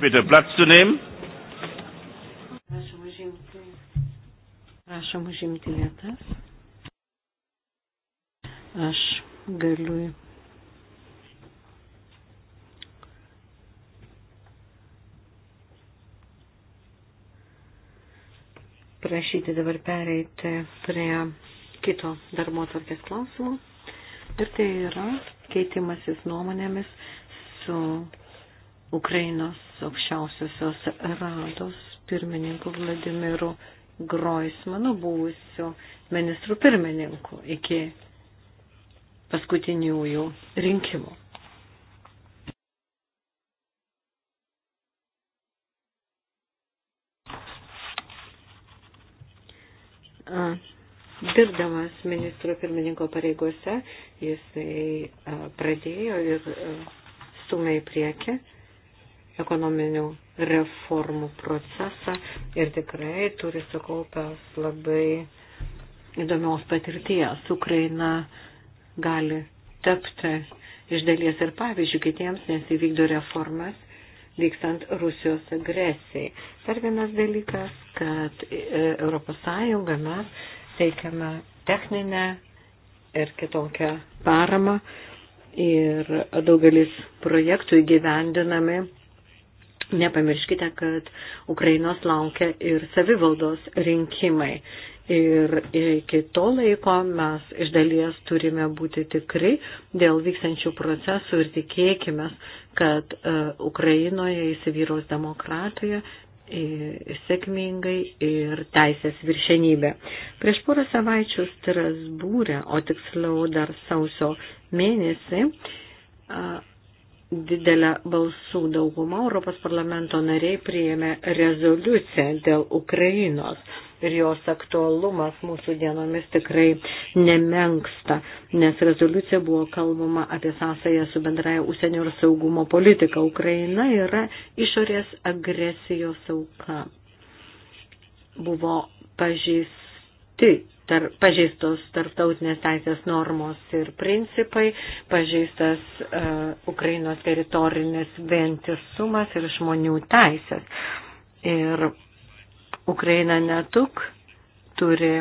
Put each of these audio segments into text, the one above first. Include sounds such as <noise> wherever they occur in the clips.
bitte Platz zu nehmen. Prašom užimti vietas. Aš galiu prašyti dabar pereiti prie kito darbo atvarkės klausimo. Ir tai yra keitimasis nuomonėmis su Ukrainos aukščiausiosios rados pirmininku Vladimiru Groismanu, buvusiu ministru pirmininku iki paskutiniųjų rinkimų. Dirbdamas ministro pirmininko pareigose, jisai pradėjo ir stumė į priekį ekonominių reformų procesą ir tikrai turi sukaupęs labai įdomios patirties. Ukraina gali tapti iš dalies ir pavyzdžių kitiems, nes įvykdo reformas vykstant Rusijos agresijai. Dar vienas dalykas, kad ES mes teikiame techninę ir kitokią paramą ir daugelis projektų įgyvendinami Nepamirškite, kad Ukrainos laukia ir savivaldos rinkimai. Ir iki to laiko mes iš dalies turime būti tikri dėl vykstančių procesų ir tikėkime, kad e, Ukrainoje įsivyros demokratija e, sėkmingai ir teisės viršenybė. Prieš porą savaičių Strasbūrė, o tiksliau dar sausio mėnesį, didelę balsų daugumą Europos parlamento nariai priėmė rezoliuciją dėl Ukrainos ir jos aktualumas mūsų dienomis tikrai nemenksta, nes rezoliucija buvo kalbama apie sąsąją su bendraja užsienio ir saugumo politika. Ukraina yra išorės agresijos auka. Buvo pažįsti tar, pažeistos tarptautinės teisės normos ir principai, pažeistas uh, Ukrainos teritorinės vientisumas ir žmonių teisės. Ir Ukraina netuk turi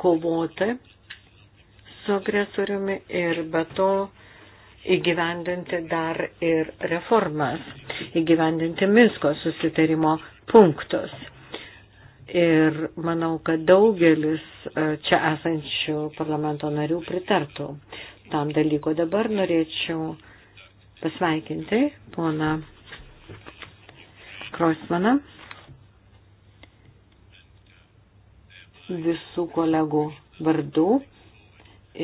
kovoti su agresoriumi ir be to įgyvendinti dar ir reformas, įgyvendinti Minsko susitarimo punktus ir manau, kad daugelis e, čia esančių parlamento narių pritartų tam dalyko. Dabar norėčiau pasveikinti poną Krosmaną visų kolegų vardų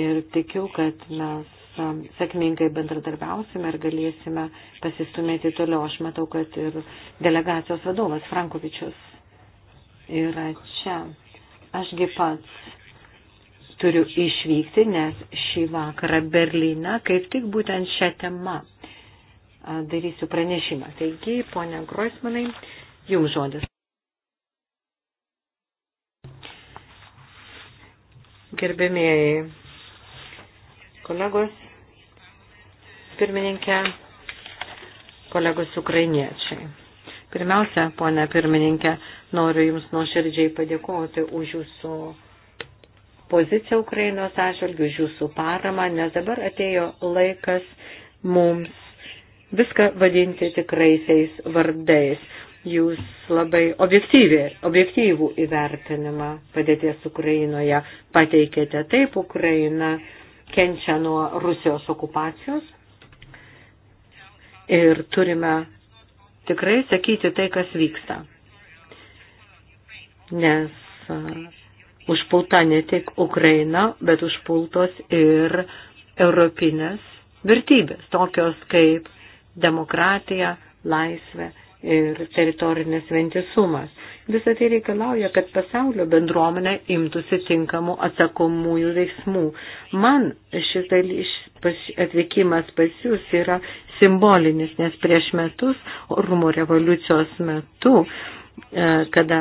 ir tikiu, kad mes e, sėkmingai bendradarbiausime ir galėsime pasistumėti toliau. Aš matau, kad ir delegacijos vadovas Frankovičius yra čia. Ašgi pats turiu išvykti, nes šį vakarą Berlyną kaip tik būtent šią temą darysiu pranešimą. Taigi, ponia Groismanai, jums žodis. Gerbėmėjai kolegos, pirmininkė, kolegos ukrainiečiai. Pirmiausia, ponia pirmininkė, noriu Jums nuoširdžiai padėkoti už Jūsų poziciją Ukrainos atžvilgių, už Jūsų paramą, nes dabar atėjo laikas mums viską vadinti tikraisiais vardais. Jūs labai objektyvų įvertinimą padėties Ukrainoje pateikėte. Taip, Ukraina kenčia nuo Rusijos okupacijos ir turime tikrai sakyti tai, kas vyksta. Nes uh, užpulta ne tik Ukraina, bet užpultos ir europinės vertybės, tokios kaip demokratija, laisvė ir teritorinės ventisumas. Visą tai reikalauja, kad pasaulio bendruomenė imtųsi tinkamų atsakomųjų veiksmų. Man šis atvykimas pas jūs yra simbolinis, nes prieš metus, rūmų revoliucijos metu, e, kada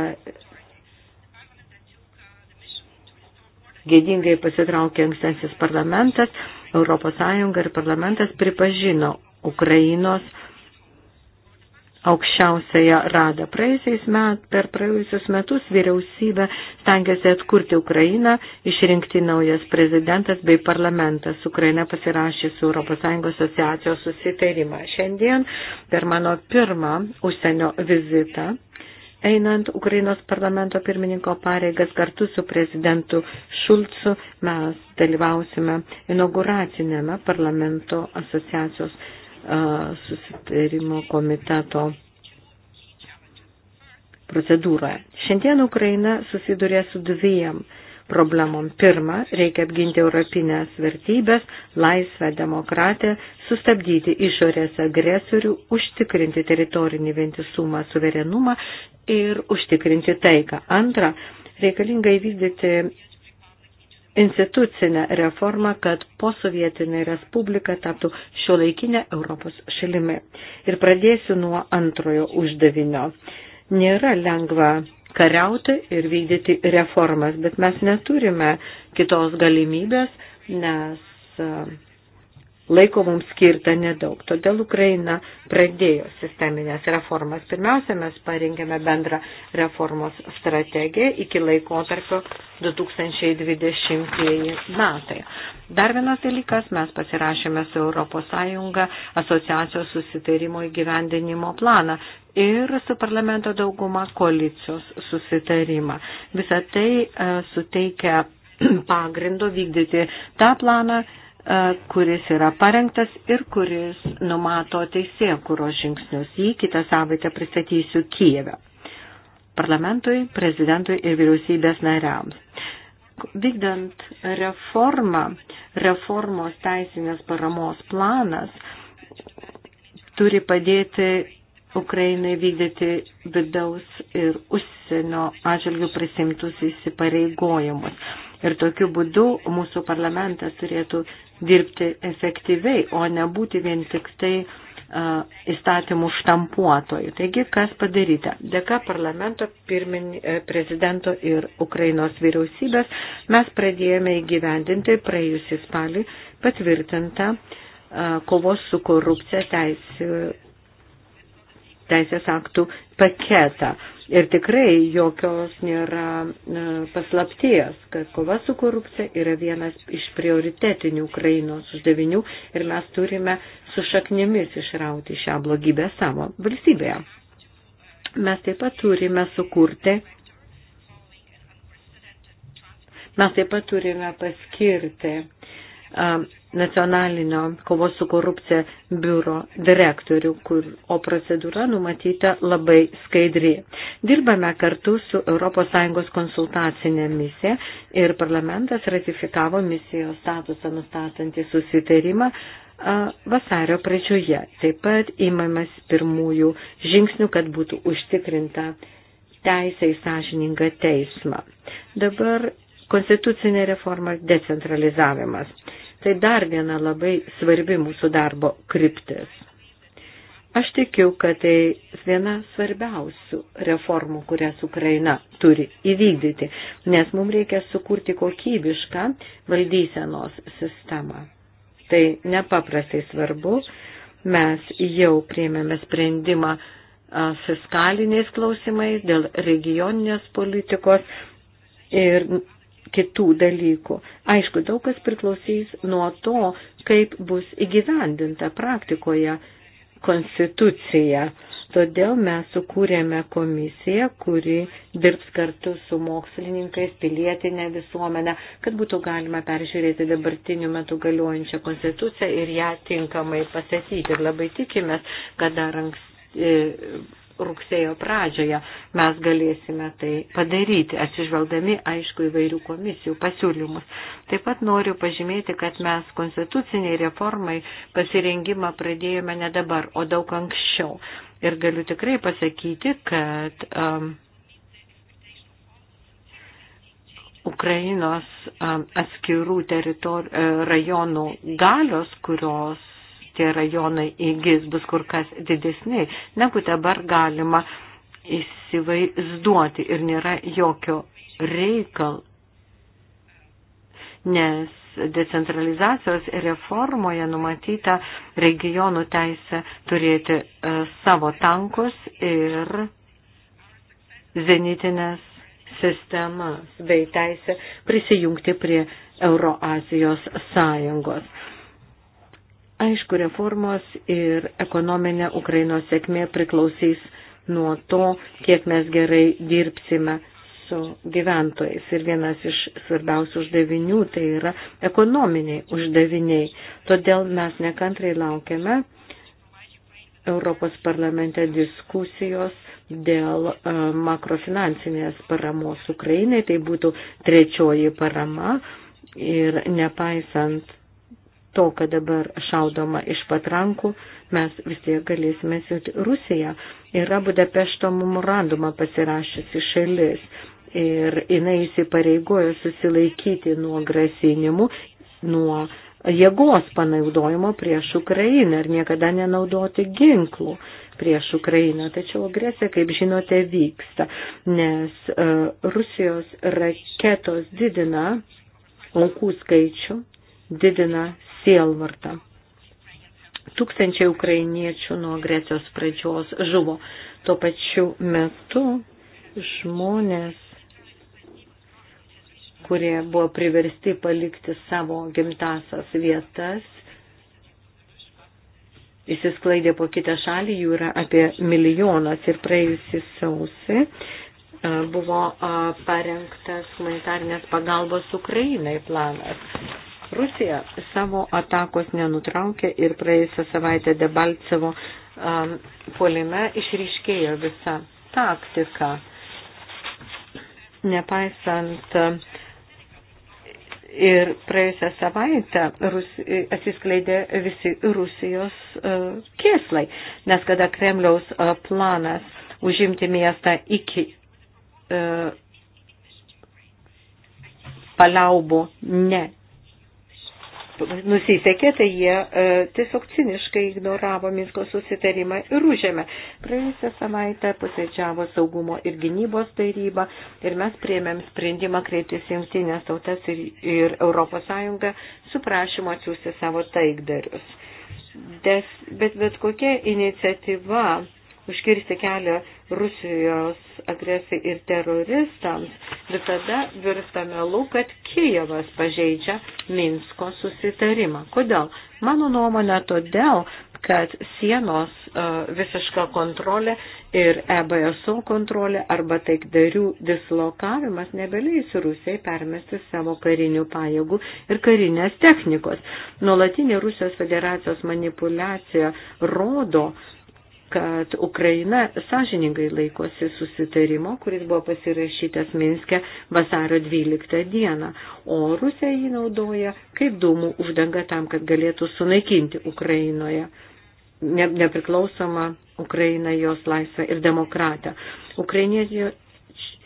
gėdingai pasitraukė ankstensis parlamentas, ES ir parlamentas pripažino Ukrainos aukščiausiąją radą. Praėjusiais met, per praėjusius metus vyriausybė stengiasi atkurti Ukrainą, išrinkti naujas prezidentas bei parlamentas. Ukraina pasirašė su ES asociacijos susitarimą. Šiandien per mano pirmą užsienio vizitą Einant Ukrainos parlamento pirmininko pareigas kartu su prezidentu Šulcu mes dalyvausime inauguracinėme parlamento asociacijos susitarimo komiteto procedūroje. Šiandien Ukraina susiduria su dviem problemom. Pirma, reikia apginti europinės vertybės, laisvę, demokratiją, sustabdyti išorės agresorių, užtikrinti teritorinį vientisumą, suverenumą ir užtikrinti taiką. Antra, reikalinga įvykdyti institucinę reformą, kad posovietinė respublika taptų šiuolaikinė Europos šalimi. Ir pradėsiu nuo antrojo uždavinio. Nėra lengva kariauti ir vykdyti reformas, bet mes neturime kitos galimybės, nes Laiko mums skirta nedaug, todėl Ukraina pradėjo sisteminės reformas. Pirmiausia, mes parengėme bendrą reformos strategiją iki laikotarpio 2020 metai. Dar vienas dalykas, mes pasirašėme su ES asociacijos susitarimo įgyvendinimo planą ir su parlamento dauguma koalicijos susitarimą. Visą tai e, suteikia <clears throat> pagrindo vykdyti tą planą E, kuris yra parengtas ir kuris numato teisėjų kuros žingsnius. Jį kitą savaitę pristatysiu Kijeve parlamentui, prezidentui ir vyriausybės nariams. Vykdant reformą, reformos teisinės paramos planas turi padėti Ukrainai vykdyti vidaus ir užsienio atžvilgių prisimtus įsipareigojimus. Ir tokiu būdu mūsų parlamentas turėtų dirbti efektyviai, o nebūti vien tik tai uh, įstatymų štampuotojų. Taigi, kas padaryta? Dėka parlamento pirmin, e, prezidento ir Ukrainos vyriausybės mes pradėjome įgyvendinti praėjusį spalį patvirtintą uh, kovos su korupcija teisė, teisės aktų paketą, Ir tikrai jokios nėra e, paslapties, kad kova su korupcija yra vienas iš prioritetinių Ukrainos uždavinių ir mes turime su šaknimis išrauti šią blogybę savo valstybėje. Mes taip pat turime sukurti Mes taip pat turime paskirti nacionalinio kovos su korupcija biuro direktorių, kur, o procedūra numatyta labai skaidri. Dirbame kartu su ES konsultacinė misija ir parlamentas ratifikavo misijos statusą nustatantį susitarimą vasario pradžioje. Taip pat įmamas pirmųjų žingsnių, kad būtų užtikrinta teisę į sąžiningą teismą. Dabar Konstitucinė reforma - decentralizavimas. Tai dar viena labai svarbi mūsų darbo kryptis. Aš tikiu, kad tai viena svarbiausių reformų, kurias Ukraina turi įvykdyti, nes mums reikia sukurti kokybišką valdysenos sistemą. Tai nepaprastai svarbu. Mes jau priėmėme sprendimą fiskaliniais klausimais, dėl regioninės politikos ir kitų dalykų. Aišku, daug kas priklausys nuo to, kaip bus įgyvendinta praktikoje konstitucija. Todėl mes sukūrėme komisiją, kuri dirbs kartu su mokslininkais, pilietinė visuomenė, kad būtų galima peržiūrėti dabartiniu metu galiojančią konstituciją ir ją tinkamai pasakyti. Ir labai tikimės, kad dar anksti e, rugsėjo pradžioje mes galėsime tai padaryti, atsižvelgdami, aišku, įvairių komisijų pasiūlymus. Taip pat noriu pažymėti, kad mes konstituciniai reformai pasirengimą pradėjome ne dabar, o daug anksčiau. Ir galiu tikrai pasakyti, kad um, Ukrainos um, atskirų teritor, rajonų galios, kurios tie rajonai įgis bus kur kas didesni, negu dabar galima įsivaizduoti ir nėra jokio reikal, nes decentralizacijos reformoje numatyta regionų teisė turėti e, savo tankus ir zenitinės sistemas bei teisę prisijungti prie Euroazijos sąjungos. Aišku, reformos ir ekonominė Ukrainos sėkmė priklausys nuo to, kiek mes gerai dirbsime su gyventojais. Ir vienas iš svarbiausių uždavinių tai yra ekonominiai uždaviniai. Todėl mes nekantrai laukiame Europos parlamente diskusijos dėl e, makrofinansinės paramos Ukrainai. Tai būtų trečioji parama. Ir nepaisant to, kad dabar šaudoma iš patrankų, mes vis tiek galėsime siūti. Rusija yra Budapešto memorandumą pasirašysi šalis ir jinai įsipareigojo susilaikyti nuo grasinimų, nuo jėgos panaudojimo prieš Ukrainą ir niekada nenaudoti ginklų prieš Ukrainą. Tačiau agresija, kaip žinote, vyksta, nes uh, Rusijos raketos didina aukų skaičių didina sielvartą. Tūkstančiai ukrainiečių nuo agresijos pradžios žuvo. Tuo pačiu metu žmonės, kurie buvo priversti palikti savo gimtasias vietas, įsisklaidė po kitą šalį, jų yra apie milijonas ir praėjusį sausį e, buvo parengtas humanitarnės pagalbos Ukrainai planas. Rusija savo atakos nenutraukė ir praėjusią savaitę Debalcevo um, polime išryškėjo visa taktika, nepaisant uh, Ir praėjusią savaitę Rus, atsiskleidė visi Rusijos uh, kėslai, nes kada Kremliaus uh, planas užimti miestą iki uh, paliaubų ne nusisekė, tai jie e, tiesiog ciniškai ignoravo Minsko susitarimą ir užėmė. Praėjusią savaitę posėdžiavo saugumo ir gynybos taryba ir mes priėmėm sprendimą kreiptis jungtinės tautas ir, ir Europos Sąjungą su prašymu atsiųsti savo taikdarius. Des, bet bet kokia iniciatyva užkirsti kelią Rusijos agresijai ir teroristams, visada virsta melu, kad Kijevas pažeidžia Minsko susitarimą. Kodėl? Mano nuomonė todėl, kad sienos e, visiška kontrolė ir EBSO kontrolė arba taikdarių dislokavimas nebeleis Rusijai permesti savo karinių pajėgų ir karinės technikos. Nuolatinė Rusijos federacijos manipulacija rodo, kad Ukraina sąžiningai laikosi susitarimo, kuris buvo pasirašytas Minske vasario 12 dieną, o Rusija jį naudoja kaip dūmų uždanga tam, kad galėtų sunaikinti Ukrainoje ne, nepriklausomą Ukrainą, jos laisvę ir demokratą. Ukrainėje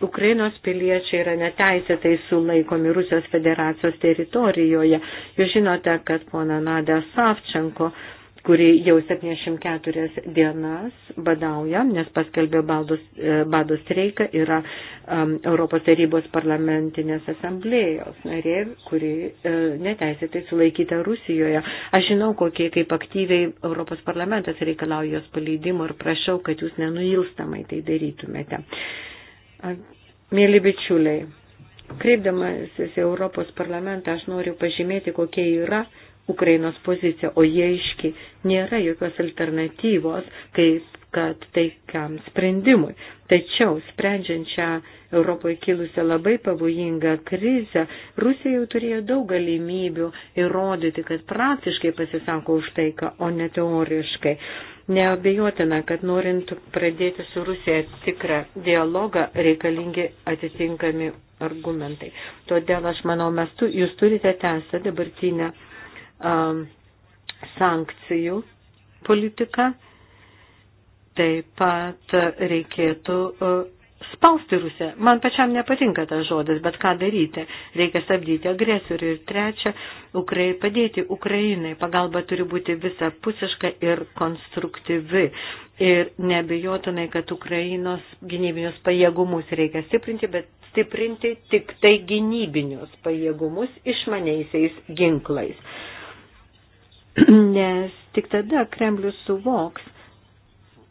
Ukrainos piliečiai yra neteisėtai sulaikomi Rusijos federacijos teritorijoje. Jūs žinote, kad pona Nadia Savčenko kuri jau 74 dienas badauja, nes paskelbė bados, e, bados streiką, yra um, Europos tarybos parlamentinės asamblėjos narė, kuri uh, neteisėtai sulaikyta Rusijoje. Aš žinau, kokie kaip aktyviai Europos parlamentas reikalauja jos paleidimo ir prašau, kad jūs nenuilstamai tai darytumėte. Mėly bičiuliai, kreipdamasis į Europos parlamentą, aš noriu pažymėti, kokie yra Ukrainos poziciją, o jie iški nėra jokios alternatyvos, kaip kad taikiam sprendimui. Tačiau, sprendžiant šią Europoje kilusią labai pavojingą krizę, Rusija jau turėjo daug galimybių įrodyti, kad praktiškai pasisako už taiką, o ne teoriškai. Neabejotina, kad norint pradėti su Rusija tikrą dialogą, reikalingi atitinkami argumentai. Todėl aš manau, mes tu, jūs turite tęsti dabartinę um, sankcijų politiką. Taip pat reikėtų uh, spausti Rusiją. Man pačiam nepatinka tas žodis, bet ką daryti? Reikia stabdyti agresorių. Ir trečia, Ukrai, padėti Ukrainai. Pagalba turi būti visapusiška ir konstruktyvi. Ir nebejotinai, kad Ukrainos gynybinius pajėgumus reikia stiprinti, bet stiprinti tik tai gynybinius pajėgumus išmaniaisiais ginklais. <clears throat> nes tik tada Kremlius suvoks,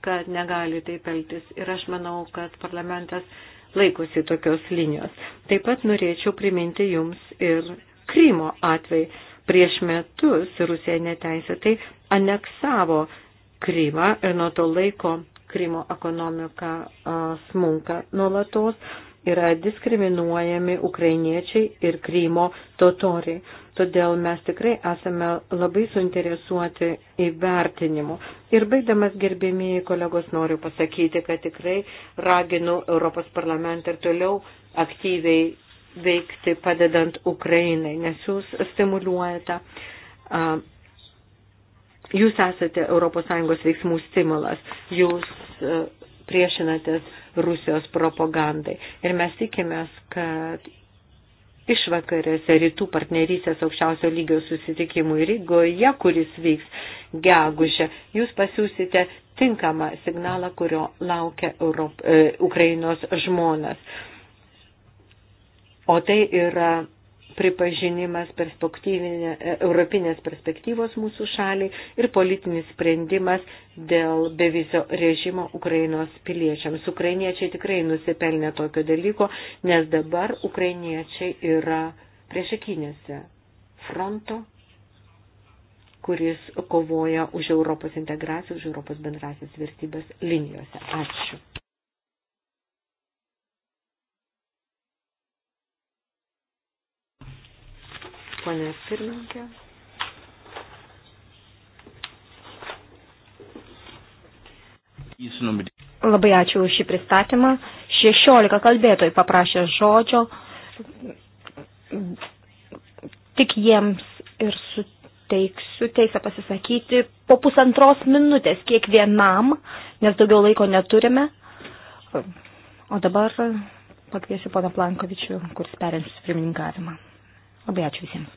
kad negali taip elgtis. Ir aš manau, kad parlamentas laikosi tokios linijos. Taip pat norėčiau priminti jums ir Krymo atvejį. Prieš metus Rusija neteisėtai aneksavo Krymą ir nuo to laiko Krymo ekonomika smunka nuolatos yra diskriminuojami ukrainiečiai ir Krymo totoriai. Todėl mes tikrai esame labai suinteresuoti įvertinimu. Ir baigdamas gerbėmiai kolegos noriu pasakyti, kad tikrai raginu Europos parlamentą ir toliau aktyviai veikti padedant Ukrainai, nes jūs stimuliuojate. Uh, Jūs esate ES veiksmų stimulas, jūs priešinatės Rusijos propagandai. Ir mes tikimės, kad išvakarėse rytų partnerysės aukščiausio lygio susitikimui Rygoje, kuris vyks gegužę, jūs pasiūsite tinkamą signalą, kurio laukia Europ, e, Ukrainos žmonas. O tai yra pripažinimas e, europinės perspektyvos mūsų šaliai ir politinis sprendimas dėl bevizio režimo Ukrainos piliečiams. Ukrainiečiai tikrai nusipelnė tokio dalyko, nes dabar ukrainiečiai yra priešakinėse fronto kuris kovoja už Europos integraciją, už Europos bendrasis vertybės linijose. Ačiū. ponė pirmininkė. Labai ačiū už šį pristatymą. 16 kalbėtojų paprašė žodžio. Tik jiems ir suteiksiu teisę pasisakyti po pusantros minutės kiekvienam, nes daugiau laiko neturime. O dabar pakviesiu poną Plankovičių, kuris perims pirmininkavimą. Labai ačiū visiems.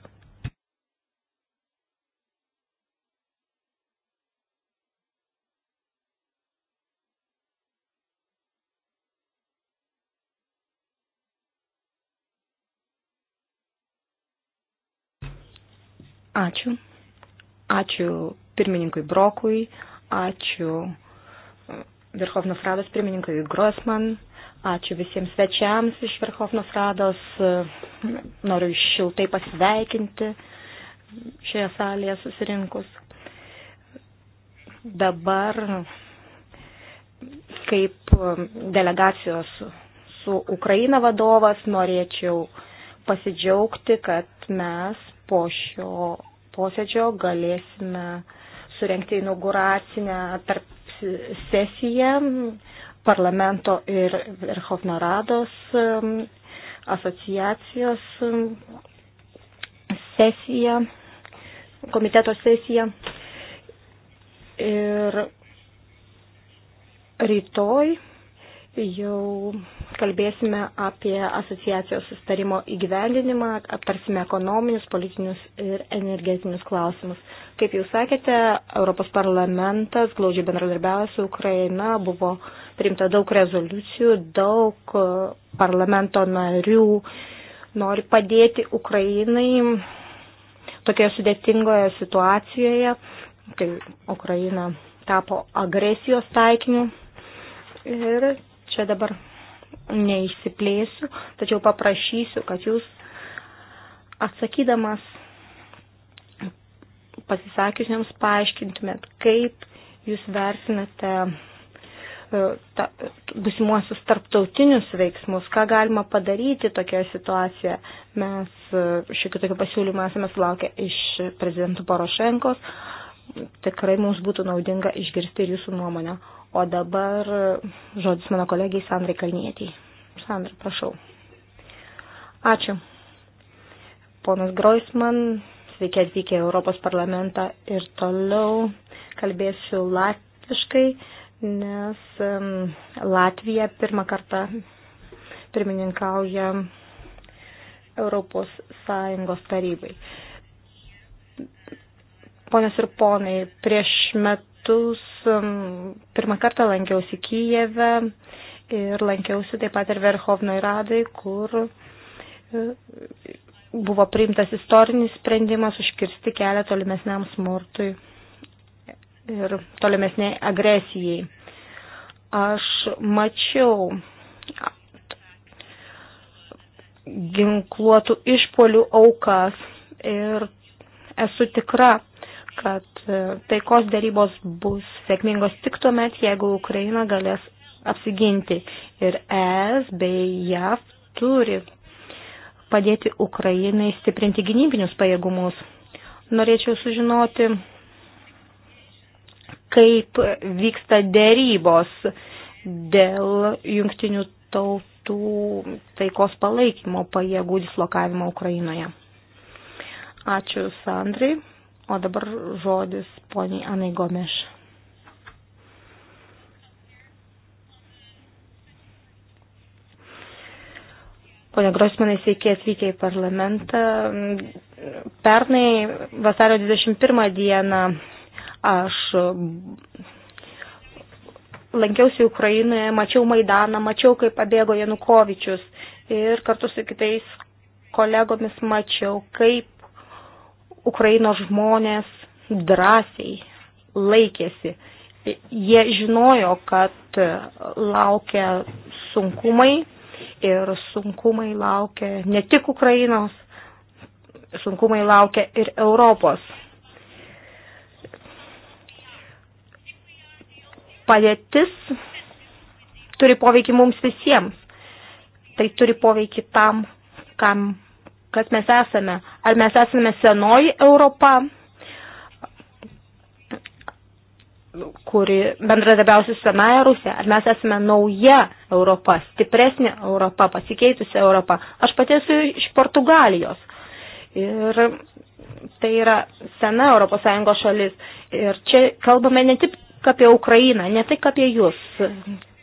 Ačiū. Ačiū pirmininkui Brokui, ačiū e, Verhovnos rados pirmininkui Grossman. Ačiū visiems svečiams iš Verhofnos rados. Noriu šiltai pasveikinti šioje salėje susirinkus. Dabar, kaip delegacijos su Ukraina vadovas, norėčiau pasidžiaugti, kad mes po šio posėdžio galėsime surenkti inauguracinę tarp sesiją parlamento ir Verhovno Rados um, asociacijos um, sesiją, komiteto sesiją. Ir rytoj jau kalbėsime apie asociacijos sustarimo įgyvendinimą, aptarsime ekonominius, politinius ir energetinius klausimus. Kaip jūs sakėte, Europos parlamentas glaudžiai bendradarbiavo su Ukraina, buvo priimta daug rezoliucijų, daug e, parlamento narių nori padėti Ukrainai tokioje sudėtingoje situacijoje, kai Ukraina tapo agresijos taikiniu. Ir čia dabar neišsiplėsiu, tačiau paprašysiu, kad jūs atsakydamas pasisakiusiems paaiškintumėt, kaip jūs vertinate e, ta, busimuosius tarptautinius veiksmus, ką galima padaryti tokioje situacijoje. Mes e, šiokių tokių pasiūlymų esame sulaukę iš prezidentų Porošenkos. Tikrai mums būtų naudinga išgirsti ir jūsų nuomonę. O dabar žodis mano kolegijai Sandrai Kalnietiai. Sandra, prašau. Ačiū. Ponas Groisman, sveiki atvykę į Europos parlamentą ir toliau kalbėsiu latviškai, nes um, Latvija pirmą kartą pirmininkauja Europos Sąjungos tarybai. Ponios ir ponai, prieš met metus um, pirmą kartą lankiausi Kijeve ir lankiausi taip pat ir Verhovnoj Radai, kur e, buvo priimtas istorinis sprendimas užkirsti kelią tolimesniam smurtui ir tolimesniai agresijai. Aš mačiau ginkluotų išpolių aukas ir esu tikra, kad e, taikos darybos bus sėkmingos tik tuomet, jeigu Ukraina galės apsiginti. Ir ES bei JAV turi padėti Ukrainai stiprinti gynybinius pajėgumus. Norėčiau sužinoti, kaip vyksta dėrybos dėl jungtinių tautų taikos palaikymo pajėgų dislokavimo Ukrainoje. Ačiū, Sandrai. O dabar žodis poniai Anai Gomeš. Pone Grosmanai, sveiki atvykę į parlamentą. Pernai vasario 21 dieną aš lankiausi Ukrainoje, mačiau Maidaną, mačiau, kaip pabėgo Janukovičius ir kartu su kitais kolegomis mačiau, kaip Ukrainos žmonės drąsiai laikėsi. Jie žinojo, kad laukia sunkumai ir sunkumai laukia ne tik Ukrainos, sunkumai laukia ir Europos. Padėtis turi poveikį mums visiems. Tai turi poveikį tam, kam kas mes esame. Ar mes esame senoji Europa, kuri bendradarbiausi su senąją Rusiją, ar mes esame nauja Europa, stipresnė Europa, pasikeitusi Europa. Aš pati esu iš Portugalijos. Ir tai yra sena ES šalis. Ir čia kalbame ne tik apie Ukrainą, ne tik apie jūs.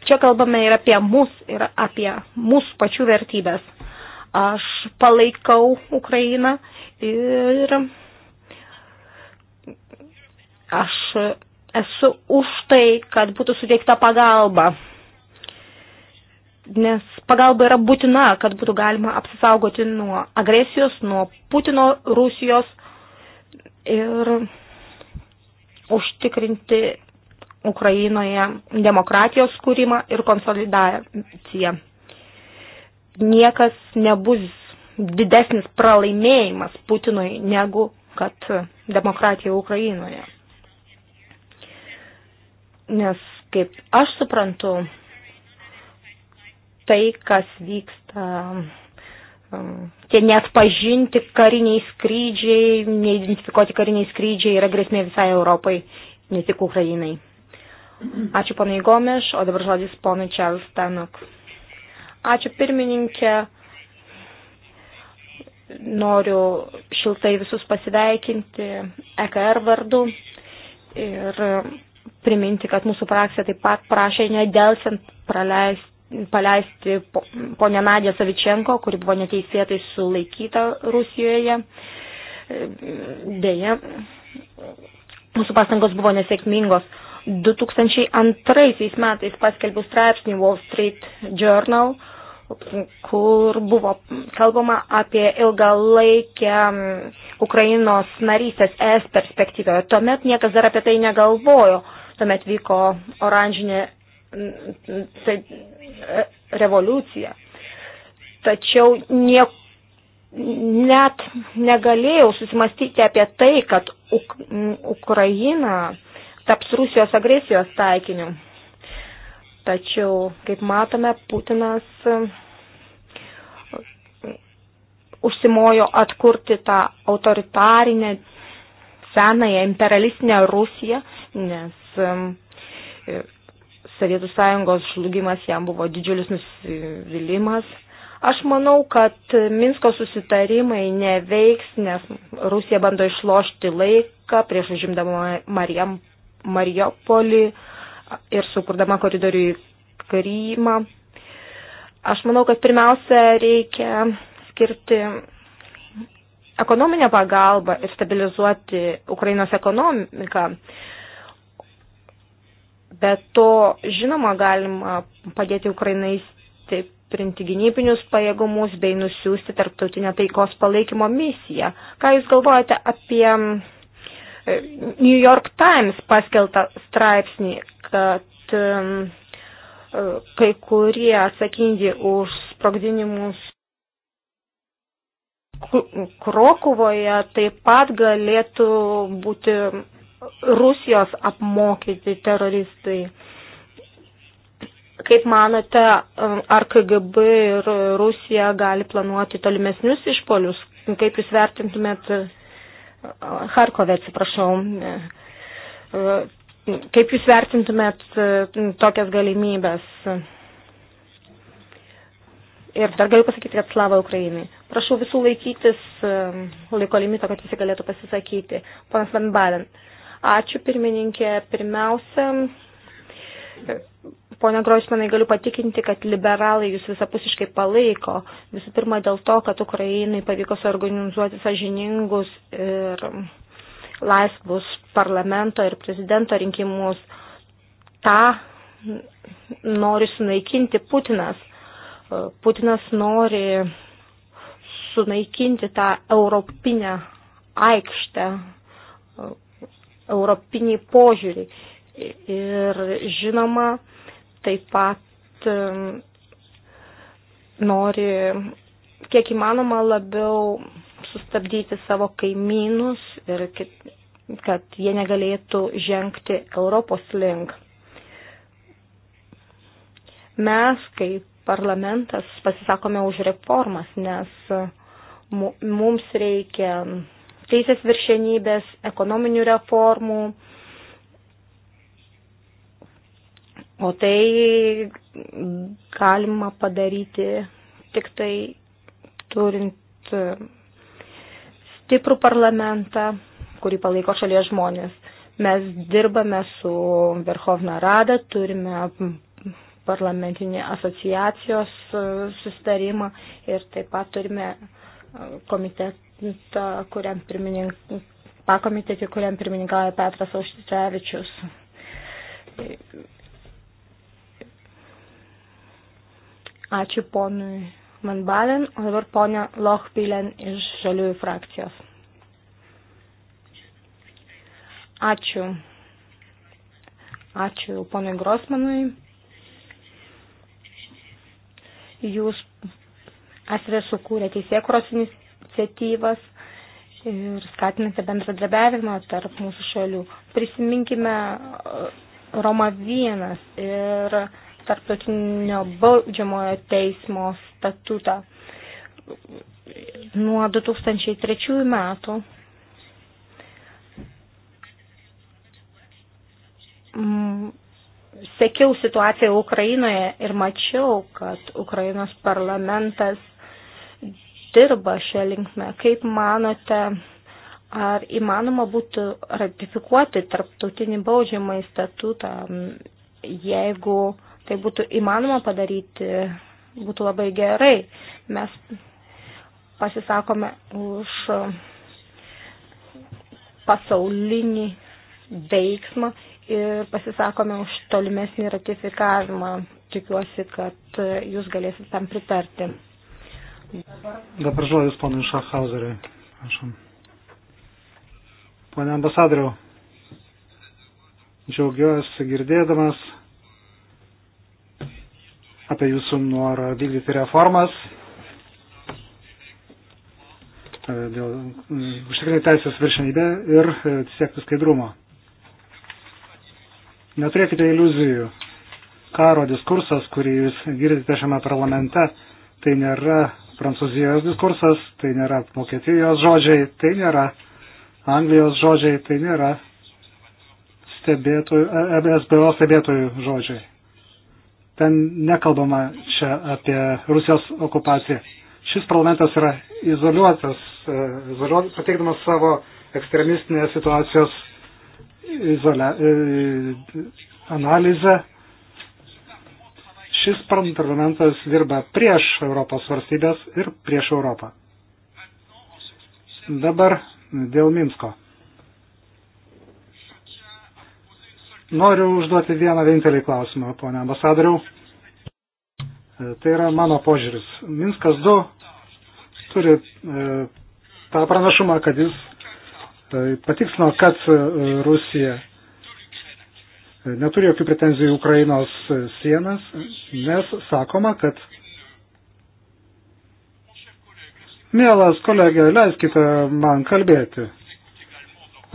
Čia kalbame ir apie mus, ir apie mūsų pačių vertybės. Aš palaikau Ukrainą ir aš esu už tai, kad būtų suteikta pagalba. Nes pagalba yra būtina, kad būtų galima apsisaugoti nuo agresijos, nuo Putino Rusijos ir užtikrinti Ukrainoje demokratijos kūrimą ir konsolidaciją niekas nebus didesnis pralaimėjimas Putinui negu kad demokratija Ukrainoje. Nes, kaip aš suprantu, tai, kas vyksta, um, tie neatpažinti kariniai skrydžiai, neidentifikuoti kariniai skrydžiai yra grėsmė visai Europai, ne tik Ukrainai. Ačiū ponai Gomeš, o dabar žodis ponui Čarlis Tanuk. Ačiū pirmininkė. Noriu šiltai visus pasveikinti EKR vardu ir priminti, kad mūsų frakcija taip pat prašė nedelsiant praleisti paleisti ponę Nadią Savičenko, kuri buvo neteisėtai sulaikyta Rusijoje. Deja, mūsų pastangos buvo nesėkmingos. 2002 metais paskelbiau straipsnį Wall Street Journal, kur buvo kalbama apie ilgalaikę Ukrainos narystės es perspektyvą. Tuomet niekas dar apie tai negalvojo. Tuomet vyko oranžinė tai, e, revoliucija. Tačiau nieko net negalėjau susimastyti apie tai, kad Uk Ukraina taps Rusijos agresijos taikiniu. Tačiau, kaip matome, Putinas e, užsimojo atkurti tą autoritarinę senąją imperialistinę Rusiją, nes e, Sovietų sąjungos žlugimas jam buvo didžiulis nusivylimas. Aš manau, kad Minsko susitarimai neveiks, nes Rusija bando išlošti laiką prieš užimdama Marijam Marijopolį ir sukurdama koridorių į Krymą. Aš manau, kad pirmiausia reikia skirti ekonominę pagalbą ir stabilizuoti Ukrainos ekonomiką. Bet to, žinoma, galima padėti Ukrainai stiprinti gynybinius pajėgumus bei nusiųsti tarptautinę taikos palaikymo misiją. Ką Jūs galvojate apie New York Times paskeltą straipsnį, kad um, e, kai kurie atsakingi už sprogdinimus Krokuvoje taip pat galėtų būti Rusijos apmokyti teroristai. Kaip manote, um, ar KGB ir Rusija gali planuoti tolimesnius išpolius? Kaip jūs vertintumėt Harkove, atsiprašau. Kaip Jūs vertintumėt e, tokias galimybės? Ir dar galiu pasakyti, kad slava Ukrainai. Prašau visų laikytis e, laiko limito, kad visi galėtų pasisakyti. Panas Van Balen. Ačiū pirmininkė. Pirmiausia, Pone Groismanai, galiu patikinti, kad liberalai jūs visapusiškai palaiko. Visų pirma, dėl to, kad Ukrainai pavyko suorganizuoti sažiningus ir laisvus parlamento ir prezidento rinkimus. Ta nori sunaikinti Putinas. Putinas nori sunaikinti tą europinę aikštę, europinį požiūrį. Ir žinoma, taip pat nori kiek įmanoma labiau sustabdyti savo kaimynus ir kad jie negalėtų žengti Europos link. Mes, kaip parlamentas, pasisakome už reformas, nes mums reikia teisės viršenybės, ekonominių reformų, O tai galima padaryti tik tai turint e, stiprų parlamentą, kurį palaiko šalies žmonės. Mes dirbame su Verhovna Rada, turime parlamentinį asociacijos e, sustarimą ir taip pat turime e, komitetą, kuriam pirmininkas pakomitetį, kuriam pirmininkauja Petras Auštrevičius Ačiū ponui Manbalen, o dabar ponia Lochpilen iš Žaliųjų frakcijos. Ačiū. Ačiū ponui Grosmanui. Jūs esate sukūrę teisėkuros iniciatyvas ir skatinate bendradarbiavimą tarp mūsų šalių. Prisiminkime e, Roma 1 ir tarptautinio baudžiamojo teismo statutą nuo 2003 metų. Sekiau situaciją Ukrainoje ir mačiau, kad Ukrainos parlamentas dirba šią linkmę. Kaip manote, ar įmanoma būtų ratifikuoti tarptautinį baudžiamą įstatutą, jeigu uh, tai būtų įmanoma padaryti, būtų labai gerai. Mes pasisakome už pasaulinį veiksmą ir pasisakome už tolimesnį ratifikavimą. Tikiuosi, kad jūs galėsit tam pritarti. Dabar žodis ponui Šafhauzeriui. Prašom. Pone ambasadoriau, džiaugiuosi girdėdamas apie jūsų norą vykdyti reformas e, dėl mm, užtikrinti teisės viršenybę ir e, siekti skaidrumo. Neturėkite iliuzijų. Karo diskursas, kurį jūs girdite šiame parlamente, tai nėra Prancūzijos diskursas, tai nėra Vokietijos žodžiai, tai nėra Anglijos žodžiai, tai nėra stebėtojų, e, SBO stebėtojų žodžiai. Ten nekalbama čia apie Rusijos okupaciją. Šis parlamentas yra izoliuotas, e, izoliuotas pateikdamas savo ekstremistinės situacijos izolia, e, analizę. Šis parlamentas dirba prieš Europos valstybės ir prieš Europą. Dabar dėl Minsko. Noriu užduoti vieną vienintelį klausimą, ponia ambasadoriau. E, tai yra mano požiūris. Minskas 2 turi e, tą pranašumą, kad jis e, patiksino, kad e, Rusija e, neturi jokių pretenzijų Ukrainos sienas, nes sakoma, kad Mielas kolegė, leiskite man kalbėti.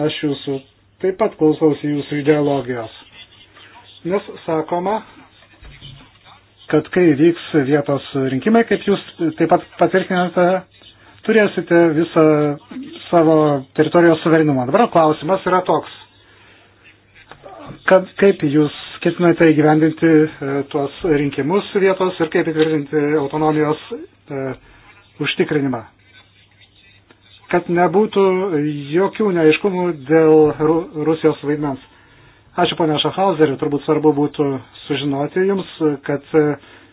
Aš jūsų taip pat klausausi jūsų ideologijos. Nes sakoma, kad kai vyks vietos rinkimai, kaip jūs taip pat patvirtinate, turėsite visą savo teritorijos suverenumą. Dabar klausimas yra toks. Kad, kaip jūs ketinate įgyvendinti e, tuos rinkimus vietos ir kaip įtvirtinti autonomijos e, užtikrinimą? kad nebūtų jokių neaiškumų dėl Rusijos vaidmens. Ačiū ponia Šafauzeriu, turbūt svarbu būtų sužinoti jums, kad e,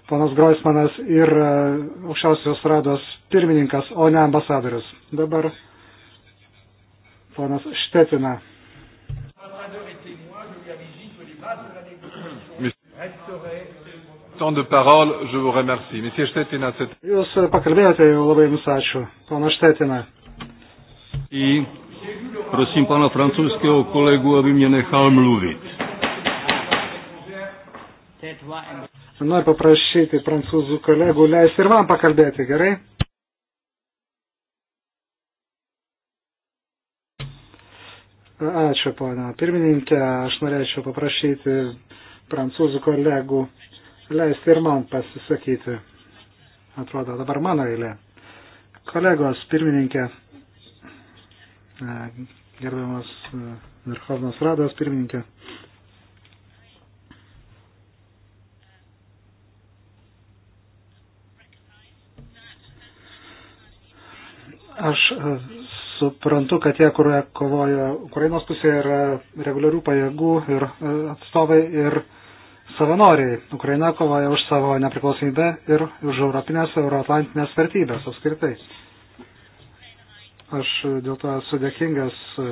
ponas Groismanas ir aukščiausios rados pirmininkas, o ne ambasadorius. Dabar ponas Štetina. temps de parole, je vous remercie. Monsieur Štetina, c'est... Jūs pakalbėjote jau labai jums ačiū, pana Štetina. I prosím pana francouzského kolegu, aby mě nechal mluvit. Noriu paprašyti prancūzų kolegų leisti ir man pakalbėti, gerai? Ačiū, ponia pirmininkė. Aš norėčiau paprašyti prancūzų kolegų leisti ir man pasisakyti. Atrodo, dabar mano eilė. Kolegos, pirmininkė, gerbiamas Verhovnos Rados pirmininkė. Aš suprantu, kad tie, kurie kovoja Ukrainos pusėje, yra reguliarių pajėgų ir atstovai ir savanoriai. Ukraina kovoja už savo nepriklausomybę ir už europinės, euroatlantinės vertybės apskritai. Aš dėl to esu dėkingas e,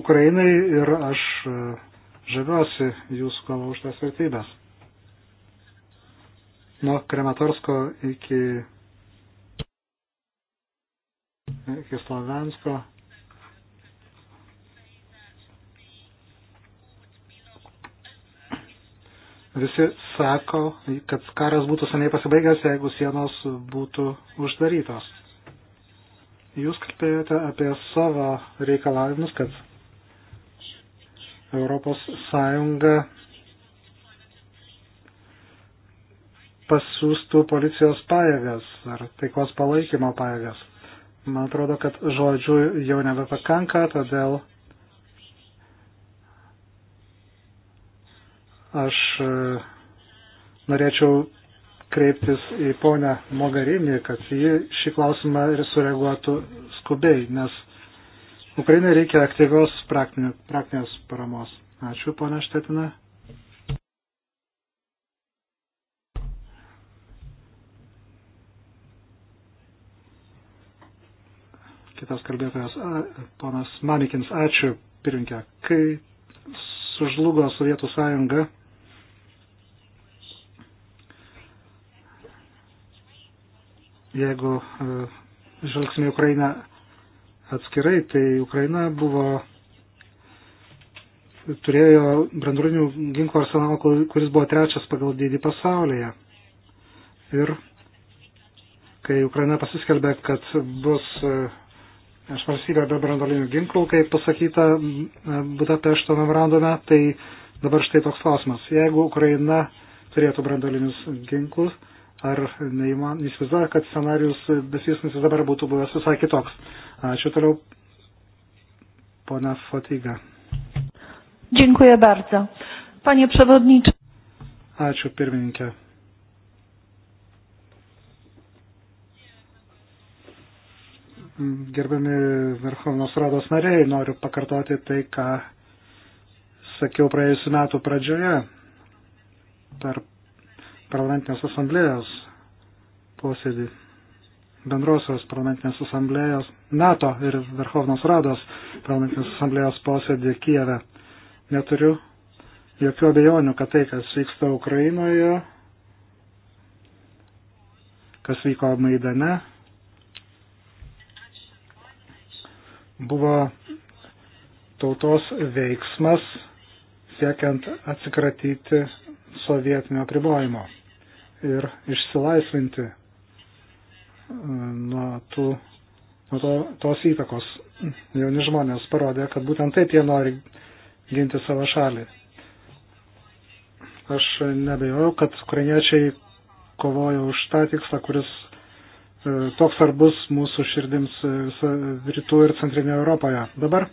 Ukrainai ir aš e, žaviuosi jūsų kova už tas vertybės. Nuo Krematorsko iki, iki Slovensko. Visi sako, kad karas būtų seniai pasibaigęs, jeigu sienos būtų uždarytos. Jūs kalbėjote apie savo reikalavimus, kad Europos Sąjunga pasiūstų policijos pajėgas ar taikos palaikymo pajėgas. Man atrodo, kad žodžių jau nebepakanka, todėl aš e, norėčiau kreiptis į ponę Mogarinį, kad ji šį klausimą ir sureaguotų skubiai, nes Ukrainai reikia aktyvios praktinės paramos. Ačiū, ponia Štetina. Kitas kalbėtojas, ponas Manikins, ačiū pirmininkė. Kai sužlugo Sovietų sąjunga, jeigu e, žvelgsime Ukrainą atskirai, tai Ukraina buvo turėjo brandurinių ginklų arsenalą, kuris buvo trečias pagal dydį pasaulyje. Ir kai Ukraina pasiskelbė, kad bus e, aš valstybė be brandolinių ginklų, kaip pasakyta e, Budapešto memorandume, tai dabar štai toks klausimas. Jeigu Ukraina turėtų brandolinius ginklus, Ar neįman, jis vis dar, kad scenarius besivystantis dabar būtų buvęs visai kitoks. Ačiū toliau, pona Fotiga. Dziękuję bardzo. Panie Przewodniczący. Ačiū pirmininkė. Gerbiami Verhovnos Rados nariai, noriu pakartoti tai, ką sakiau praėjusiu metu pradžioje per parlamentinės asamblėjos posėdį, bendrosios parlamentinės asamblėjos, NATO ir Verhovnos Rados parlamentinės asamblėjos posėdį Kijeve. Neturiu jokių abejonių, kad tai, kas vyksta Ukrainoje, kas vyko Maidane, buvo tautos veiksmas siekiant atsikratyti sovietinio pribojimo ir išsilaisvinti e, nuo, tų, nuo to, tos įtakos. Jauni žmonės parodė, kad būtent taip jie nori ginti savo šalį. Aš nebejau, kad ukrainiečiai kovojo už tą tikslą, kuris e, toks svarbus mūsų širdims e, rytų ir centrinėje Europoje. Dabar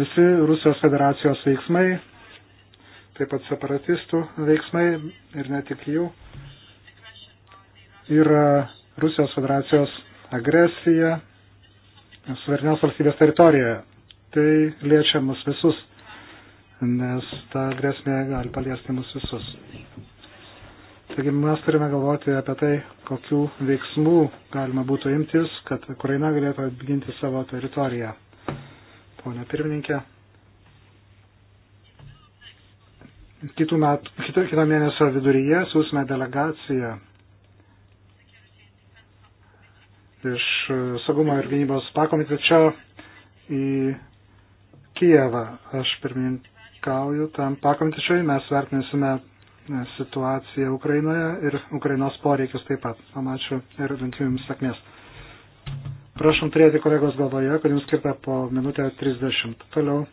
visi Rusijos federacijos veiksmai taip pat separatistų veiksmai ir ne tik jų, yra Rusijos federacijos agresija suverenios valstybės teritorijoje. Tai liečia mus visus, nes ta grėsmė gali paliesti mus visus. Taigi mes turime galvoti apie tai, kokių veiksmų galima būtų imtis, kad Ukraina galėtų apginti savo teritoriją. Pone pirmininkė. kitų metų, kito, kito mėnesio viduryje siūsime delegaciją iš saugumo ir gynybos pakomitečio į Kijevą. Aš pirmininkauju tam pakomitečiui, mes vertinsime situaciją Ukrainoje ir Ukrainos poreikius taip pat. Pamačiu ir linkiu Jums sėkmės. Prašom turėti kolegos galvoje, kad Jums skirta po minutę 30. Toliau,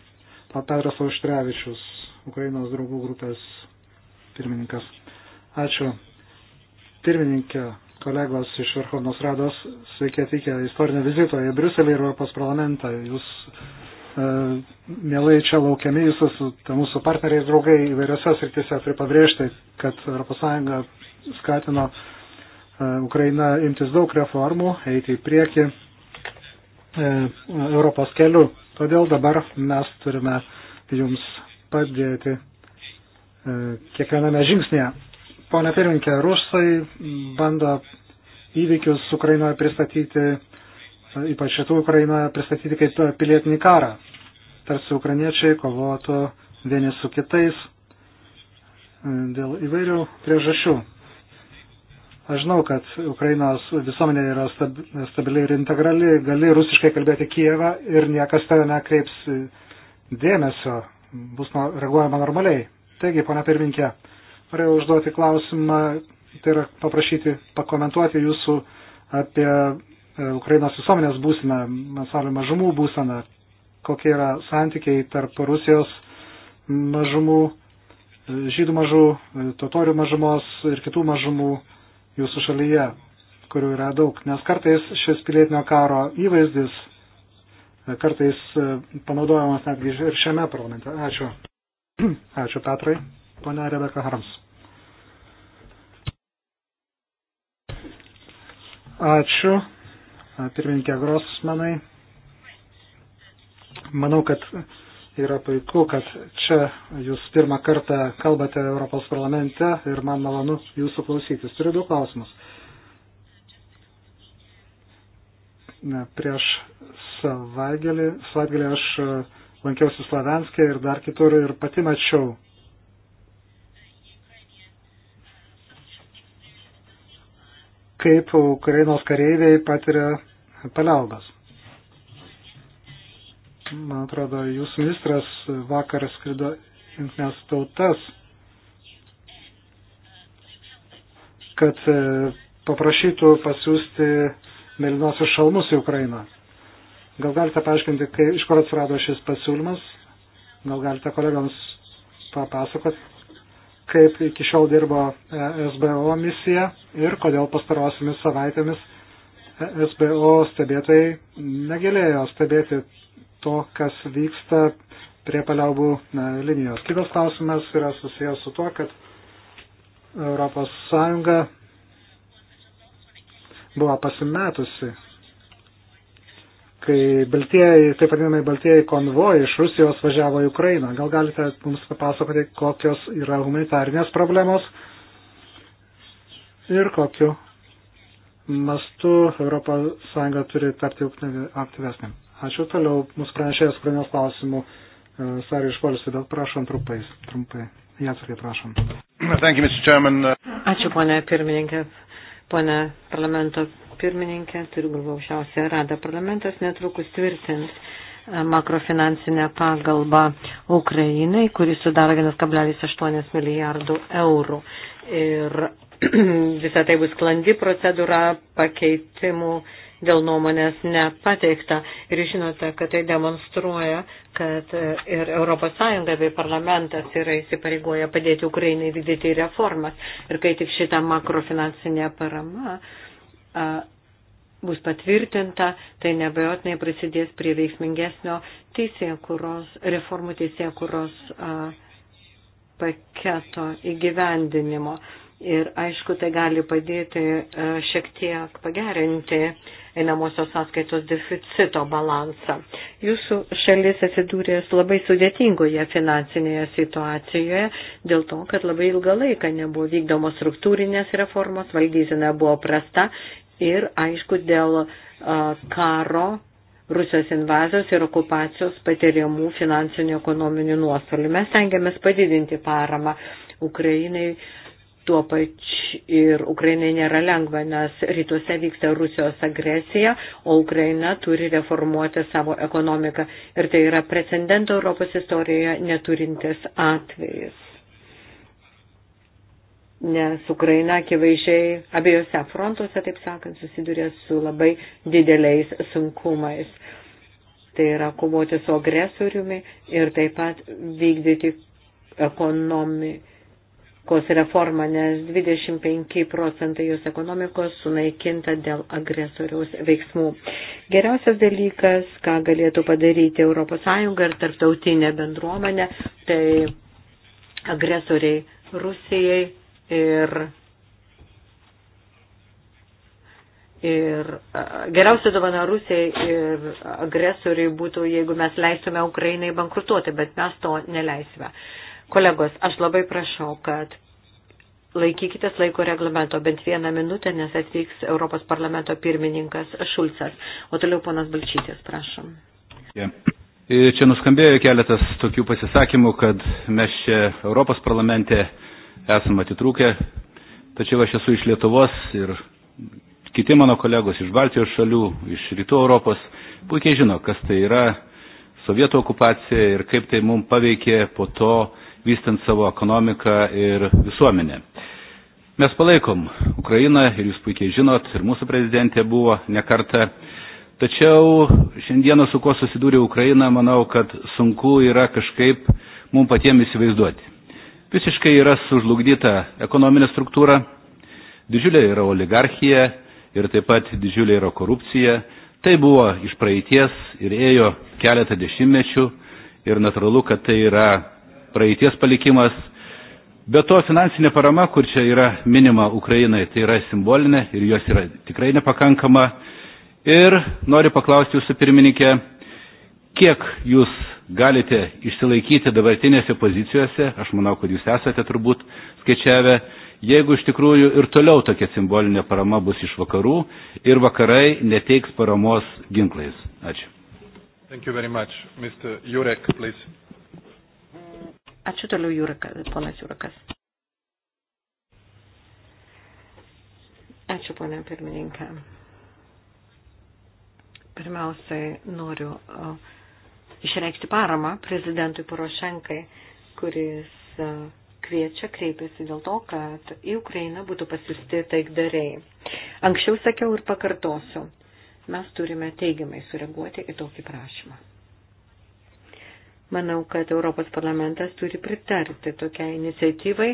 Petras Auštrevičius. Ukrainos draugų grupės pirmininkas. Ačiū. Pirmininkė, kolegos iš Verhovnos Rados, sveiki atvykę istorinio vizito į Briuselį ir Europos parlamentą. Jūs e, mielai čia laukiami, jūs esate mūsų partneriai ir draugai įvairiose srityse. Turiu pabrėžti, kad ES skatino e, Ukrainą imtis daug reformų, eiti į priekį e, Europos keliu. Todėl dabar mes turime jums padėti e, kiekviename žingsnėje. Pone pirminkė, rusai bando įvykius Ukrainoje pristatyti, ypač šitų Ukrainoje pristatyti kaip pilietinį karą. Tarsi ukrainiečiai kovotų vieni su kitais e, dėl įvairių priežasčių. Aš žinau, kad Ukrainos visuomenė yra stabiliai ir integrali, gali rusiškai kalbėti Kievą ir niekas tave nekreips dėmesio bus reaguojama normaliai. Taigi, ponia pirminkė, norėjau užduoti klausimą, tai yra paprašyti pakomentuoti jūsų apie e, Ukrainos visuomenės būseną, pasaulio mažumų būseną, kokie yra santykiai tarp Rusijos mažumų, e, žydų mažų, e, totorių mažumos ir kitų mažumų jūsų šalyje, kurių yra daug. Nes kartais šis pilietinio karo įvaizdis kartais e, panaudojamas netgi ir šiame parlamente. Ačiū. <clears throat> Ačiū Petrai. Pone Rebeka Harms. Ačiū. Pirmininkė Grosmanai. Manau, kad yra puiku, kad čia jūs pirmą kartą kalbate Europos parlamente ir man malonu jūsų klausytis. Turiu du klausimus. Prieš savaitgalį, savaitgalį aš e, lankiausi Slavenskė ir dar kitur ir pati mačiau. kaip Ukrainos kareiviai patiria paliaubas. Man atrodo, jūsų ministras vakar skrido jungtinės tautas, kad e, paprašytų pasiūsti mėlynosius šalmus į Ukrainą. Gal galite paaiškinti, kai, iš kur atsirado šis pasiūlymas? Gal galite kolegams papasakoti, kaip iki šiol dirbo e SBO misija ir kodėl pastarosiamis savaitėmis e SBO stebėtojai negalėjo stebėti to, kas vyksta prie paliaubų linijos. Kitas klausimas yra susijęs su tuo, kad ES buvo pasimetusi, kai baltieji, taip vadinamai baltieji konvojai iš Rusijos važiavo į Ukrainą. Gal galite mums papasakoti, kokios yra humanitarnės problemos ir kokiu mastu ES turi tapti aktyvesnė. Ačiū toliau, mūsų pranešėjas Ukrainos klausimų. E, Sari iš Polsvido, prašom trumpais, trumpai. Jatsakė, prašom. Thank you, Mr. Chairman. Ačiū, ponė pirmininkė. Pone parlamento pirmininkė, turiu galvo aukščiausią radą. Parlamentas netrukus tvirtins e, makrofinansinę pagalbą Ukrainai, kuri sudaro 1,8 milijardų eurų. Ir <clears throat> visą tai bus klandi procedūra pakeitimų dėl nuomonės nepateikta. Ir žinote, kad tai demonstruoja, kad ir ES bei parlamentas yra įsipareigoję padėti Ukrainai vykdyti reformas. Ir kai tik šita makrofinansinė parama a, bus patvirtinta, tai nebejotinai prisidės prie veiksmingesnio teisėkuros, reformų teisėkuros paketo įgyvendinimo. Ir aišku, tai gali padėti šiek tiek pagerinti einamosios sąskaitos deficito balansą. Jūsų šalis atsidūrė labai sudėtingoje finansinėje situacijoje dėl to, kad labai ilgą laiką nebuvo vykdomos struktūrinės reformos, valdysena buvo prasta ir, aišku, dėl karo Rusijos invazijos ir okupacijos patiriamų finansinių ekonominių nuostolių. Mes tengiamės padidinti paramą Ukrainai uh, tuo pačiu ir Ukrainai nėra lengva, nes rytuose vyksta Rusijos agresija, o Ukraina turi reformuoti savo ekonomiką. Ir tai yra precedento Europos istorijoje neturintis atvejis. Nes Ukraina akivaizdžiai abiejose frontuose, taip sakant, susidurė su labai dideliais sunkumais. Tai yra kovoti su agresoriumi ir taip pat vykdyti ekonomiką kos reformą, nes 25 procentai jos ekonomikos sunaikinta dėl agresoriaus veiksmų. Geriausias dalykas, ką galėtų padaryti ES ir tarptautinė bendruomenė, tai agresoriai Rusijai ir Ir geriausia dovana Rusijai ir agresoriai būtų, jeigu mes leistume Ukrainai bankrutuoti, bet mes to neleisime. Kolegos, aš labai prašau, kad laikykitės laiko reglamento bent vieną minutę, nes atvyks Europos parlamento pirmininkas Šulcas. O toliau ponas Balčytis, prašom. E, čia nuskambėjo keletas tokių pasisakymų, kad mes čia Europos parlamente esame atitrūkę, tačiau aš esu iš Lietuvos ir kiti mano kolegos iš Baltijos šalių, iš Rytų Europos puikiai žino, kas tai yra sovietų okupacija ir kaip tai mums paveikė po to vystant savo ekonomiką ir visuomenę. Mes palaikom Ukrainą ir jūs puikiai žinot, ir mūsų prezidentė buvo nekarta. Tačiau šiandieną su kuo susidūrė Ukraina, manau, kad sunku yra kažkaip mums patiems įsivaizduoti. Visiškai yra sužlugdyta ekonominė struktūra, didžiulė yra oligarchija ir taip pat didžiulė yra korupcija. Tai buvo iš praeities ir ėjo keletą dešimtmečių ir natūralu, kad tai yra praeities palikimas. Be to, finansinė parama, kur čia yra minima Ukrainai, tai yra simbolinė ir jos yra tikrai nepakankama. Ir noriu paklausti jūsų pirmininkė, kiek jūs galite išsilaikyti dabartinėse pozicijose, aš manau, kad jūs esate turbūt skaičiavę, jeigu iš tikrųjų ir toliau tokia simbolinė parama bus iš vakarų ir vakarai neteiks paramos ginklais. Ačiū. Thank you very much. Mr. Jurek, please. Ačiū toliau, Jūrakas, ponas Jūrakas. Ačiū, ponė pirmininkė. Pirmiausiai noriu išreikšti paramą prezidentui Porošenkai, kuris kviečia, kreipiasi dėl to, kad į Ukrainą būtų pasiusti taikdariai. Anksčiau sakiau ir pakartosiu, mes turime teigiamai sureaguoti į tokį prašymą manau, kad Europos parlamentas turi pritarti tokiai iniciatyvai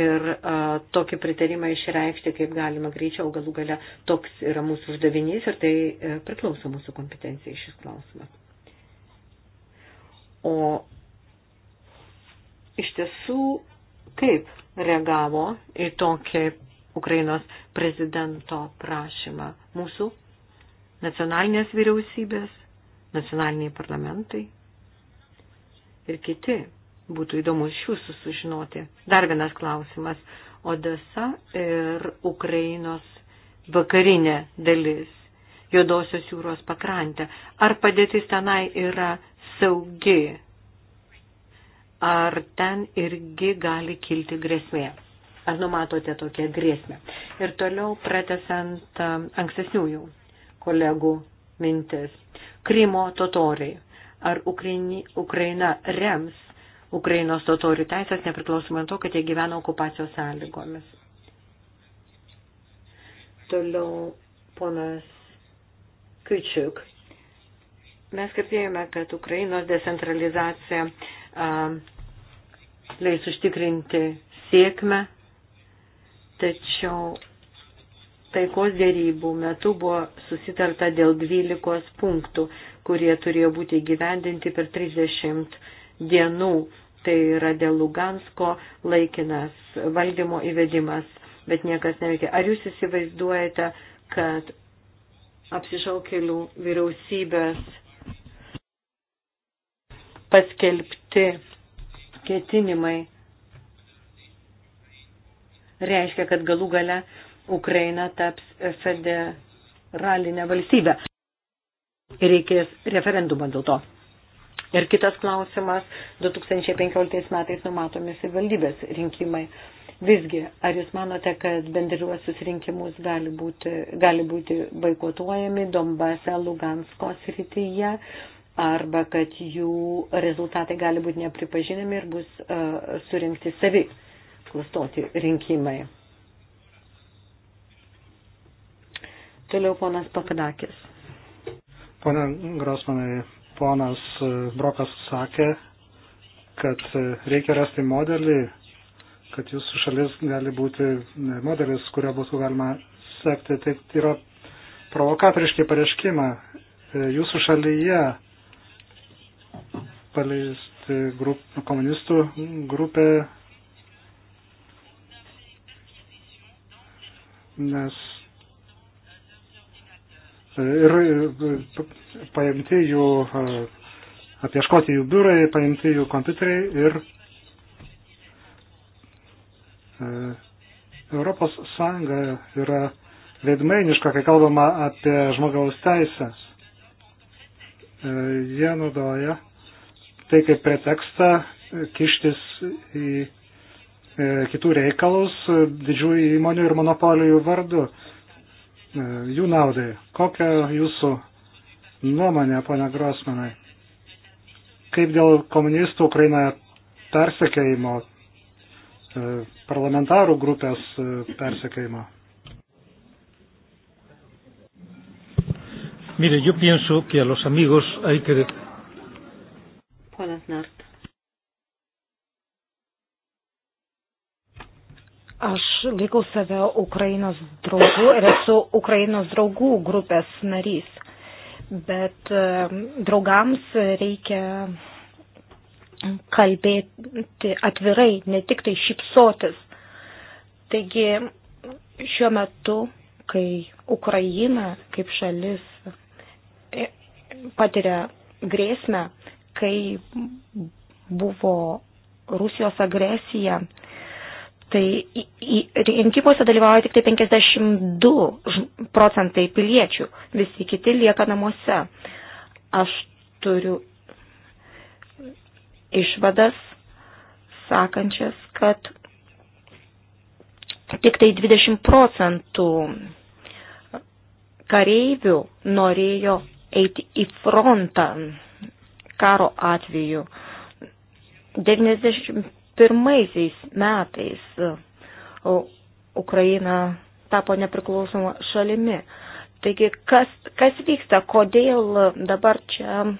ir a, tokį pritarimą išreikšti, kaip galima greičiau, galų gale toks yra mūsų uždavinys ir tai a, e, priklauso mūsų kompetencijai šis klausimas. O iš tiesų, kaip reagavo į tokį Ukrainos prezidento prašymą mūsų nacionalinės vyriausybės, nacionaliniai parlamentai? ir kiti. Būtų įdomu iš jūsų sužinoti. Dar vienas klausimas. Odessa ir Ukrainos vakarinė dalis, Jodosios jūros pakrantė. Ar padėtis tenai yra saugi? Ar ten irgi gali kilti grėsmė? Ar numatote tokią grėsmę? Ir toliau pratesant ankstesniųjų kolegų mintis. Krymo totoriai ar Ukraini, Ukraina rems Ukrainos totorių teisės, nepriklausomai to, kad jie gyvena okupacijos sąlygomis. Toliau ponas Kučiuk. Mes girdėjome, kad Ukrainos decentralizacija a, leis užtikrinti sėkmę, tačiau taikos dėrybų metu buvo susitarta dėl 12 punktų kurie turėjo būti įgyvendinti per 30 dienų. Tai yra dėl Lugansko laikinas valdymo įvedimas, bet niekas neveikia. Ar jūs įsivaizduojate, kad apsišaukelių vyriausybės paskelbti ketinimai reiškia, kad galų gale Ukraina taps federalinė valstybė reikės referendumą dėl to. Ir kitas klausimas, 2015 metais numatomi savivaldybės rinkimai. Visgi, ar jūs manote, kad bendriuosius rinkimus gali būti, gali būti baikotuojami Dombase, Lugansko srityje, arba kad jų rezultatai gali būti nepripažinami ir bus uh, surinkti savi klastoti rinkimai? Toliau ponas Pakadakis. Pone Grosmanai, ponas e, Brokas sakė, kad e, reikia rasti modelį, kad jūsų šalis gali būti e, modelis, kurio būtų galima sekti. Tai yra provokatoriški pareiškimą. Jūsų šalyje paleisti grup, komunistų grupė, nes ir paimti jų, apieškoti jų biurai, paimti jų kompiuteriai ir Europos Sąjunga yra veidmainiška, kai kalbama apie žmogaus teisės. Jie naudoja tai kaip pretekstą kištis į e, kitų reikalus didžiųjų įmonių ir monopolijų vardu. E, jų naudai. Kokia jūsų nuomonė, ponia Grosmanai? Kaip dėl komunistų Ukrainoje persekėjimo, e, parlamentarų grupės e, persekėjimo? Mire, yo pienso que a los amigos hay que. Ponas Nart. Aš laikau save Ukrainos draugų ir esu Ukrainos draugų grupės narys. Bet e, draugams reikia kalbėti atvirai, ne tik tai šipsotis. Taigi šiuo metu, kai Ukraina kaip šalis e, patiria grėsmę, kai buvo Rusijos agresija, Tai į, į, rinkimuose dalyvauja tik tai 52 procentai piliečių, visi kiti lieka namuose. Aš turiu išvadas, sakančias, kad tik tai 20 procentų kareivių norėjo eiti į frontą karo atveju. 90 pirmaisiais metais e, Ukraina tapo nepriklausoma šalimi. Taigi, kas, kas vyksta, kodėl dabar čia e,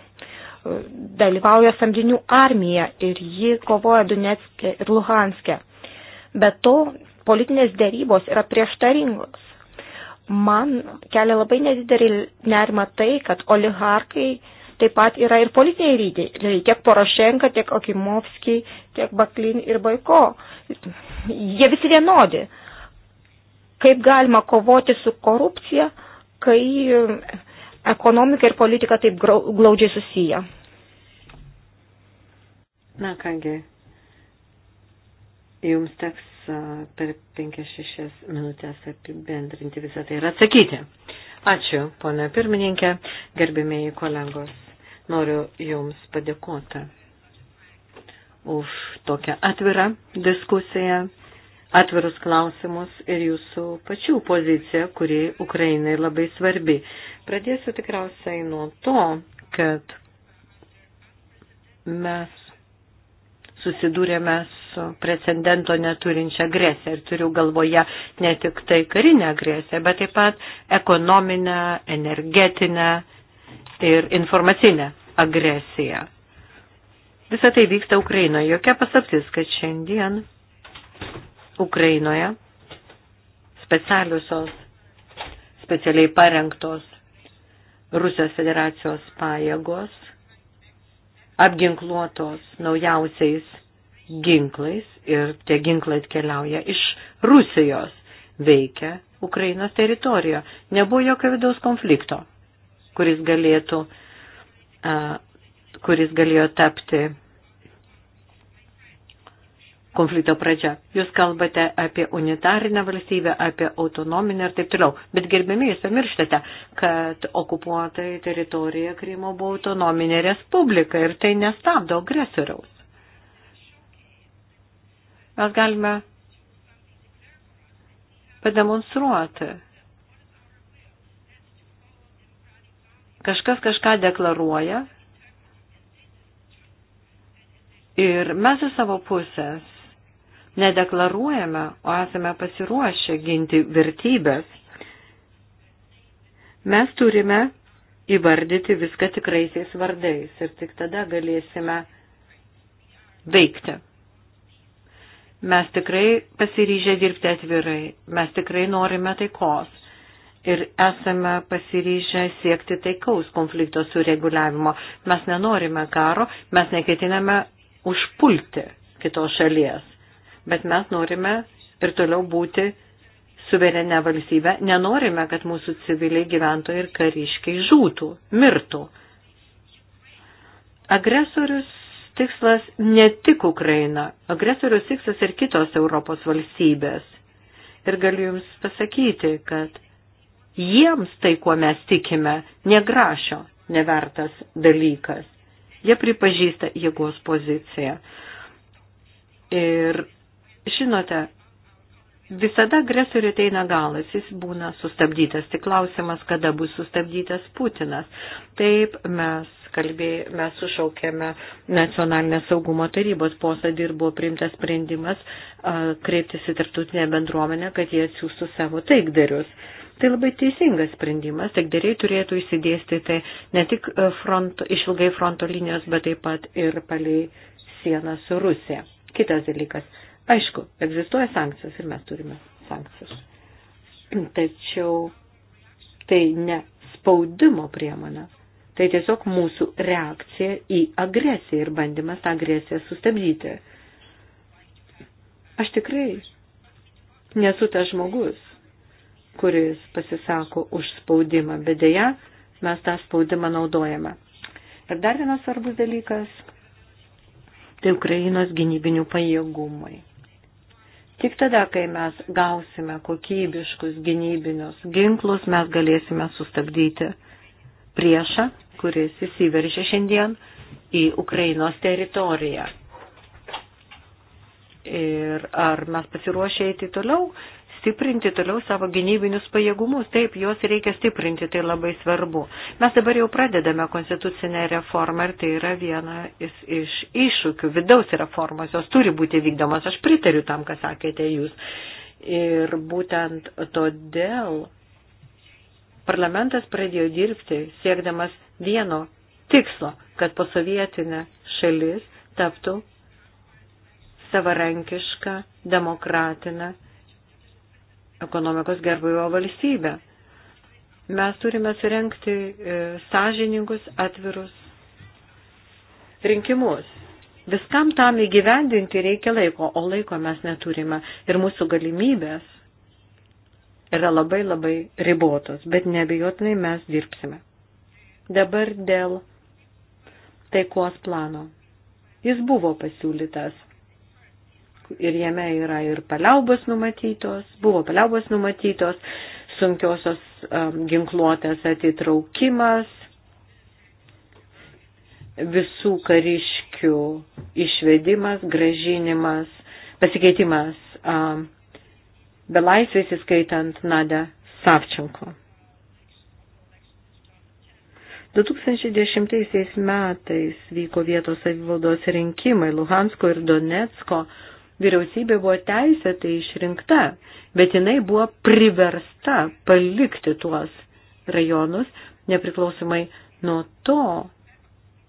dalyvauja samdinių armija ir ji kovoja Donetskė ir Luhanskė. Be to, politinės dėrybos yra prieštaringos. Man kelia labai nedidelį nerimą tai, kad oligarkai uh, taip pat yra ir politiniai lyderiai, tiek Porošenka, tiek Okimovskiai, tiek Baklin ir Baiko. Jie visi vienodi. Kaip galima kovoti su korupcija, kai um, ekonomika ir politika taip glaudžiai susiję? Na kągi, jums teks uh, per 5-6 minutės apibendrinti visą tai ir atsakyti. Ačiū, ponia pirmininkė, gerbimieji kolegos. Noriu Jums padėkoti už tokią atvirą diskusiją, atvirus klausimus ir Jūsų pačių poziciją, kuri Ukrainai labai svarbi. Pradėsiu tikriausiai nuo to, kad mes susidūrėme precedento neturinčią agresiją. Ir turiu galvoje ne tik tai karinę agresiją, bet taip pat ekonominę, energetinę ir informacinę agresiją. Visą tai vyksta Ukrainoje. Jokia paslaptis, kad šiandien Ukrainoje specialiusios, specialiai parengtos Rusijos federacijos pajėgos, apginkluotos naujausiais ginklais ir tie ginklai atkeliauja iš Rusijos, veikia Ukrainos teritorijoje. Nebuvo jokio vidaus konflikto, kuris galėtų, a, kuris galėjo tapti konflikto pradžia. Jūs kalbate apie unitarinę valstybę, apie autonominę ir taip toliau. Bet gerbėmi, jūs pamirštate, kad okupuotai teritorija Krymo buvo autonominė respublika ir tai nestabdo agresoriaus mes galime pademonstruoti. Kažkas kažką deklaruoja ir mes iš savo pusės nedeklaruojame, o esame pasiruošę ginti vertybės. Mes turime įvardyti viską tikraisiais vardais ir tik tada galėsime veikti. Mes tikrai pasiryžę dirbti atvirai, mes tikrai norime taikos ir esame pasiryžę siekti taikaus konflikto sureguliavimo. Mes nenorime karo, mes neketiname užpulti kitos šalies, bet mes norime ir toliau būti suverenę valstybę, nenorime, kad mūsų civiliai gyventojai ir kariškiai žūtų, mirtų. Agresorius tikslas ne tik Ukraina, agresorius tikslas ir kitos Europos valstybės. Ir galiu Jums pasakyti, kad jiems tai, kuo mes tikime, negrašio nevertas dalykas. Jie pripažįsta jėgos poziciją. Ir žinote, visada agresoriui ateina galas, jis būna sustabdytas. Tik klausimas, kada bus sustabdytas Putinas. Taip mes. Kalbėj, mes sušaukėme nacionalinės saugumo tarybos posėdį ir buvo priimtas sprendimas a, kreiptis į tarptautinę bendruomenę, kad jie atsiųstų savo taikdarius. Tai labai teisingas sprendimas, taikdariai turėtų įsidėstyti ne tik front, išilgai fronto linijos, bet taip pat ir paliai sieną su Rusija. Kitas dalykas Aišku, egzistuoja sankcijos ir mes turime sankcijas. Tačiau tai ne spaudimo priemonė. Tai tiesiog mūsų reakcija į agresiją ir bandymas tą agresiją sustabdyti. Aš tikrai nesu tas žmogus, kuris pasisako už spaudimą, bet dėja mes tą spaudimą naudojame. Ir dar vienas svarbus dalykas - tai Ukrainos gynybinių pajėgumai. Tik tada, kai mes gausime kokybiškus gynybinius ginklus, mes galėsime sustabdyti priešą, kuris įsiveržė šiandien į Ukrainos teritoriją. Ir ar mes pasiruošę eiti toliau, stiprinti toliau savo gynybinius pajėgumus. Taip, juos reikia stiprinti, tai labai svarbu. Mes dabar jau pradedame konstitucinę reformą ir tai yra vienas iš iššūkių. Vidaus reformos jos turi būti vykdomos. Aš pritariu tam, ką sakėte jūs. Ir būtent todėl parlamentas pradėjo dirbti siekdamas vieno tikslo, kad posovietinė šalis taptų savarankišką, demokratinę ekonomikos gerbėjo valstybę. Mes turime surenkti e, sąžiningus, atvirus rinkimus. Viskam tam įgyvendinti reikia laiko, o laiko mes neturime ir mūsų galimybės yra labai labai ribotos, bet nebejotinai mes dirbsime. Dabar dėl taikos plano. Jis buvo pasiūlytas ir jame yra ir paliaubos numatytos, buvo paliaubos numatytos, sunkiosios um, ginkluotės atitraukimas, visų kariškių išvedimas, gražinimas, pasikeitimas um, belaisvės įskaitant Nadę Savčenko. 2010 metais vyko vietos savivaldos rinkimai Luhansko ir Donetsko vyriausybė buvo teisėtai išrinkta, bet jinai buvo priversta palikti tuos rajonus nepriklausomai nuo to,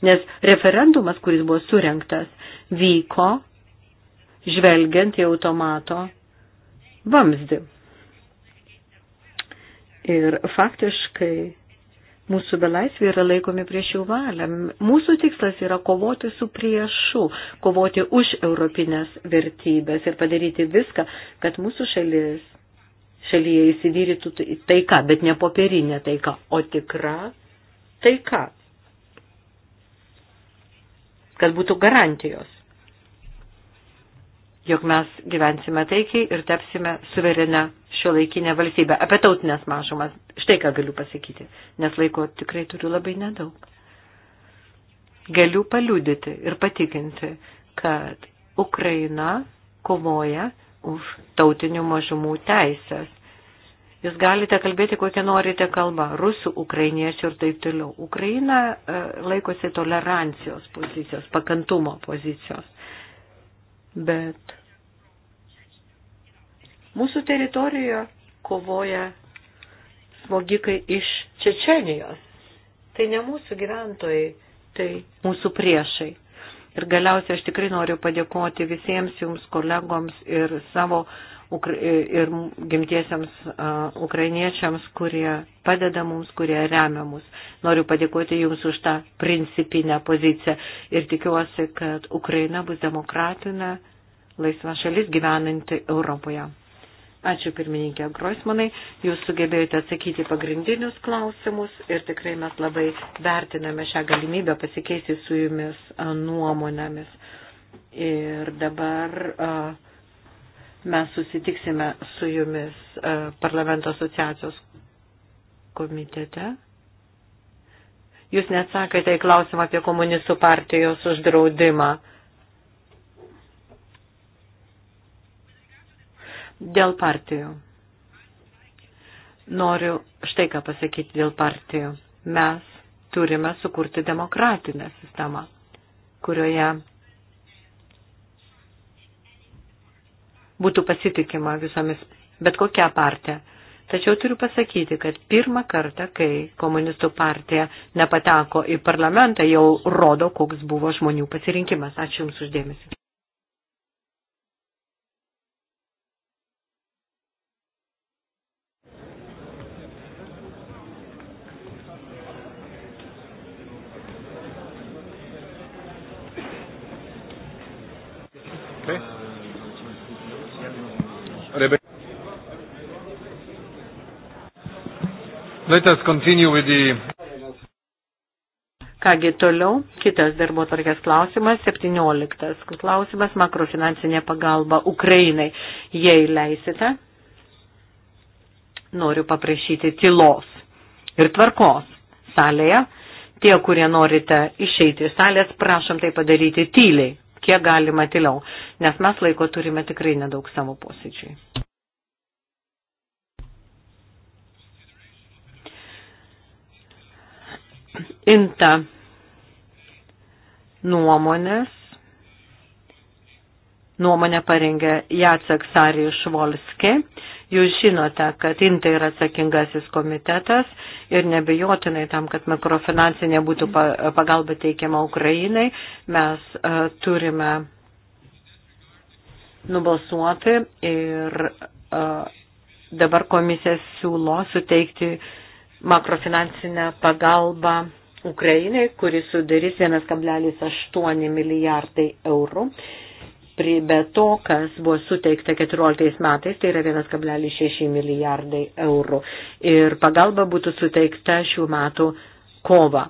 nes referendumas, kuris buvo surinktas, vyko žvelgiant į automato vamzdį. Ir faktiškai Mūsų belaisvė yra laikomi prieš jų valią. Mūsų tikslas yra kovoti su priešu, kovoti už europinės vertybės ir padaryti viską, kad mūsų šalis, šalyje įsivyrytų tai- taika, bet ne popierinė taika, o tikra taika. Kad būtų garantijos, jog mes gyvensime taikiai ir tapsime suverenę šio laikinę valstybę, apie tautinės mažumas. Štai ką galiu pasakyti, nes laiko tikrai turiu labai nedaug. Galiu paliudyti ir patikinti, kad Ukraina kovoja už tautinių mažumų teisės. Jūs galite kalbėti kokią norite kalbą, rusų, ukrainiečių ir taip toliau. Ukraina e, laikosi tolerancijos pozicijos, pakantumo pozicijos. Bet Mūsų teritorijoje kovoja smogikai iš Čečenijos. Tai ne mūsų gyventojai, tai mūsų priešai. Ir galiausiai aš tikrai noriu padėkoti visiems jums kolegoms ir savo ir gimtiesiams uh, ukrainiečiams, kurie padeda mums, kurie remia mus. Noriu padėkoti jums už tą principinę poziciją ir tikiuosi, kad Ukraina bus demokratinė, laisva šalis gyvenanti Europoje. Ačiū pirmininkė Groismanai, jūs sugebėjote atsakyti pagrindinius klausimus ir tikrai mes labai vertiname šią galimybę pasikeisti su jumis nuomonėmis. Ir dabar mes susitiksime su jumis parlamento asociacijos komitete. Jūs neatsakėte į klausimą apie komunistų partijos uždraudimą. Dėl partijų. Noriu štai ką pasakyti dėl partijų. Mes turime sukurti demokratinę sistemą, kurioje būtų pasitikima visomis bet kokia partija. Tačiau turiu pasakyti, kad pirmą kartą, kai komunistų partija nepateko į parlamentą, jau rodo, koks buvo žmonių pasirinkimas. Ačiū Jums uždėmesi. Rebecca. Let us continue with the Kągi toliau, kitas darbo tvarkės klausimas, 17. Klausimas makrofinansinė pagalba Ukrainai. Jei leisite, noriu paprašyti tylos ir tvarkos salėje. Tie, kurie norite išeiti iš salės, prašom tai padaryti tyliai kiek galima tyliau, nes mes laiko turime tikrai nedaug savo posėdžiui. Inta nuomonės Nuomonę parengė Jacek Sari Švolski. Jūs žinote, kad INTA yra atsakingasis komitetas ir nebejotinai tam, kad mikrofinansinė būtų pagalba teikiama Ukrainai, mes e, turime nubalsuoti ir e, dabar komisija siūlo suteikti makrofinansinę pagalbą Ukrainai, kuri sudarys 1,8 milijardai eurų be to, kas buvo suteikta 14 metais, tai yra 1,6 milijardai eurų. Ir pagalba būtų suteikta šių metų kova.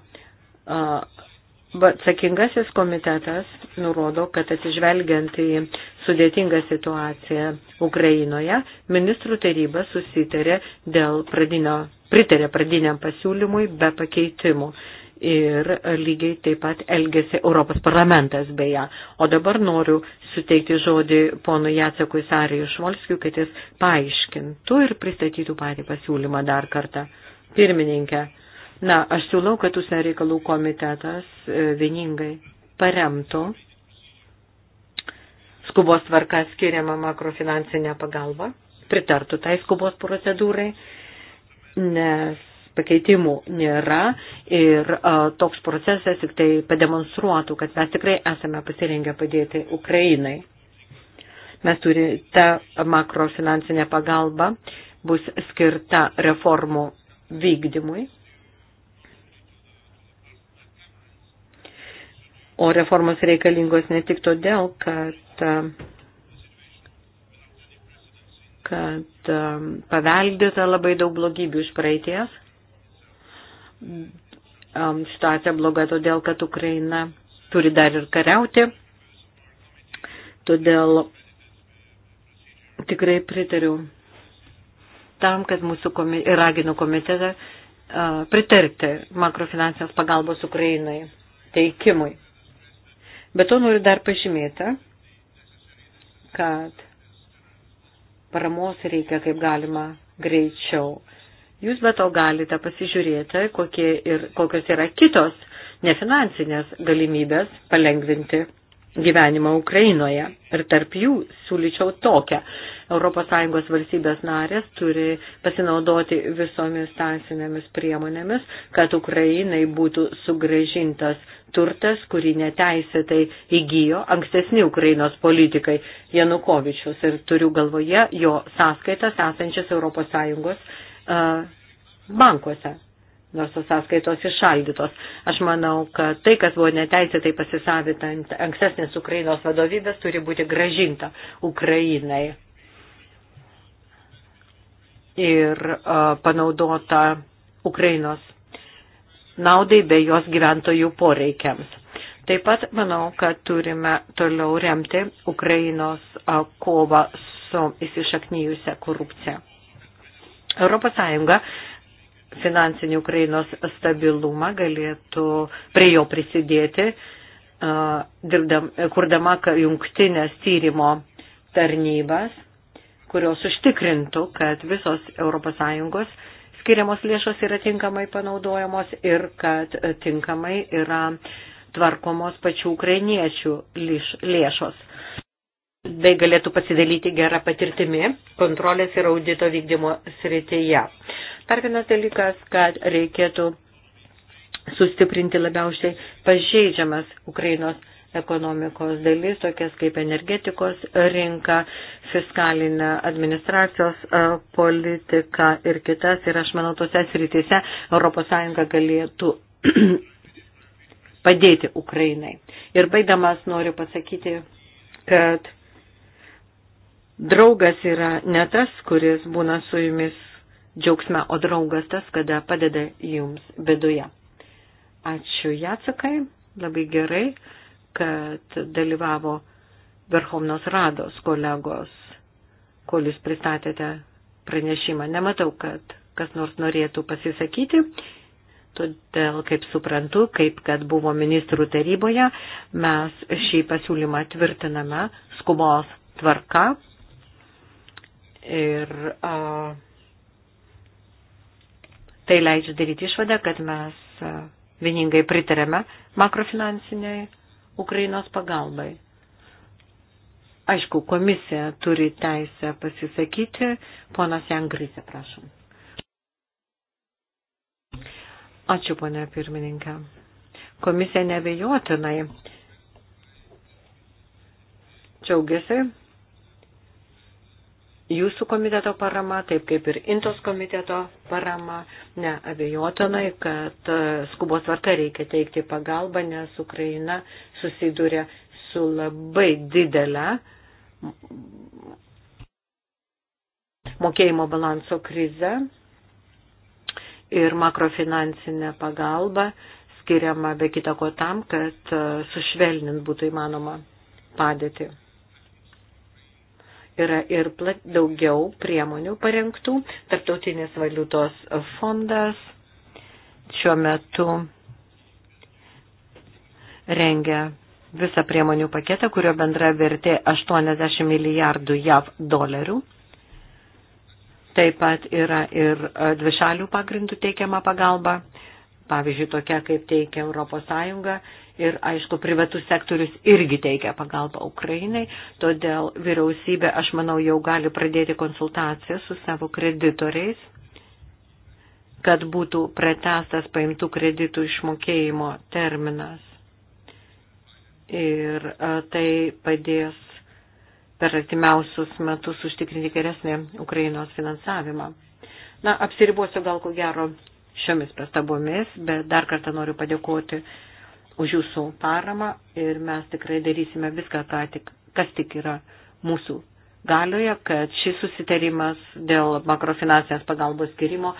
Atsakingasis komitetas nurodo, kad atsižvelgiant į sudėtingą situaciją Ukrainoje, ministrų taryba susitarė dėl pradinio, pritarė pradiniam pasiūlymui be pakeitimų ir lygiai taip pat elgėsi Europos parlamentas beje. O dabar noriu suteikti žodį ponu Jacekui Sarijui Švolskiu, kad jis paaiškintų ir pristatytų patį pasiūlymą dar kartą. Pirmininkė, na, aš siūlau, kad užsienio reikalų komitetas e, vieningai paremtų skubos tvarka skiriamą makrofinansinę pagalbą, pritartų tai skubos procedūrai, nes pakeitimų nėra ir a, toks procesas tik tai pademonstruotų, kad mes tikrai esame pasirengę padėti Ukrainai. Mes turime tą makrofinansinę pagalbą, bus skirta reformų vykdymui. O reformos reikalingos ne tik todėl, kad, kad paveldėta labai daug blogybių iš praeities, situacija bloga todėl, kad Ukraina turi dar ir kariauti. Todėl tikrai pritariu tam, kad mūsų komi raginu komitetą pritarti makrofinansinės pagalbos Ukrainai teikimui. Bet to noriu dar pažymėti, kad paramos reikia kaip galima greičiau. Jūs be to galite pasižiūrėti, ir, kokios yra kitos nefinansinės galimybės palengvinti gyvenimą Ukrainoje. Ir tarp jų siūlyčiau tokią. ES valstybės narės turi pasinaudoti visomis teisinėmis priemonėmis, kad Ukrainai būtų sugražintas turtas, kurį neteisėtai įgyjo ankstesni Ukrainos politikai Janukovičius. Ir turiu galvoje jo sąskaitas esančias ES bankuose, nors tos sąskaitos išaldytos. Aš manau, kad tai, kas buvo neteisėtai pasisavita ankstesnės Ukrainos vadovybės, turi būti gražinta Ukrainai ir panaudota Ukrainos naudai bei jos gyventojų poreikiams. Taip pat manau, kad turime toliau remti Ukrainos kovą su įsišaknyjusią korupciją. Europos Sąjunga finansinį Ukrainos stabilumą galėtų prie jo prisidėti, dirbdam, kurdama jungtinės tyrimo tarnybas, kurios užtikrintų, kad visos ES skiriamos lėšos yra tinkamai panaudojamos ir kad tinkamai yra tvarkomos pačių ukrainiečių lėšos tai galėtų pasidalyti gerą patirtimi kontrolės ir audito vykdymo srityje. Dar vienas dalykas, kad reikėtų sustiprinti labiausiai pažeidžiamas Ukrainos ekonomikos dalis, tokias kaip energetikos rinka, fiskalinė administracijos e, politika ir kitas. Ir aš manau, tose srityse ES galėtų <clears throat> padėti Ukrainai. Ir baigdamas noriu pasakyti, kad draugas yra ne tas, kuris būna su jumis džiaugsme, o draugas tas, kada padeda jums beduje. Ačiū Jacekai, labai gerai, kad dalyvavo Verhovnos Rados kolegos, kol jūs pristatėte pranešimą. Nematau, kad kas nors norėtų pasisakyti. Todėl, kaip suprantu, kaip kad buvo ministrų taryboje, mes šį pasiūlymą tvirtiname skubos tvarka Ir a, tai leidžia daryti išvadą, kad mes a, vieningai pritarėme makrofinansiniai Ukrainos pagalbai. Aišku, komisija turi teisę pasisakyti. Ponas Jangryse, prašom. Ačiū, ponė pirmininkė. Komisija nebejotinai džiaugiasi jūsų komiteto parama, taip kaip ir Intos komiteto parama, neabejotinai, kad e, skubos tvarka reikia teikti pagalbą, nes Ukraina susiduria su labai didelė mokėjimo balanso krize ir makrofinansinė pagalba skiriama be kitako tam, kad e, sušvelnint būtų įmanoma padėti yra ir plat, daugiau priemonių parengtų. Tarptautinės valiutos fondas šiuo metu rengia visą priemonių paketą, kurio bendra vertė 80 milijardų JAV dolerių. Taip pat yra ir e, dvišalių pagrindų teikiama pagalba, pavyzdžiui, tokia kaip teikia Europos Sąjunga ir, aišku, privatus sektorius irgi teikia pagalbą Ukrainai, todėl vyriausybė, aš manau, jau gali pradėti konsultaciją su savo kreditoriais, kad būtų pretestas paimtų kreditų išmokėjimo terminas. Ir tai padės per artimiausius metus užtikrinti geresnį Ukrainos finansavimą. Na, apsiribuosiu gal ko gero šiomis pastabomis, bet dar kartą noriu padėkoti uh, už jūsų paramą ir mes tikrai darysime viską, tik, kas tik yra mūsų galioje, kad šis susitarimas dėl makrofinansinės pagalbos skirimo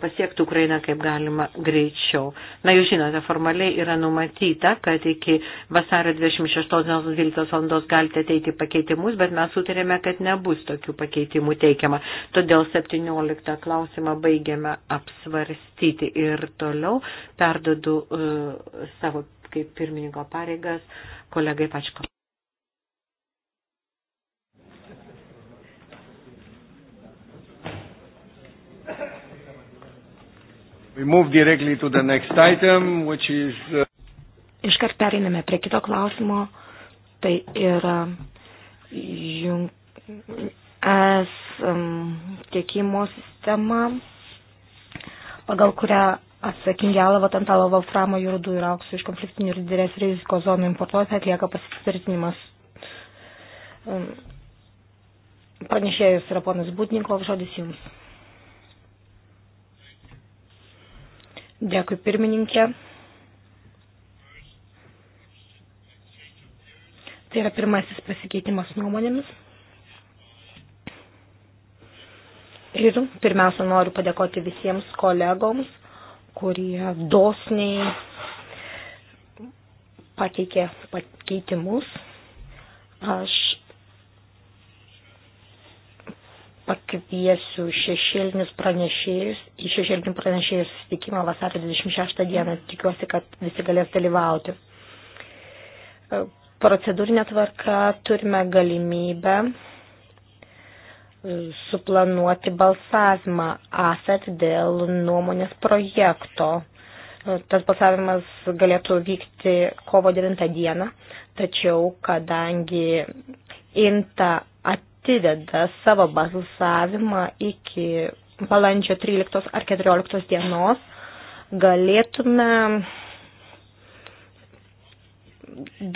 pasiektų Ukrainą kaip galima greičiau. Na, jūs žinote, formaliai yra numatyta, kad iki vasario 26.12 valandos galite teikti pakeitimus, bet mes sutarėme, kad nebus tokių pakeitimų teikiama. Todėl 17 klausimą baigiame apsvarstyti ir toliau perdodu uh, e, savo kaip pirmininko pareigas kolegai Pačko. Item, is, uh... Iškart periname prie kito klausimo. Tai yra jung... es um, tiekimo sistema, pagal kurią atsakingi Alava Tantalova Framo jūrų ir auksų iš konfliktinių ir didelės rizikos zonų importuoti atlieka pasitvirtinimas. Um, pranešėjus yra ponas Būtnikov, žodis jums. Dėkui pirmininkė. Tai yra pirmasis pasikeitimas nuomonėmis. Ir pirmiausia, noriu padėkoti visiems kolegoms, kurie dosniai pateikė pakeitimus. Aš pakviesiu šešėlinius pranešėjus į šešėlinių pranešėjų susitikimą vasario 26 dieną. Tikiuosi, kad visi galės dalyvauti. E, procedūrinė tvarka turime galimybę e, suplanuoti balsavimą ASET dėl nuomonės projekto. E, tas balsavimas galėtų vykti kovo 9 dieną, tačiau kadangi INTA atideda savo balsavimą iki balandžio 13 ar 14 dienos, galėtume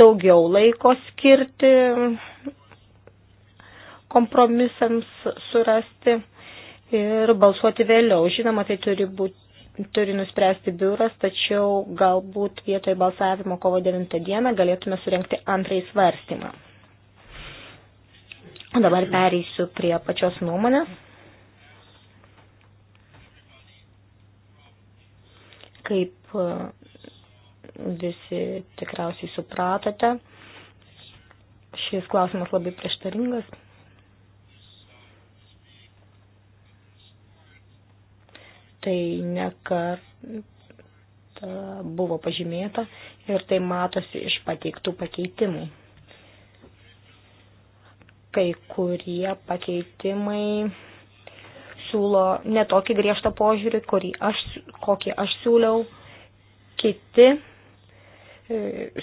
daugiau laiko skirti kompromisams surasti ir balsuoti vėliau. Žinoma, tai turi, būt, turi nuspręsti biuras, tačiau galbūt vietoj balsavimo kovo 9 dieną galėtume surenkti antrąjį svarstymą. Dabar pereisiu prie pačios nuomonės. Kaip e, visi tikriausiai supratote, šis klausimas labai prieštaringas. Tai nekart buvo pažymėta ir tai matosi iš pateiktų pakeitimų kai kurie pakeitimai siūlo netokį griežtą požiūrį, kurį aš, kokį aš siūliau, kiti e,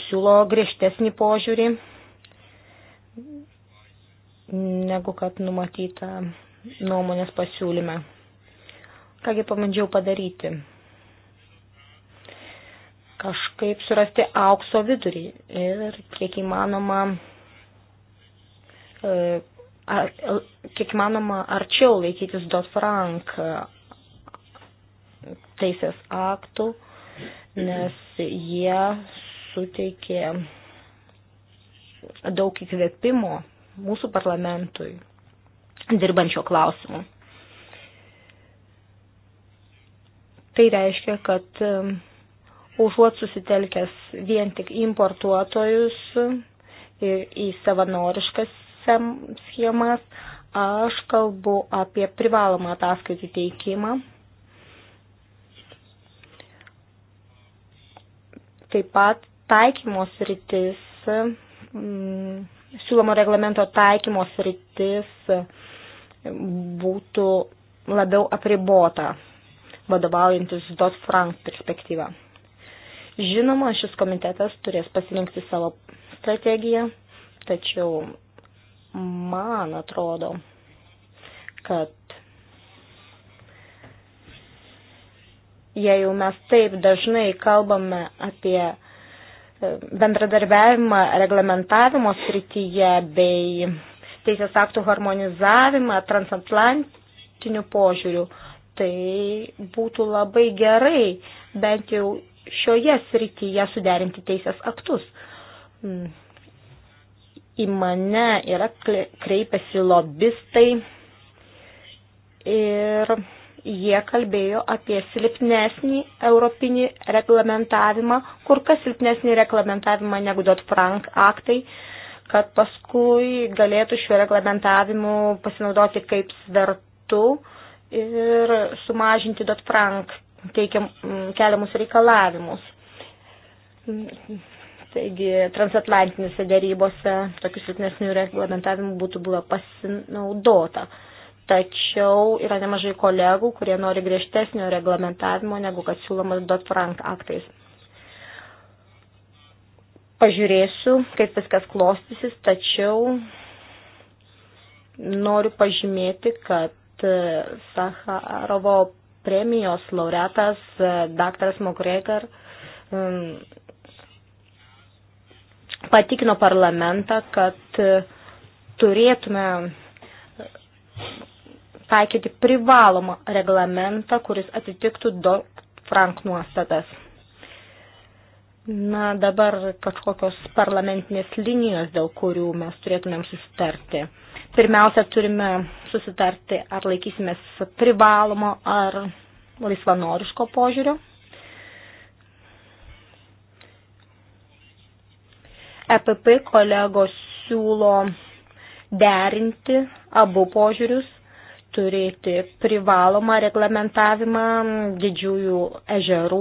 siūlo griežtesnį požiūrį negu kad numatyta nuomonės pasiūlyme. Kągi pamandžiau padaryti? Kažkaip surasti aukso vidurį ir kiek įmanoma ar, kiek manoma arčiau laikytis Dodd-Frank e, teisės aktų, nes jie suteikė daug įkvėpimo mūsų parlamentui dirbančio klausimu. Tai reiškia, kad e, užuot susitelkęs vien tik importuotojus ir į savanoriškas schemas, aš kalbu apie privalomą ataskaitų teikimą. Taip pat taikymos rytis, mm, siūlomo reglamento taikymos rytis būtų labiau apribota, vadovaujantis Dot Frank perspektyvą. Žinoma, šis komitetas turės pasirinkti savo strategiją, tačiau Man atrodo, kad jei jau mes taip dažnai kalbame apie e, bendradarbiavimą reglamentavimo srityje bei teisės aktų harmonizavimą transatlantiniu požiūriu, tai būtų labai gerai bent jau šioje srityje suderinti teisės aktus. Mm į mane yra kreipiasi lobistai ir jie kalbėjo apie silpnesnį europinį reglamentavimą, kur kas silpnesnį reglamentavimą negu dot frank aktai, kad paskui galėtų šiuo reglamentavimu pasinaudoti kaip svertu ir sumažinti dot frank teikiam, keliamus reikalavimus. Taigi transatlantinėse dėrybose tokių silpnesnių reglamentavimų būtų buvę pasinaudota. Tačiau yra nemažai kolegų, kurie nori griežtesnio reglamentavimo negu kad siūlomas Dodd-Frank aktais. Pažiūrėsiu, kaip viskas klostysis, tačiau noriu pažymėti, kad e, Sakharovo premijos laureatas e, dr. Mokregar patikino parlamentą, kad e, turėtume taikyti privalomą reglamentą, kuris atitiktų Frank nuostatas. Na, dabar kažkokios parlamentinės linijos, dėl kurių mes turėtumėm susitarti. Pirmiausia, turime susitarti, ar laikysimės privalomo ar laisvanoriško požiūrio. EPP kolegos siūlo derinti abu požiūrius, turėti privalomą reglamentavimą didžiųjų ežerų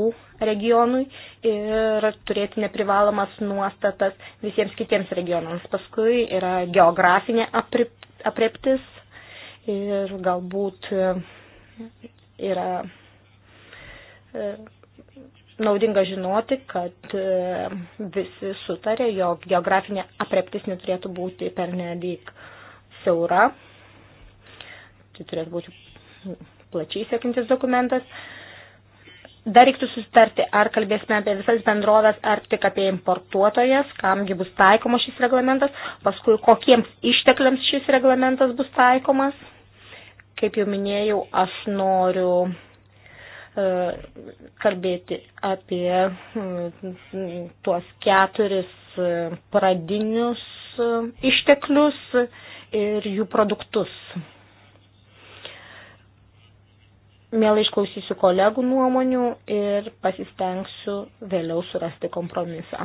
regionui ir turėti neprivalomas nuostatas visiems kitiems regionams. Paskui yra geografinė apreptis ir galbūt yra naudinga žinoti, kad e, visi sutarė, jog geografinė apreptis neturėtų būti pernelyg siaura. Tai turėtų būti plačiai sėkintis dokumentas. Dar reiktų susitarti, ar kalbėsime apie visas bendrovės, ar tik apie importuotojas, kamgi bus taikomas šis reglamentas, paskui kokiems ištekliams šis reglamentas bus taikomas. Kaip jau minėjau, aš noriu kalbėti apie mm, tuos keturis e, pradinius e, išteklius ir jų produktus. Mielai išklausysiu kolegų nuomonių ir pasistengsiu vėliau surasti kompromisą.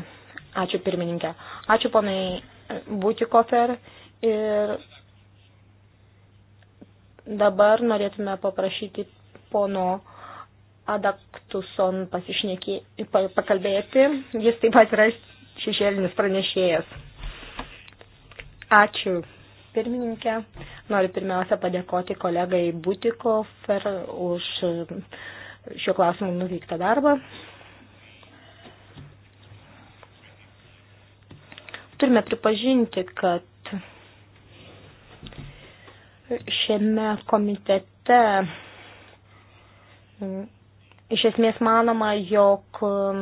Ačiū pirmininkė. Ačiū ponai Būtikofer ir dabar norėtume paprašyti pono Adaktuson pasišnekė, pakalbėti. Jis taip pat yra šešėlinis pranešėjas. Ačiū pirmininkė. Noriu pirmiausia padėkoti kolegai Butiko fer už šiuo klausimu nuveiktą darbą. Turime pripažinti, kad šiame komitete Iš esmės manoma, jog um,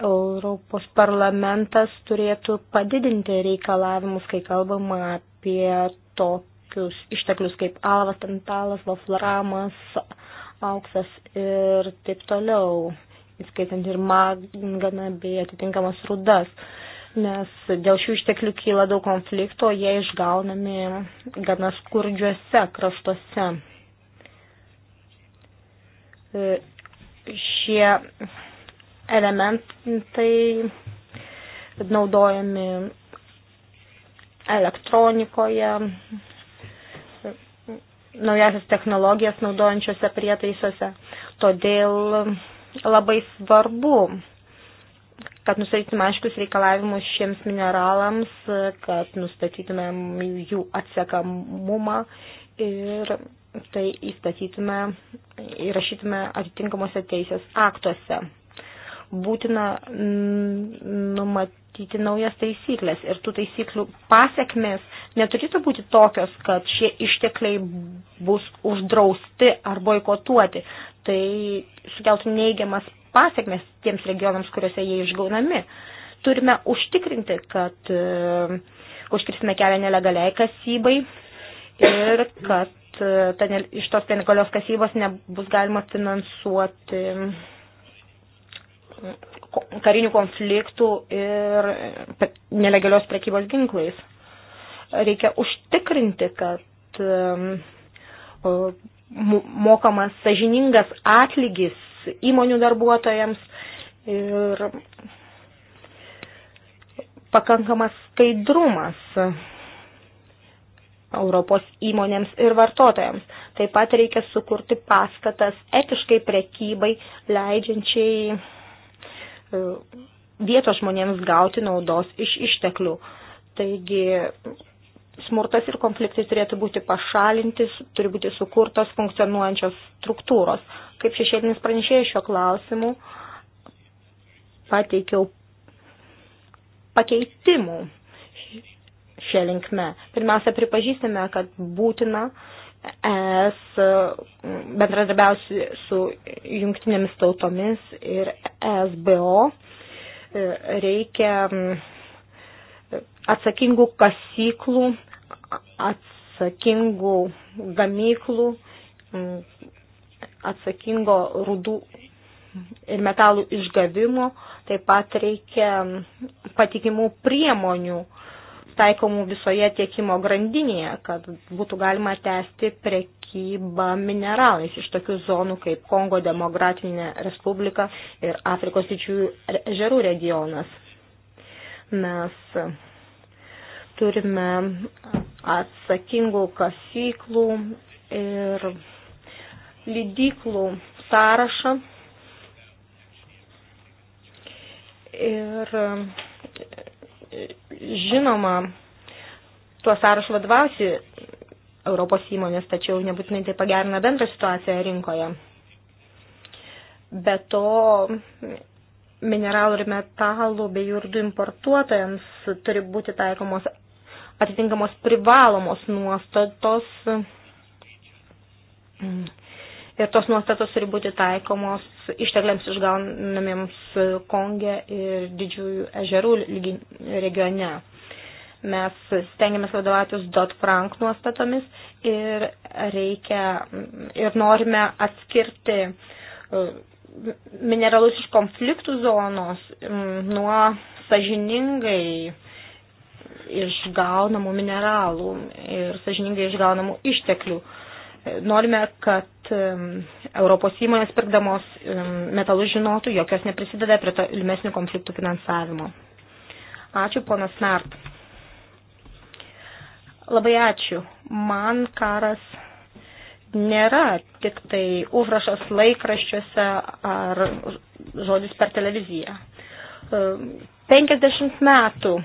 Europos parlamentas turėtų padidinti reikalavimus, kai kalbama apie tokius išteklius kaip alvas, tantalas, vaflaramas, auksas ir taip toliau, įskaitant ir manganą bei atitinkamas rudas, nes dėl šių išteklių kyla daug konflikto, jie išgaunami gana skurdžiuose kraštuose šie elementai naudojami elektronikoje, naujasias technologijas naudojančiose prietaisuose. Todėl labai svarbu, kad nustatytume aiškius reikalavimus šiems mineralams, kad nustatytume jų atsekamumą ir tai įstatytume, įrašytume atitinkamuose teisės aktuose. Būtina numatyti naujas taisyklės ir tų taisyklių pasiekmės neturėtų būti tokios, kad šie ištekliai bus uždrausti ar boikotuoti. Tai sukeltų neigiamas pasiekmes tiems regionams, kuriuose jie išgaunami. Turime užtikrinti, kad uh, e, užkirsime kelią nelegaliai kasybai ir kad E, ten, iš tos tenikolios kasybos nebus galima finansuoti karinių konfliktų ir e, nelegalios prekybos ginklais. Reikia užtikrinti, kad e, mokamas sažiningas atlygis įmonių darbuotojams ir pakankamas skaidrumas Europos įmonėms ir vartotojams. Taip pat reikia sukurti paskatas etiškai prekybai, leidžiančiai e, vietos žmonėms gauti naudos iš išteklių. Taigi smurtas ir konfliktai turėtų būti pašalintis, turi būti sukurtos funkcionuojančios struktūros. Kaip šešėlinis pranešėjas šio klausimu pateikiau pakeitimų šią linkme. Pirmiausia, pripažįstame, kad būtina ES mm, bendradarbiausi su jungtinėmis tautomis ir ESBO. E, reikia mm, atsakingų kasyklų, atsakingų gamyklų, mm, atsakingo rudų ir metalų išgavimo, taip pat reikia patikimų priemonių uh, taikomų visoje tiekimo grandinėje, kad būtų galima tęsti prekybą mineralais iš tokių zonų kaip Kongo demokratinė respublika ir Afrikos didžiųjų ežerų regionas. Mes turime atsakingų kasyklų ir lydyklų sąrašą. Ir Žinoma, tuo sąrašu vadovausi Europos įmonės, tačiau nebūtinai tai pagerina bendrą situaciją rinkoje. Be to, mineralų ir metalų bei jų ir du importuotojams turi būti taikomos atitinkamos privalomos nuostatos ir tos nuostatos turi būti taikomos ištekliams išgaunamiems Konge ir didžiųjų ežerų regione. Mes stengiamės vadovautis dot frank nuostatomis ir reikia ir norime atskirti e, mineralus iš konfliktų zonos nuo sažiningai išgaunamų mineralų ir sažiningai išgaunamų išteklių. Uh, Norime, kad Europos įmonės pirkdamos metalus žinotų, jog jos neprisideda prie to ilmesnių konfliktų finansavimo. Ačiū, ponas Nart. Labai ačiū. Man karas nėra tik tai užrašas laikraščiuose ar žodis per televiziją. 50 metų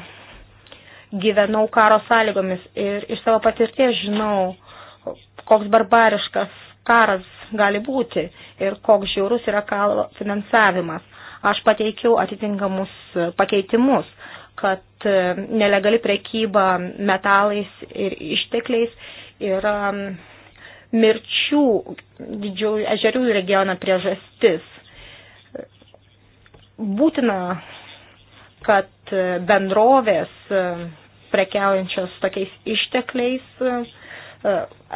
gyvenau karo sąlygomis ir iš savo patirties žinau, koks barbariškas karas gali būti ir koks žiaurus yra karo finansavimas. Aš pateikiau atitinkamus pakeitimus, kad e, nelegali prekyba metalais ir ištekliais yra mirčių didžiųjų ežerių regiono priežastis. Būtina, kad e, bendrovės e, prekiaujančios tokiais ištekliais E,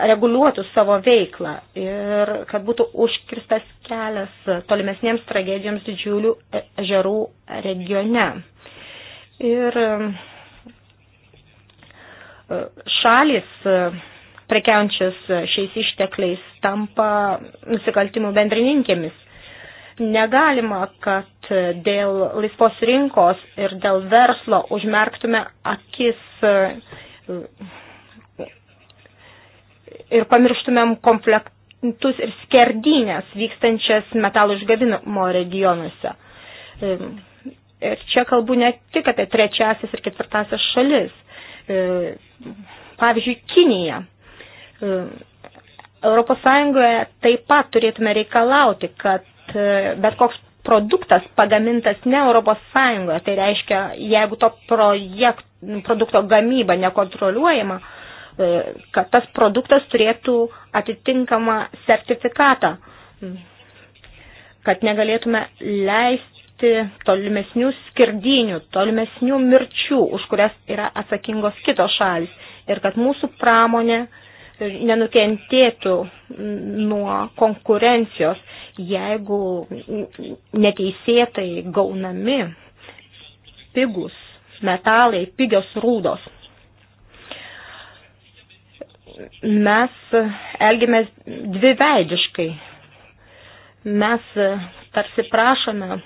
reguliuotų savo veiklą ir kad būtų užkirstas kelias tolimesniems tragedijoms didžiulių e, ežerų regione. Ir e, šalis prekiaujančias šiais ištekliais tampa nusikaltimų bendrininkėmis. Negalima, kad dėl laisvos rinkos ir dėl verslo užmerktume akis ir pamirštumėm konfliktus ir skerdynės vykstančias metalų išgavimo regionuose. Ir čia kalbu ne tik apie trečiasis ir ketvirtasis šalis. E, pavyzdžiui, Kinija. E, Europos Sąjungoje taip pat turėtume reikalauti, kad e, bet koks produktas pagamintas ne Europos Sąjungoje, tai reiškia, jeigu to projekt, produkto gamyba nekontroliuojama, E, kad tas produktas turėtų atitinkamą sertifikatą, kad negalėtume leisti tolimesnių skirdinių, tolimesnių mirčių, už kurias yra atsakingos kitos šalis ir kad mūsų pramonė nenukentėtų nuo konkurencijos, jeigu neteisėtai gaunami pigus metalai, pigios rūdos mes elgiamės dviveidiškai. Mes tarsi prašome,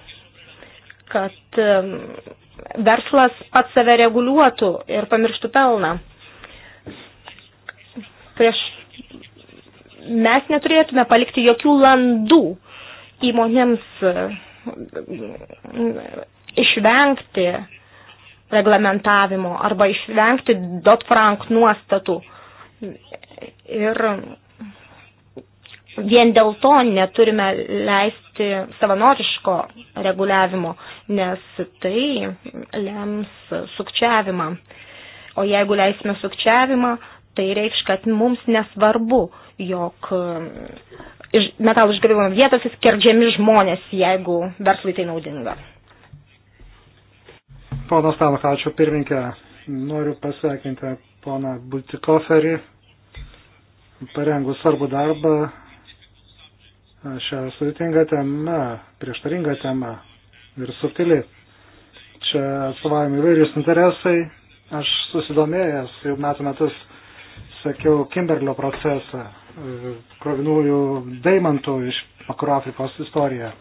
kad verslas pats save reguliuotų ir pamirštų pelną. Prieš mes neturėtume palikti jokių landų įmonėms išvengti reglamentavimo arba išvengti Dot Frank nuostatų. Ir vien dėl to neturime leisti savanoriško reguliavimo, nes tai lems sukčiavimą. O jeigu leisime sukčiavimą, tai reikš, kad mums nesvarbu, jog e, metalų išgavimo vietose skerdžiami žmonės, jeigu verslai tai naudinga. Ponas Tavakas, ačiū pirmininkė. Noriu pasveikinti poną Bultikoferį, parengus svarbų darbą šią sudėtingą temą, prieštaringą temą ir subtili. Čia atstovavim įvairius interesai. Aš susidomėjęs jau metų metus sakiau Kimberlio procesą, krovinųjų deimantų iš Makroafrikos istoriją.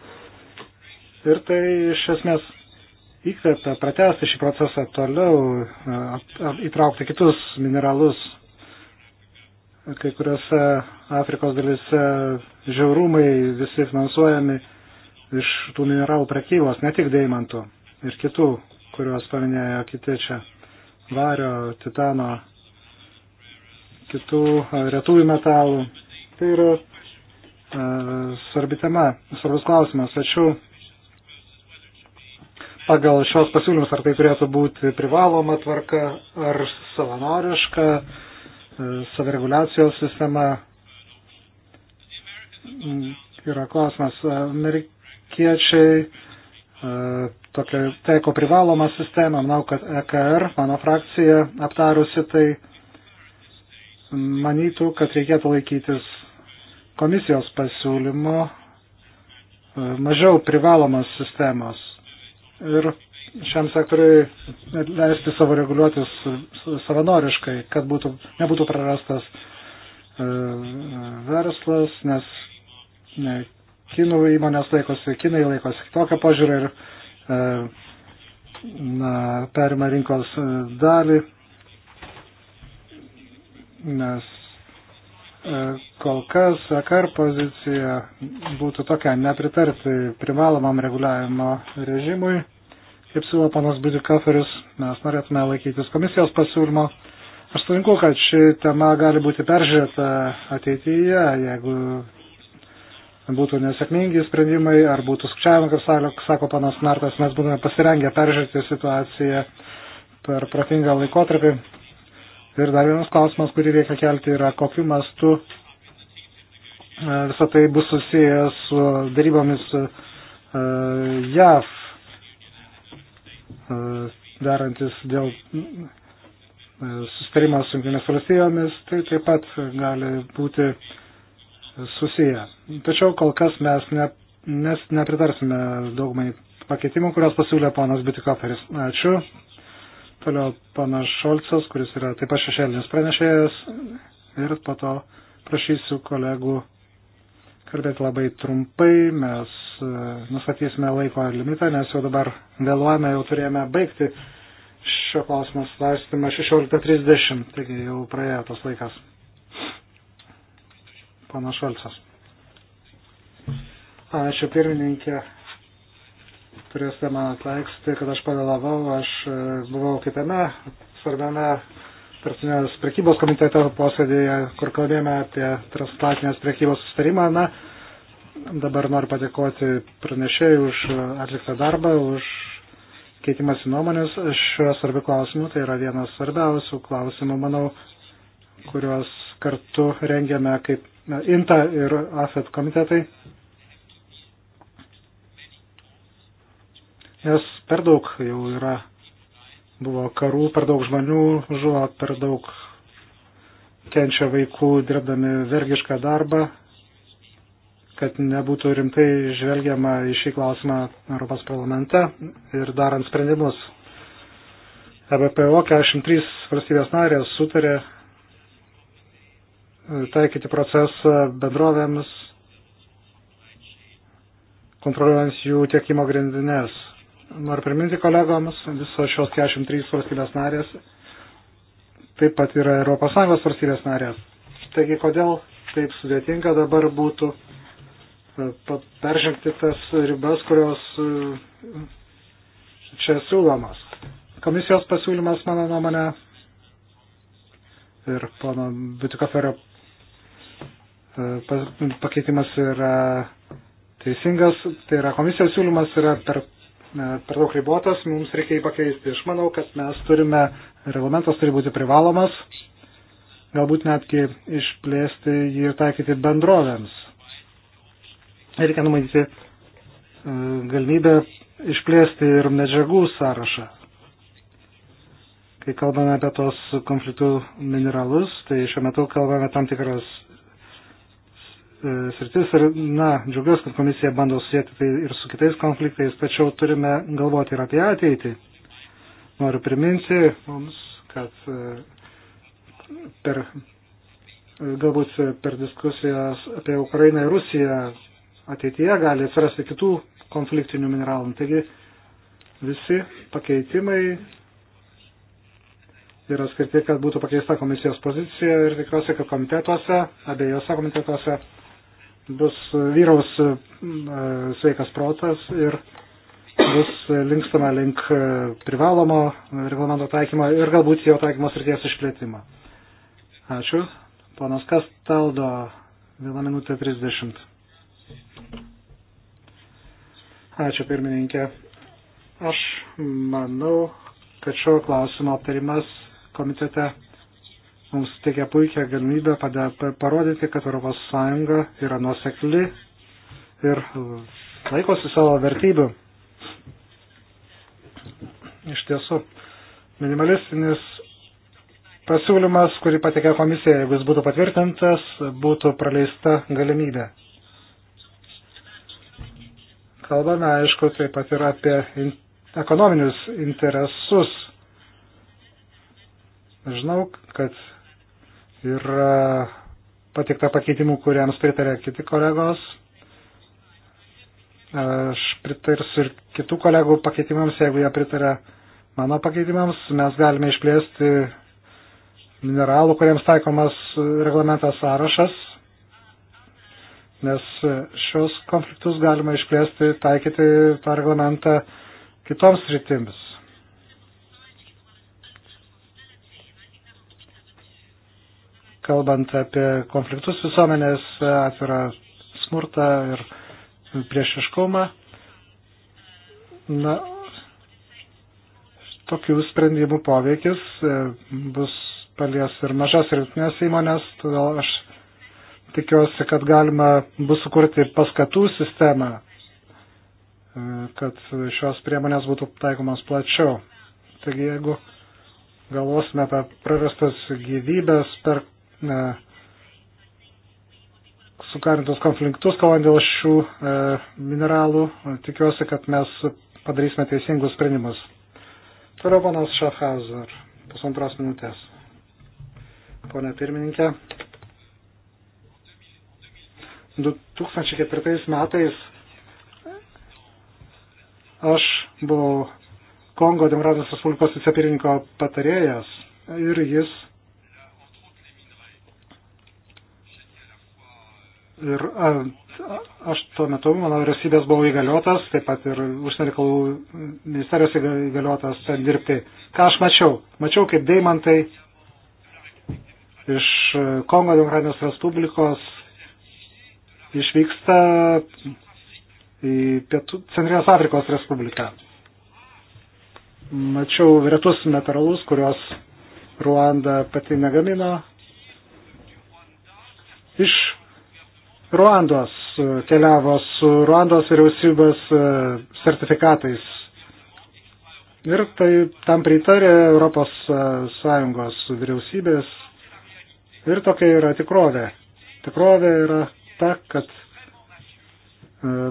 Ir tai iš esmės įkvėpta pratesti šį procesą toliau, įtraukti kitus mineralus. Kai kuriuose Afrikos dalise žiaurumai visi finansuojami iš tų mineralų prekybos, ne tik deimantų ir kitų, kuriuos paminėjo kiti čia - vario, titano, kitų retųjų metalų. Tai yra svarbi tema, svarbus klausimas, tačiau pagal šios pasiūlymus, ar tai turėtų būti privaloma tvarka, ar savanoriška e, savireguliacijos sistema. Mm, yra klausimas, amerikiečiai e, tokia taiko privalomą sistemą, manau, kad EKR, mano frakcija, aptarusi tai, manytų, kad reikėtų laikytis komisijos pasiūlymo e, mažiau privalomos sistemos ir šiam sektoriui leisti savo reguliuotis savanoriškai, kad būtų, nebūtų prarastas e, verslas, nes ne, kinų įmonės laikosi, kinai laikosi kitokio požiūrio ir e, na, perima rinkos e, dalį, nes E, kol kas AKR pozicija būtų tokia nepritarti privalomam reguliavimo režimui. Kaip siūlo panas Budikaferis, mes norėtume laikytis komisijos pasiūlymo. Aš sutinku, kad ši tema gali būti peržiūrėta ateityje, jeigu būtų nesėkmingi sprendimai ar būtų skčiavimai, kaip sako panas Nartas, mes būtume pasirengę peržiūrėti situaciją per protingą laikotarpį. Ir dar vienas klausimas, kurį reikia kelti, yra kokiu mastu e, visą tai bus susijęs su darybomis e, JAV e, darantis dėl sustarimo su Junktinės valstijomis, tai taip pat gali būti susiję. Tačiau kol kas mes ne, nes nepritarsime daugumai pakeitimų, kurios pasiūlė ponas Bitikoferis. Ačiū. Toliau panas Šolcas, kuris yra taip pat šešėlinis pranešėjas. Ir po to prašysiu kolegų kalbėti labai trumpai. Mes e, nustatysime laiko limitą, nes jau dabar vėluojame, jau turėjome baigti šio klausimo svarstymą 16.30, taigi jau praėjo tas laikas. Pana Šolcas. Ačiū pirmininkė kuriuose man atlaiksti, kad aš pavėlavau, aš e, buvau kitame svarbiame tarptautinės prekybos komiteto posėdėje, kur kalbėjome apie transatlantinės prekybos sustarimą. Na, dabar noriu padėkoti pranešėjai už atliktą darbą, už keitimąsi nuomonės šiuo svarbiu klausimu. Tai yra vienas svarbiausių klausimų, manau, kuriuos kartu rengėme kaip INTA ir AFET komitetai. nes per daug jau yra, buvo karų, per daug žmonių žuvo, per daug kenčia vaikų dirbdami vergišką darbą, kad nebūtų rimtai žvelgiama į šį klausimą Europos parlamente ir darant sprendimus. EBPO 43 valstybės narės sutarė e, taikyti procesą bendrovėms, kontroliuojant jų tiekimo grindinės. Noriu priminti kolegoms, visos šios 43 valstybės narės taip pat yra ES valstybės narės. Taigi, kodėl taip sudėtinga dabar būtų e, peržengti tas ribas, kurios e, čia siūlomas. Komisijos pasiūlymas, mano nuomonė, ir pono Butikoferio e, pakeitimas yra teisingas, tai yra komisijos siūlymas yra per per daug ribotas, mums reikia jį pakeisti. Aš manau, kad mes turime, reglamentas turi būti privalomas, galbūt netgi išplėsti jį ir taikyti bendrovėms. Reikia numatyti e, galimybę išplėsti ir medžiagų sąrašą. Kai kalbame apie tos konfliktų mineralus, tai šiuo metu kalbame tam tikras E, sritis ir, na, džiaugiuosi, kad komisija bando susijęti tai ir su kitais konfliktais, tačiau turime galvoti ir apie ateitį. Noriu priminti mums, kad e, per, e, galbūt per diskusijas apie Ukrainą ir Rusiją ateityje gali atsirasti kitų konfliktinių mineralų. Taigi visi pakeitimai yra skirti, kad būtų pakeista komisijos pozicija ir tikiuosi, kad komitetuose, abiejose komitetuose bus vyraus e, sveikas protas ir bus linkstama link e, privalomo reglamento taikymo ir galbūt jo taikymos ryties išplėtimą. Ačiū. Ponas Kastaldo, 1 minutė 30. Ačiū pirmininkė. Aš manau, kad šio klausimo aptarimas komitete mums teikia puikią galimybę parodyti, kad ES yra nuosekli ir laikosi savo vertybių. Iš tiesų, minimalistinis pasiūlymas, kurį patikė komisija, jeigu jis būtų patvirtintas, būtų praleista galimybė. Kalbame, aišku, taip pat ir apie in ekonominius interesus. Žinau, kad yra patikta pakeitimų, kuriems pritarė kiti kolegos. Aš pritarsiu ir kitų kolegų pakeitimams, jeigu jie pritarė mano pakeitimams. Mes galime išplėsti mineralų, kuriems taikomas reglamentas sąrašas, nes šios konfliktus galima išplėsti, taikyti tą reglamentą kitoms rytims. kalbant apie konfliktus visuomenės, atvirą smurtą ir priešiškumą. Na, tokių sprendimų poveikis e, bus palies ir mažas ir vidutinės įmonės, todėl aš tikiuosi, kad galima bus sukurti paskatų sistemą, e, kad šios priemonės būtų taikomos plačiau. Taigi, jeigu galvosime apie prarastas gyvybės per e, sukarintus konfliktus, kovant dėl šių e, mineralų. E, tikiuosi, kad mes padarysime teisingus sprendimus. Toliau panas Šafhauser, pusantros minutės. Pone pirmininkė, 2004 metais aš buvau Kongo Demokratinės Respublikos vicepirininko patarėjas ir jis Ir a, aš tuo metu, mano vyriausybės buvo įgaliotas, taip pat ir užsienio reikalų ministerijos įgaliotas ten dirbti. Ką aš mačiau? Mačiau, kaip deimantai iš Kongo Demokratinės Respublikos išvyksta į Pietų Centrinės Afrikos Respubliką. Mačiau retus metalus, kuriuos Ruanda pati negamino. Iš Ruandos e, keliavo su Ruandos vyriausybės e, sertifikatais. Ir tai tam pritarė Europos e, Sąjungos vyriausybės. Ir tokia yra tikrovė. Tikrovė yra ta, kad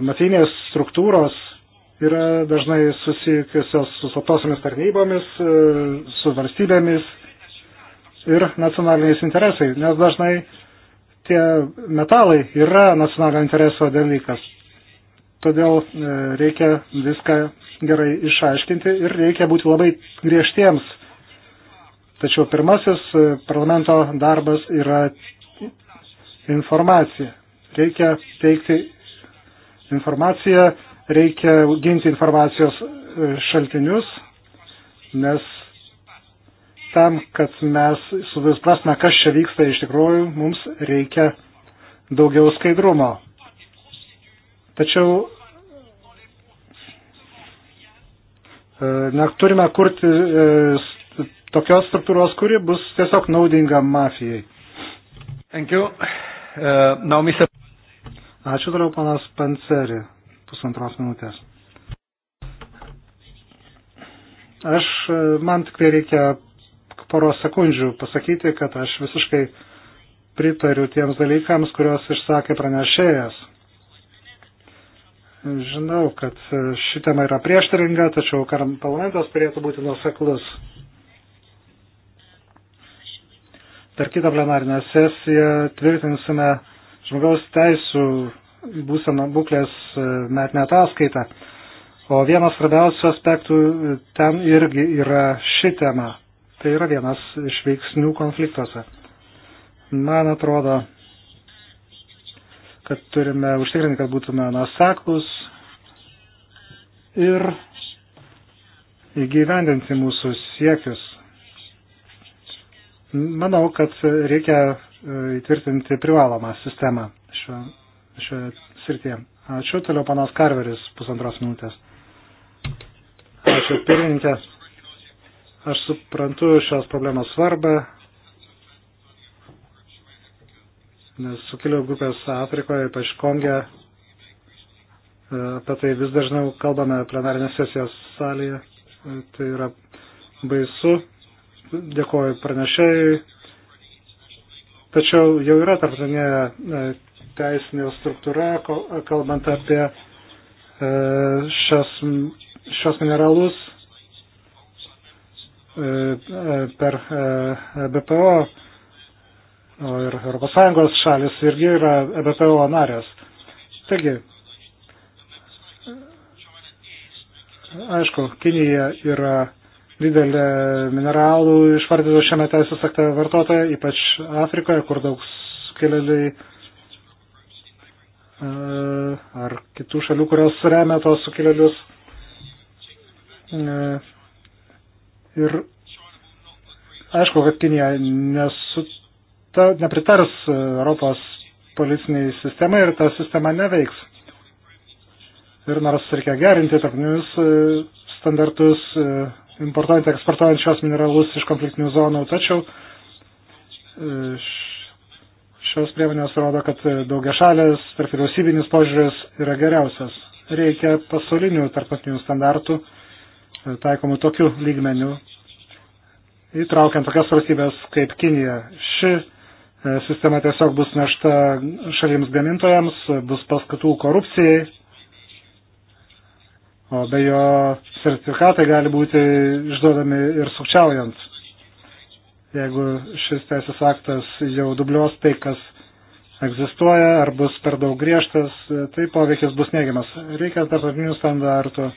matinės struktūros yra dažnai susijusios su slaptosiomis tarnybomis, su valstybėmis ir nacionaliniais interesais, nes dažnai tie metalai yra nacionalinio intereso dalykas. Todėl e, reikia viską gerai išaiškinti ir reikia būti labai griežtiems. Tačiau pirmasis e, parlamento darbas yra informacija. Reikia teikti informaciją, reikia ginti informacijos e, šaltinius, nes tam, kad mes suvisprasme, kas čia vyksta iš tikrųjų, mums reikia daugiau skaidrumo. Tačiau e, na, turime kurti e, tokios struktūros, kuri bus tiesiog naudinga mafijai. Thank you. Uh, now, Mr. Ačiū toliau, panas Panceri, pusantros minutės. Aš, man tik tai reikia poros sekundžių pasakyti, kad aš visiškai pritariu tiems dalykams, kuriuos išsakė pranešėjas. Žinau, kad ši tema yra prieštaringa, tačiau parlamentas turėtų būti nuseklus. Per kitą plenarinę sesiją tvirtinsime žmogaus teisų būsena būklės e, metinę ataskaitą. O vienas svarbiausių aspektų ten irgi yra ši tema. Tai yra vienas iš veiksnių konfliktuose. Man atrodo, kad turime užtikrinti, kad būtume nuoseklus ir įgyvendinti mūsų siekius. Manau, kad reikia e, įtvirtinti privalomą sistemą šio, šioje srityje. Ačiū, toliau panas Karveris, pusantros minutės. Ačiū, pirmininkės. Aš suprantu šios problemos svarbą, nes sukilio grupės Afrikoje, ypač Konge, apie tai vis dažniau kalbame plenarinės sesijos salėje. Tai yra baisu. Dėkuoju pranešėjui. Tačiau jau yra tarptautinė e, teisinė struktūra, kalbant apie e, šios, šios mineralus per e, BPO ir ES šalis irgi yra BPO narės. Taigi, aišku, Kinija yra didelė mineralų išvardytų šiame teisės akte vartotoja, ypač Afrikoje, kur daug skeleliai e, ar kitų šalių, kurios remia tos sukilėlius e, Ir aišku, kad Kinija nesuta, nepritars Europos policiniai sistemai ir ta sistema neveiks. Ir nors reikia gerinti tarpinius e, standartus, e, importuojant, eksportuojant šios mineralus iš konfliktinių zonų, tačiau e, šios priemonės rodo, kad daugia šalės, tarp vyriausybinis požiūris yra geriausias. Reikia pasaulinių tarptautinių standartų taikomų tokiu lygmeniu, įtraukiant tokias valstybės kaip Kinija. Ši e, sistema tiesiog bus našta šalims gamintojams, bus paskatų korupcijai, o be jo sertifikatai gali būti išduodami ir sukčiaujant. Jeigu šis teisės aktas jau dublios tai, kas egzistuoja, ar bus per daug griežtas, tai poveikis bus neigiamas. Reikia tarptautinių standartų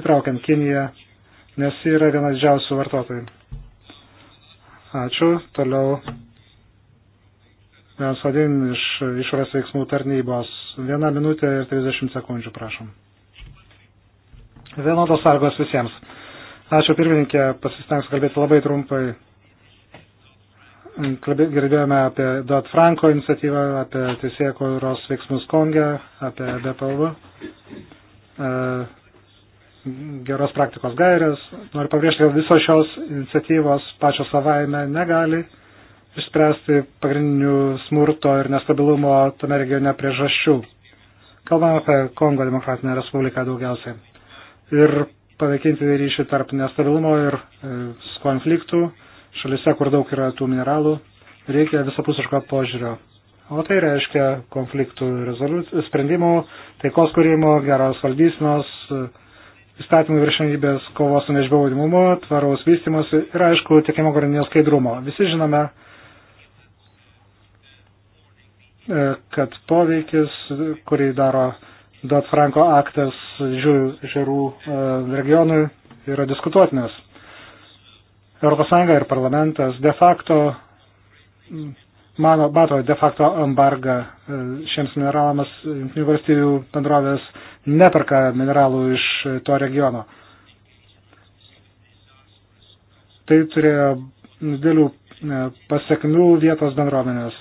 įtraukiant Kiniją, nes yra vienas didžiausių vartotojų. Ačiū. Toliau. Mes vadin iš išorės veiksmų tarnybos. Viena minutė ir 30 sekundžių, prašom. Vienodos sargos visiems. Ačiū pirmininkė, pasistengsiu kalbėti labai trumpai girdėjome apie Dot Franko iniciatyvą, apie teisėkūros veiksmus Konge, apie BPV geros praktikos gairės. Noriu pabrėžti, kad visos šios iniciatyvos pačios savaime negali išspręsti pagrindinių smurto ir nestabilumo tame regione priežasčių. Kalbame apie Kongo demokratinę respubliką daugiausiai. Ir paveikinti ryšį tarp nestabilumo ir e, konfliktų šalise, kur daug yra tų mineralų, reikia visapusiško požiūrio. O tai reiškia konfliktų sprendimų, taikos kūrimo, geros valdysnos, įstatymų viršenybės, kovos su nežbaudimimo, tvaraus vystimosi ir, aišku, tiekimo grandinės skaidrumo. Visi žinome, e, kad poveikis, kurį daro Dot Franko aktas žiūrų e, regionui, yra diskutuotinas. ES ir parlamentas de facto, mano, mato de facto embargą e, šiems mineralams jungtinių valstybių bendrovės neperka mineralų iš to regiono. Tai turėjo didelių e, pasiekmių vietos bendruomenės.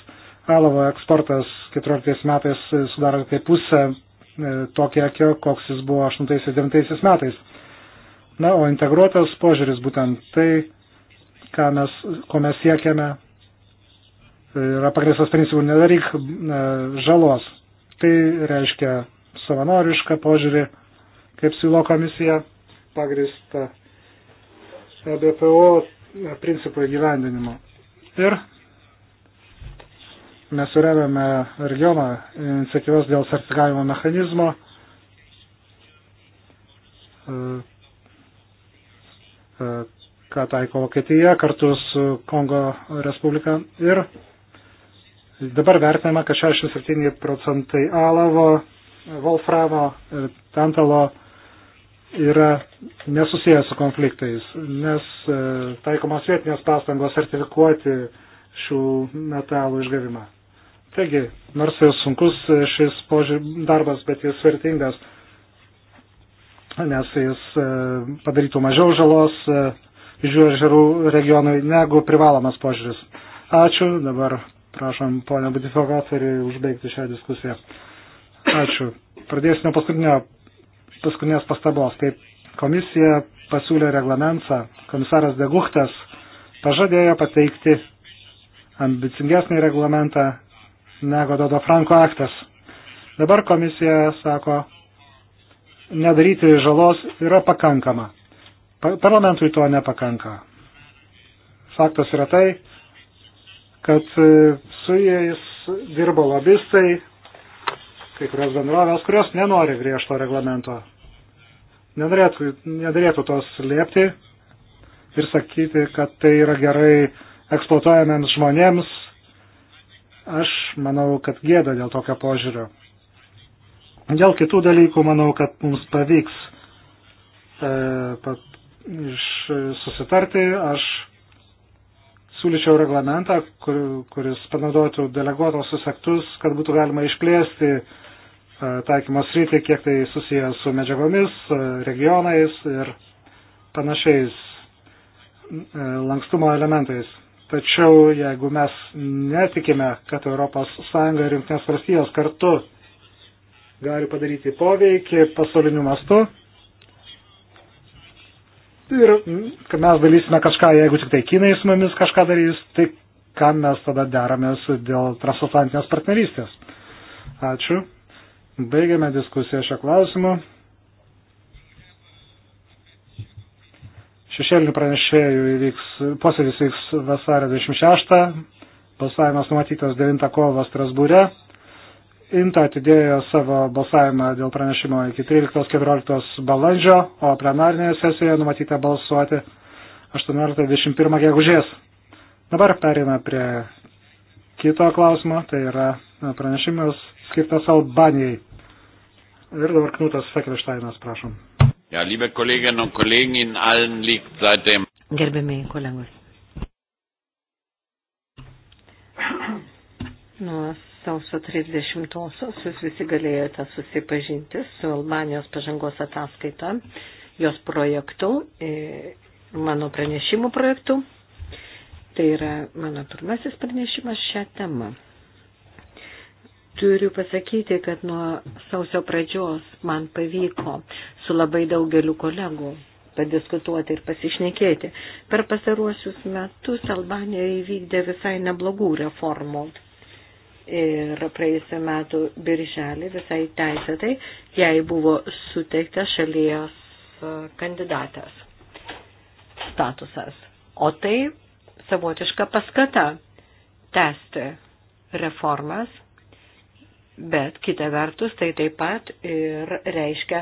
Alavo eksportas 14 metais sudaro apie pusę e, to kiekio, koks jis buvo 8-9 metais. Na, o integruotas požiūris būtent tai, ką mes, ko mes siekiame, yra pagrėstas principų nedaryk e, žalos. Tai reiškia savanorišką požiūrį, kaip siūlo komisija, pagrįsta e BPO principų įgyvendinimo. Ir mes surėmėme regioną iniciatyvas dėl sertifikavimo mechanizmo. E, e, ką taiko Vokietija kartu su Kongo Respublika. Ir dabar vertinama, kad 67 procentai alavo Wolframo ir Tantalo yra nesusijęs su konfliktais, nes e, taikomos vietinės pastangos sertifikuoti šių metalų išgavimą. Taigi, nors ir sunkus šis požiūr, darbas, bet jis vertingas, nes jis e, padarytų mažiau žalos e, žiūrų regionui negu privalomas požiūris. Ačiū, dabar prašom ponio Budifikatoriui užbaigti šią diskusiją. Ačiū. Pradėsiu nuo paskutinio, paskutinės pastabos. Taip, komisija pasiūlė reglamentą, komisaras Deguchtas pažadėjo pateikti ambicingesnį reglamentą negu Dodo Franko aktas. Dabar komisija sako, nedaryti žalos yra pakankama. Parlamentui to nepakanka. Faktas yra tai, kad e, su jais dirbo lobistai, kai kurios bendrovės, kurios nenori griežto reglamento. Nedarėtų, nedarėtų to slėpti ir sakyti, kad tai yra gerai eksploatuojamiems žmonėms. Aš manau, kad gėda dėl tokio požiūrio. Dėl kitų dalykų manau, kad mums pavyks e, pat, iš, susitarti. Aš siūlyčiau reglamentą, kur, kuris panaudotų deleguotos susektus, kad būtų galima išplėsti E, taikymos rytį, kiek tai susiję su medžiagomis, e, regionais ir panašiais e, lankstumo elementais. Tačiau jeigu mes netikime, kad ES ir Junktinės valstijos kartu gali padaryti poveikį pasauliniu mastu ir kad mes dalysime kažką, jeigu tik tai Kinai su mumis kažką darys, tai kam mes tada deramės dėl transatlantinės partnerystės. Ačiū. Baigiame diskusiją šio klausimu. Šešėlinių pranešėjų įvyks, posėdis vyks vasario 26, balsavimas numatytas 9 kovo Strasbūre. Inta atidėjo savo balsavimą dėl pranešimo iki 13-14 balandžio, o plenarinėje sesijoje numatyta balsuoti 18-21 gegužės. Dabar perina prie kito klausimo, tai yra pranešimas skirtas Albanijai. Ir dabar Knutas Fekelštainas, prašom. Ja, liebe Kolleginnen und Kollegen, in allen liegt seitdem. Gerbiami kolegos. Nuo sausio 30-osios jūs visi galėjote susipažinti su Albanijos pažangos ataskaita, jos projektu, e, mano pranešimų projektu. Tai yra mano pirmasis pranešimas šią temą turiu pasakyti, kad nuo sausio pradžios man pavyko su labai daugeliu kolegų padiskutuoti ir pasišnekėti. Per pasaruosius metus Albanija įvykdė visai neblogų reformų. Ir praėjusiu metu birželį visai teisėtai jai buvo suteiktas šalies e, kandidatas statusas. O tai savotiška paskata tęsti reformas bet kita vertus tai taip pat ir reiškia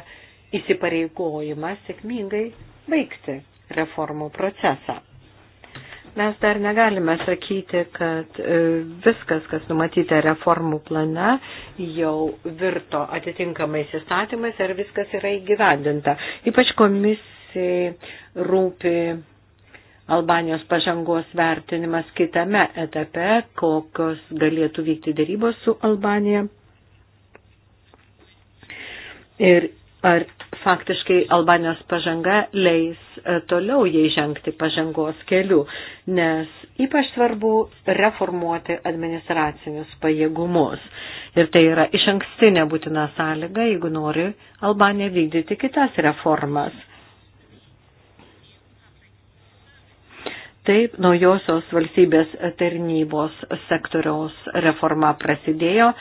įsipareigojimą sėkmingai baigti reformų procesą. Mes dar negalime sakyti, kad e, viskas, kas numatyta reformų plane, jau virto atitinkamais įstatymais ir viskas yra įgyvendinta. Ypač komisijai rūpi Albanijos pažangos vertinimas kitame etape, kokios galėtų vykti dėrybos su Albanija ir ar faktiškai Albanijos pažanga leis e, toliau jai žengti pažangos keliu, nes ypač svarbu reformuoti administracinius pajėgumus. Ir tai yra iš ankstinė būtina sąlyga, jeigu nori Albanija vykdyti kitas reformas. Taip, naujosios valstybės tarnybos sektoriaus reforma prasidėjo,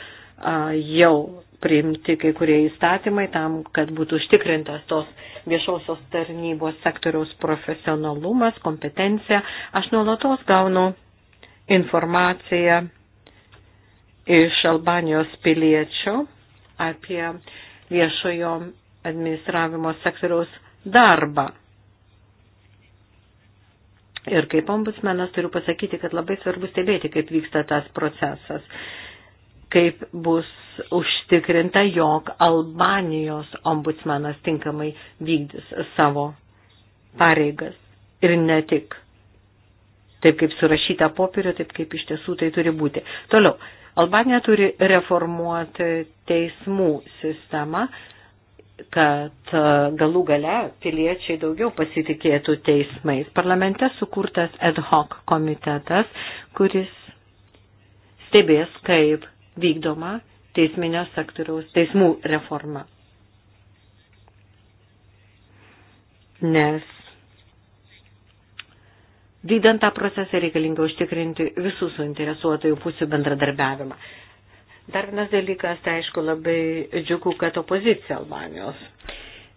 jau priimti kai kurie įstatymai tam, kad būtų užtikrintas tos viešosios tarnybos sektoriaus profesionalumas, kompetencija. Aš nuolatos gaunu informaciją iš Albanijos piliečių apie viešojo administravimo sektoriaus darbą. Ir kaip ombudsmenas turiu pasakyti, kad labai svarbu stebėti, kaip vyksta tas procesas kaip bus užtikrinta, jog Albanijos ombudsmenas tinkamai vykdys savo pareigas ir ne tik. Taip kaip surašyta popierio, taip kaip iš tiesų tai turi būti. Toliau, Albanija turi reformuoti teismų sistemą, kad e, galų gale piliečiai daugiau pasitikėtų teismais. Parlamente sukurtas ad hoc komitetas, kuris stebės, kaip vykdoma teisminio sektoriaus teismų reforma. Nes vykdant tą procesą reikalinga užtikrinti visų suinteresuotojų pusių bendradarbiavimą. Dar vienas dalykas, tai aišku, labai džiugu, kad opozicija Albanijos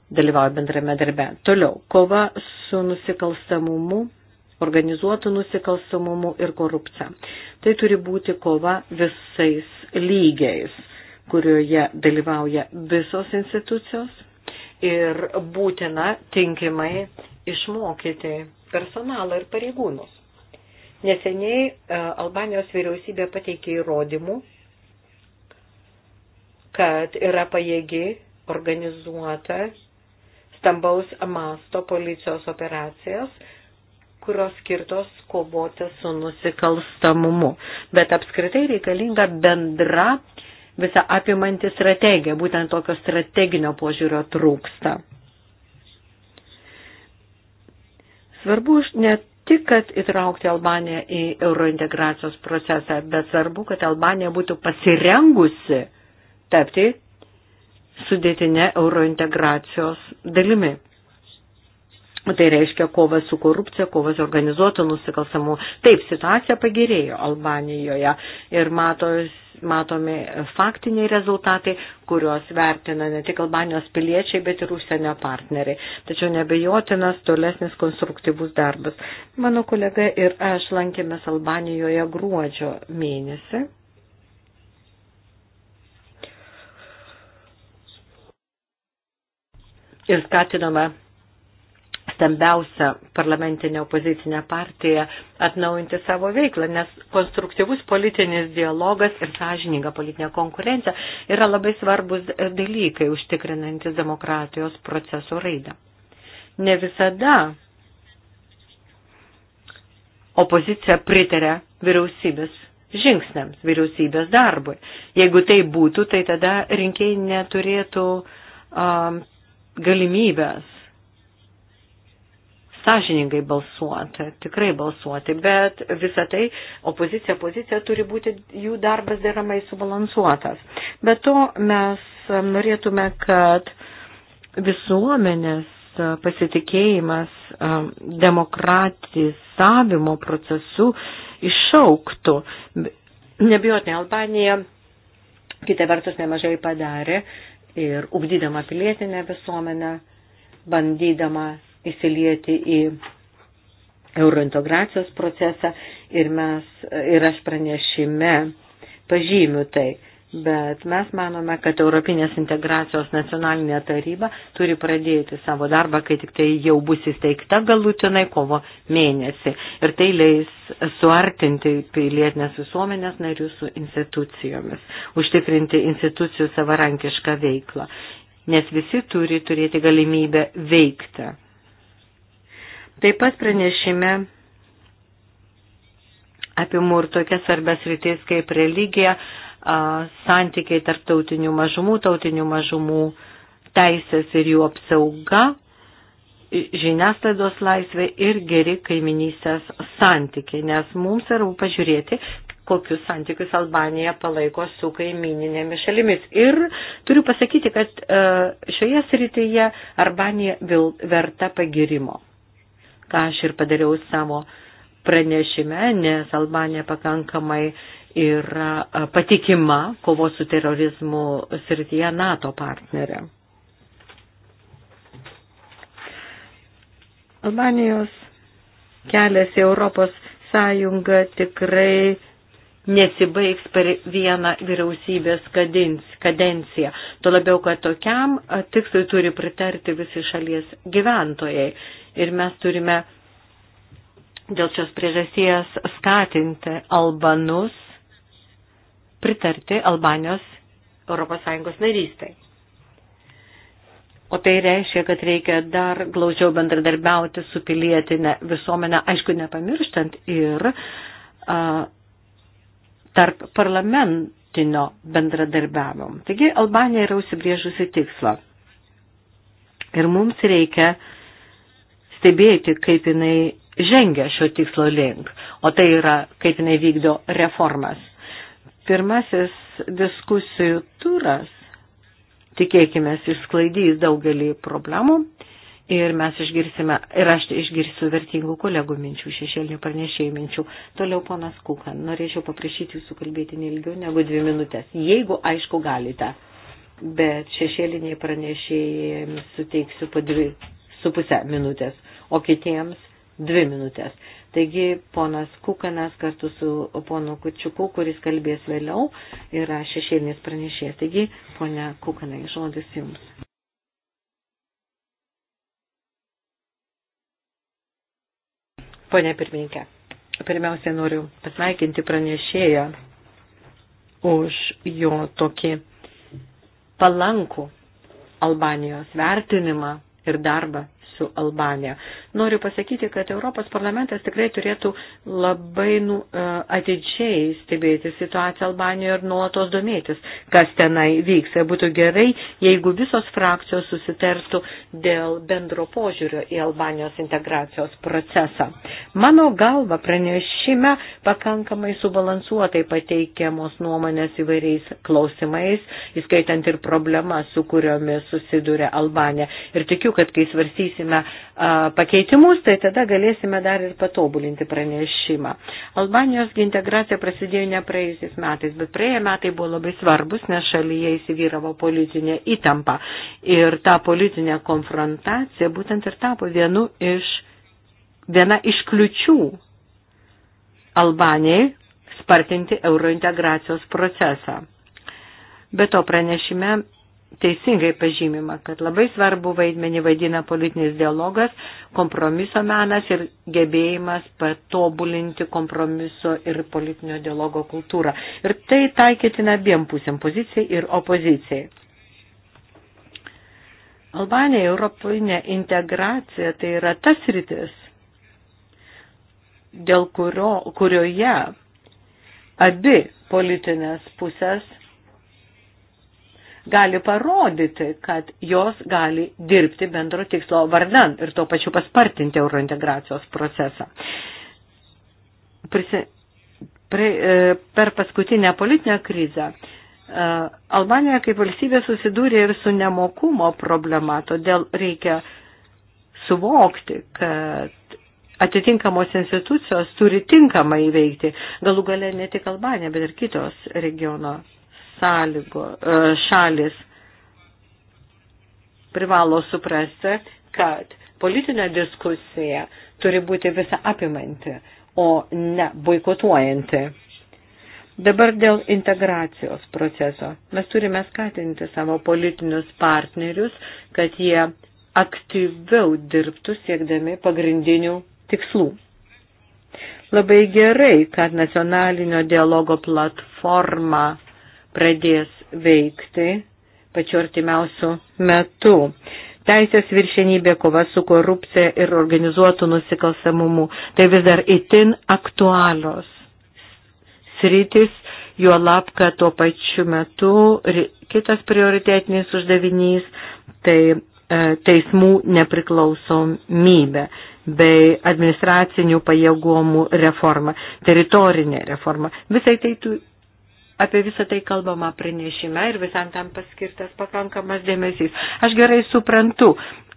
dalyvauja bendrame darbe. Toliau, kova su nusikalstamumu organizuotų nusikalstamumu ir korupcija. Tai turi būti kova visais lygiais, kurioje dalyvauja visos institucijos ir būtina tinkamai išmokyti personalą ir pareigūnus. Neseniai e, Albanijos vyriausybė pateikė įrodymų, kad yra pajėgi organizuota stambaus masto policijos operacijas kurios skirtos kovoti su nusikalstamumu. Bet apskritai reikalinga bendra visą apimanti strategija, būtent tokio strateginio požiūrio trūksta. Svarbu ne tik, kad įtraukti Albaniją į eurointegracijos procesą, bet svarbu, kad Albanija būtų pasirengusi tapti sudėtinę eurointegracijos dalimi. Tai reiškia kova su korupcija, kova su organizuotu nusikalstamu. Taip, situacija pagerėjo Albanijoje ir matos, matomi faktiniai rezultatai, kuriuos vertina ne tik Albanijos piliečiai, bet ir užsienio partneriai. Tačiau nebejotinas tolesnis konstruktyvus darbas. Mano kolega ir aš lankėmės Albanijoje gruodžio mėnesį. Ir skatinome stambiausią parlamentinę opozicinę partiją atnaujinti savo veiklą, nes konstruktyvus politinis dialogas ir sąžininga politinė konkurencija yra labai svarbus dalykai užtikrinantis demokratijos proceso raidą. Ne visada opozicija pritarė vyriausybės žingsniams, vyriausybės darbui. Jeigu tai būtų, tai tada rinkėjai neturėtų um, galimybės sąžiningai balsuoti, tikrai balsuoti, bet visą tai opozicija, pozicija turi būti jų darbas deramai subalansuotas. Be to mes norėtume, kad visuomenės pasitikėjimas um, demokratizavimo procesu išauktų. Nebijotinai Albanija, kita vertus, nemažai padarė ir ugdydama pilietinę visuomenę, bandydama įsilieti į eurointegracijos procesą ir mes, ir aš pranešime pažymiu tai. Bet mes manome, kad Europinės integracijos nacionalinė taryba turi pradėti savo darbą, kai tik tai jau bus įsteigta galutinai kovo mėnesį. Ir tai leis suartinti pilietinės visuomenės narių su institucijomis, užtikrinti institucijų savarankišką veiklą. Nes visi turi turėti galimybę veikti Taip pat pranešime apimų ir tokias svarbės rytis kaip religija, santykiai tarptautinių mažumų, tautinių mažumų teisės ir jų apsauga, žiniasklaidos laisvė ir geri kaiminystės santykiai, nes mums svarbu pažiūrėti, kokius santykius Albanija palaiko su kaimininėmis šalimis. Ir turiu pasakyti, kad e, šioje srityje Albanija verta pagirimo ką aš ir padariau savo pranešime, nes Albanija pakankamai yra patikima kovos su terorizmu srityje NATO partnerė. Albanijos kelias į Europos sąjungą tikrai nesibaigs per vieną vyriausybės kadenciją. Tuo labiau, kad tokiam tikslui turi pritarti visi šalies gyventojai. Ir mes turime dėl šios priežasties skatinti albanus pritarti Albanijos ES narystai. O tai reiškia, kad reikia dar glaudžiau bendradarbiauti su pilietinė visuomenė, aišku, nepamirštant ir a, tarp parlamentinio bendradarbiavimo. Taigi Albanija yra užsibrėžusi tikslą. Ir mums reikia stebėti, kaip jinai žengia šio tikslo link, o tai yra, kaip jinai vykdo reformas. Pirmasis diskusijų turas, tikėkime, išsklaidys daugelį problemų ir mes išgirsime, ir aš išgirsiu vertingų kolegų minčių, šešėlinių pranešėjų minčių. Toliau ponas Kukan, norėčiau paprašyti jūsų kalbėti neilgiau negu dvi minutės, jeigu aišku galite, bet šešėliniai pranešėjams suteiksiu po dvi su pusę minutės, o kitiems dvi minutės. Taigi ponas Kukanas kartu su ponu Kučiuku, kuris kalbės vėliau, yra šešėlinis pranešėjas. Taigi, ponia Kukanai, žodis jums. Pone pirmininkė, pirmiausia noriu pasveikinti pranešėją už jo tokį palankų Albanijos vertinimą ir darbą su Albanija. Noriu pasakyti, kad Europos parlamentas tikrai turėtų labai nu, e, atidžiai stebėti situaciją Albanijoje ir nuolatos domėtis, kas tenai vyks. Ir būtų gerai, jeigu visos frakcijos susitartų dėl bendro požiūrio į Albanijos integracijos procesą. Mano galva pranešime pakankamai subalansuotai pateikiamos nuomonės įvairiais klausimais, įskaitant ir problemas, su kuriomis susiduria Albanija. Ir tikiu, kad kai svarstysime padarysime pakeitimus, tai tada galėsime dar ir patobulinti pranešimą. Albanijos integracija prasidėjo ne praėjusiais metais, bet praėję metai buvo labai svarbus, nes šalyje įsivyravo politinė įtampa. Ir ta politinė konfrontacija būtent ir tapo vienu iš, viena iš kliučių Albanijai spartinti eurointegracijos procesą. Be to pranešime teisingai pažymima, kad labai svarbu vaidmenį vaidina politinis dialogas, kompromiso menas ir gebėjimas patobulinti kompromiso ir politinio dialogo kultūrą. Ir tai taikytina abiem pusėm - pozicijai ir opozicijai. Albanija, europinė integracija tai yra tas rytis, dėl kurio, kurioje abi politinės pusės gali parodyti, kad jos gali dirbti bendro tikslo vardan ir tuo pačiu paspartinti eurointegracijos procesą. Prisi, pre, per paskutinę politinę krizę e, Albanija kaip valstybė susidūrė ir su nemokumo problema, todėl reikia suvokti, kad atitinkamos institucijos turi tinkamai veikti. Galų gale ne tik Albanija, bet ir kitos regiono sąlygo, e, šalis privalo suprasti, kad politinė diskusija turi būti visą apimanti, o ne boikotuojanti. Dabar dėl integracijos proceso. Mes turime skatinti savo politinius partnerius, kad jie aktyviau dirbtų siekdami pagrindinių tikslų. Labai gerai, kad nacionalinio dialogo platforma pradės veikti pačiu artimiausiu metu. Teisės viršenybė, kova su korupcija ir organizuotų nusikalstamumu - tai vis dar itin aktualios sritis, juo lab, kad tuo pačiu metu kitas prioritetinis uždavinys - tai e, teismų nepriklausomybė bei administracinių pajėgumų reforma, teritorinė reforma. Visai tai apie visą tai kalbama pranešime ir visam tam paskirtas pakankamas dėmesys. Aš gerai suprantu,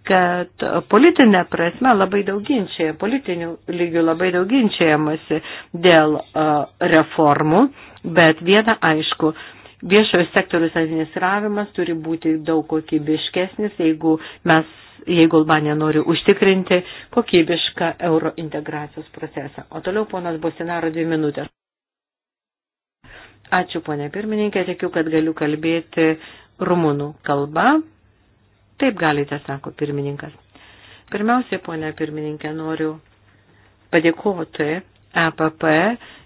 kad politinė prasme labai daug ginčiai, politinių lygių labai daug ginčiamasi dėl uh, reformų, bet viena aišku, viešojo sektorius administravimas turi būti daug kokybiškesnis, jeigu mes jeigu Albanija nori užtikrinti kokybišką euro integracijos procesą. O toliau ponas Bosinaro dvi minutės. Ačiū, ponė pirmininkė, tikiu, kad galiu kalbėti rumunų kalba. Taip galite, sako pirmininkas. Pirmiausia, ponė pirmininkė, noriu padėkoti EPP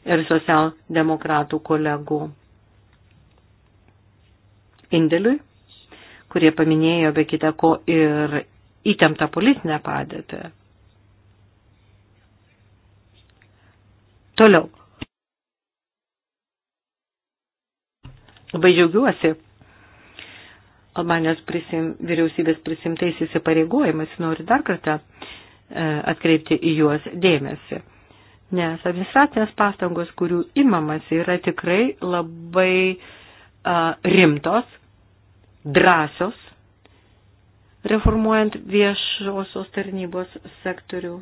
ir socialdemokratų kolegų indėliui, kurie paminėjo be kita ko ir įtemptą politinę padėtį. Toliau, Labai džiaugiuosi Albanijos prisim, vyriausybės prisimtais įsipareigojimais, noriu dar kartą e, atkreipti į juos dėmesį. Nes administracinės pastangos, kurių imamas, yra tikrai labai a, e, rimtos, drąsios, reformuojant viešosios tarnybos sektorių.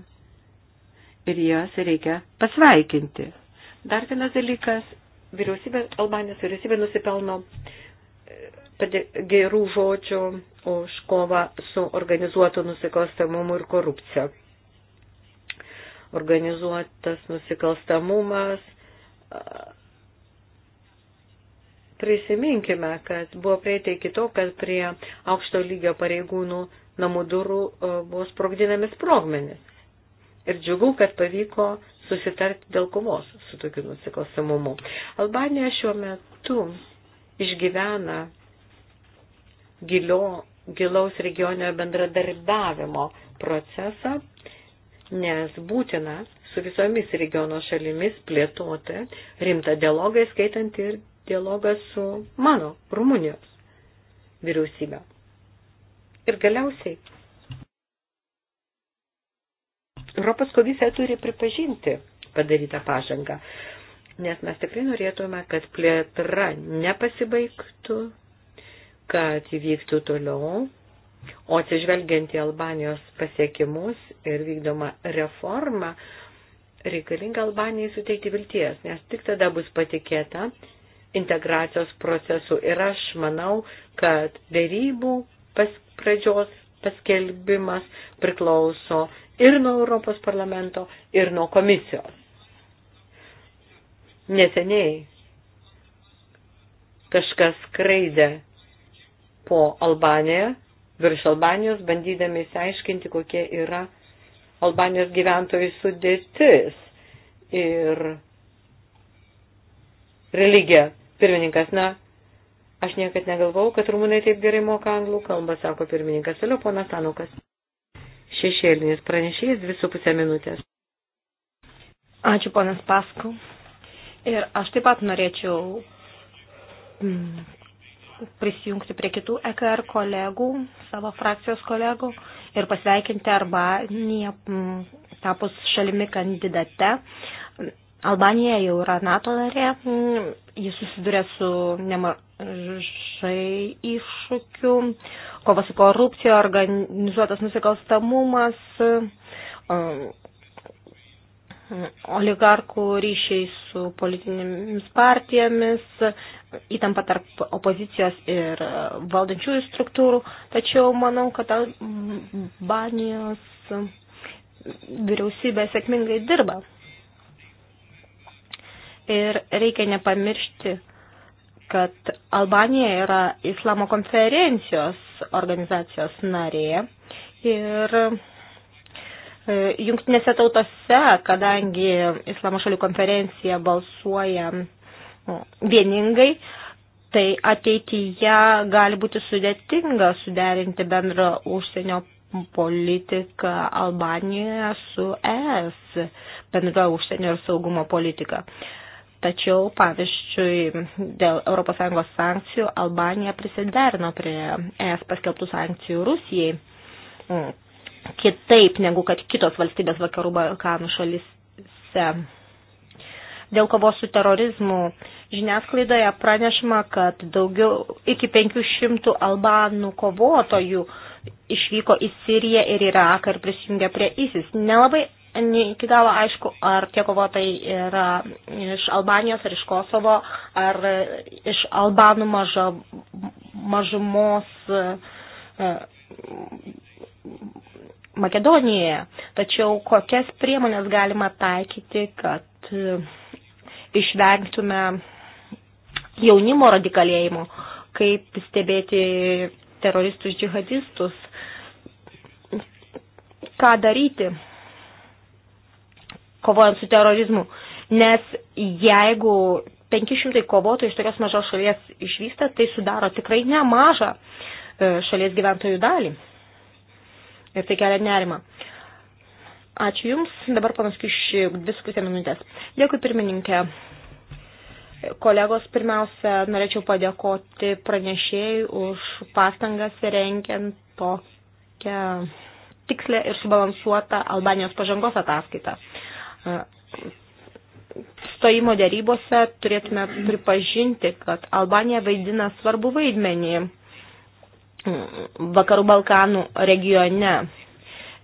Ir jas reikia pasveikinti. Dar vienas dalykas vyriausybė, Albanijos vyriausybė nusipelno e, gerų žodžių už kovą su organizuotu nusikalstamumu ir korupcija. Organizuotas nusikalstamumas. Prisiminkime, kad buvo prieita iki to, kad prie aukšto lygio pareigūnų namų durų buvo sprogdinami sprogmenis. Ir džiugu, kad pavyko susitarti dėl kovos su tokiu nusikalstamumu. Albanija šiuo metu išgyvena gilio, gilaus regioninio bendradarbiavimo procesą, nes būtina su visomis regiono šalimis plėtoti rimtą dialogą, skaitant ir dialogą su mano Rumunijos vyriausybė. Ir galiausiai Europos komisija turi pripažinti padarytą pažangą, nes mes tikrai norėtume, kad plėtra nepasibaigtų, kad įvyktų toliau, o atsižvelgiant į Albanijos pasiekimus ir vykdomą reformą, reikalinga Albanijai suteikti vilties, nes tik tada bus patikėta integracijos procesų. Ir aš manau, kad dėrybų pas pradžios paskelbimas priklauso ir nuo Europos parlamento, ir nuo komisijos. Neseniai kažkas skraidė po Albaniją, virš Albanijos, bandydami įsiaiškinti, kokie yra Albanijos gyventojų sudėtis ir religija. Pirmininkas, na, aš niekad negalvau, kad rumunai taip gerai moka anglų kalbą, sako pirmininkas. Toliau ponas Tanukas šešėlinis pranešėjas 2,5 minutės. Ačiū, ponas Paskau. Ir aš taip pat norėčiau mm, prisijungti prie kitų EKR kolegų, savo frakcijos kolegų ir pasveikinti arba nie mm, tapus šalimi kandidate. Uh, Albanija jau yra NATO narė, mm, jis susiduria su nemažai iššūkių, kova su korupcija, organizuotas nusikalstamumas, mm, oligarkų ryšiai su politinėmis partijomis, įtampa tarp opozicijos ir valdančiųjų struktūrų, tačiau manau, kad Albanijos vyriausybė sėkmingai dirba Ir reikia nepamiršti, kad Albanija yra islamo konferencijos organizacijos narė. Ir e, jungtinėse tautose, kadangi islamo šalių konferencija balsuoja vieningai, tai ateityje gali būti sudėtinga suderinti bendrą užsienio politiką Albanijoje su ES bendra užsienio ir saugumo politika. Uh, Tačiau, pavyzdžiui, dėl ES sankcijų Albanija prisiderino prie ES paskelbtų sankcijų Rusijai mm. kitaip negu kad kitos valstybės vakarų Balkanų šalise. Dėl kovos su terorizmu žiniasklaidoje pranešama, kad daugiau iki 500 albanų kovotojų išvyko į Siriją ir Iraką ir prisijungė prie ISIS. Nelabai iki galo aišku, ar tie kovotojai yra iš Albanijos ar iš Kosovo, ar iš Albanų maža, mažumos e, Makedonijoje. Tačiau kokias priemonės galima taikyti, kad e, išvengtume jaunimo radikalėjimo, kaip stebėti teroristus džihadistus, ką daryti kovojant su terorizmu. Nes jeigu 500 kovotojų iš tokios mažos šalies išvyksta, tai sudaro tikrai nemažą e, šalies gyventojų dalį. Ir tai kelia nerima. Ačiū Jums. Dabar panaskiu iš diskusiją minutės. Dėkui pirmininkė. Kolegos, pirmiausia, norėčiau padėkoti pranešėjai už pastangas renkiant tokią tikslę ir subalansuotą Albanijos pažangos ataskaitą stojimo dėrybose turėtume pripažinti, kad Albanija vaidina svarbu vaidmenį Vakarų Balkanų regione,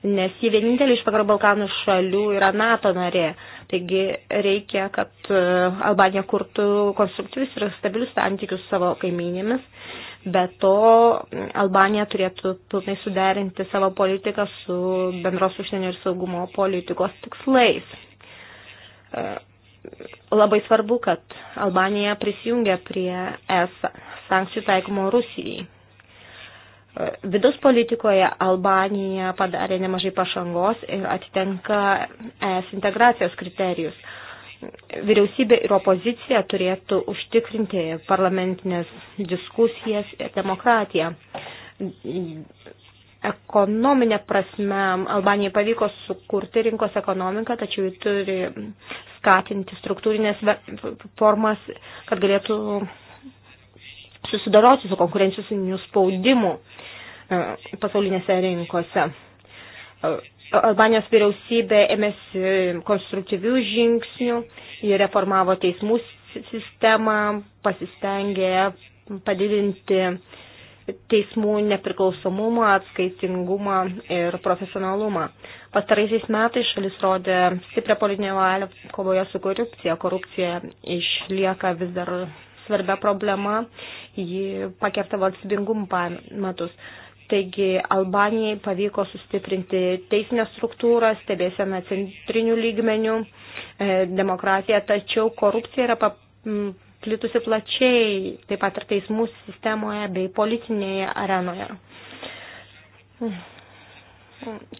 nes ji vienintelė iš Vakarų Balkanų šalių yra NATO narė. Taigi reikia, kad e, Albanija kurtų konstruktyvius ir stabilius santykius savo kaiminėmis. Be to, Albanija turėtų pilnai suderinti savo politiką su bendros užsienio ir saugumo politikos tikslais E, labai svarbu, kad Albanija prisijungia prie ES sankcijų taikomo Rusijai. E, vidaus politikoje Albanija padarė nemažai pašangos ir atitenka ES integracijos kriterijus. Vyriausybė ir opozicija turėtų užtikrinti parlamentinės diskusijas ir demokratiją ekonominė prasme Albanijai pavyko sukurti rinkos ekonomiką, tačiau ji turi skatinti struktūrinės formas, kad galėtų susidoroti su konkurencijosiniu spaudimu e, pasaulinėse rinkose. E, Albanijos vyriausybė ėmėsi konstruktyvių žingsnių, jie reformavo teismų sistemą, pasistengė padidinti uh, teismų nepriklausomumą, atskaitingumą ir profesionalumą. Pastaraisiais metais šalis rodė stiprią politinę valią kovoje su korupcija. Korupcija išlieka vis dar svarbia problema, ji pakerta valstybingumų pamatus. Taigi Albanijai pavyko sustiprinti teisinę struktūrą, stebėseną centrinių lygmenių, e, demokratiją, tačiau korupcija yra plitusi plačiai, taip pat ir teismų sistemoje bei politinėje arenoje.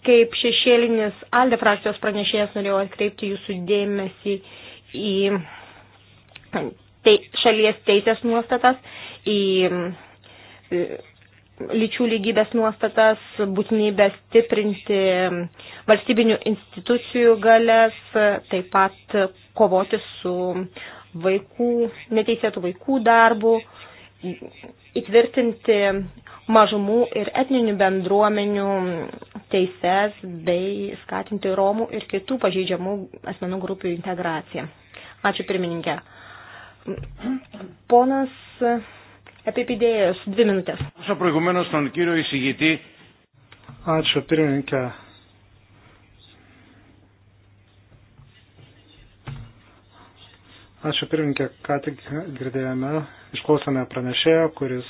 Kaip šešėlinis Alde frakcijos pranešėjas norėjau atkreipti jūsų dėmesį į te, šalies teisės nuostatas, į e, lyčių lygybės nuostatas, būtinybę stiprinti valstybinių institucijų galės, taip pat kovoti su vaikų, neteisėtų vaikų darbų, įtvirtinti mažumų ir etninių bendruomenių teises bei skatinti Romų ir kitų pažeidžiamų asmenų grupių integraciją. Ačiū pirmininkė. Ponas Epipidėjus, dvi minutės. Ačiū pirmininkė. Ačiū pirminkė, ką tik girdėjome, išklausėme pranešėjo, kuris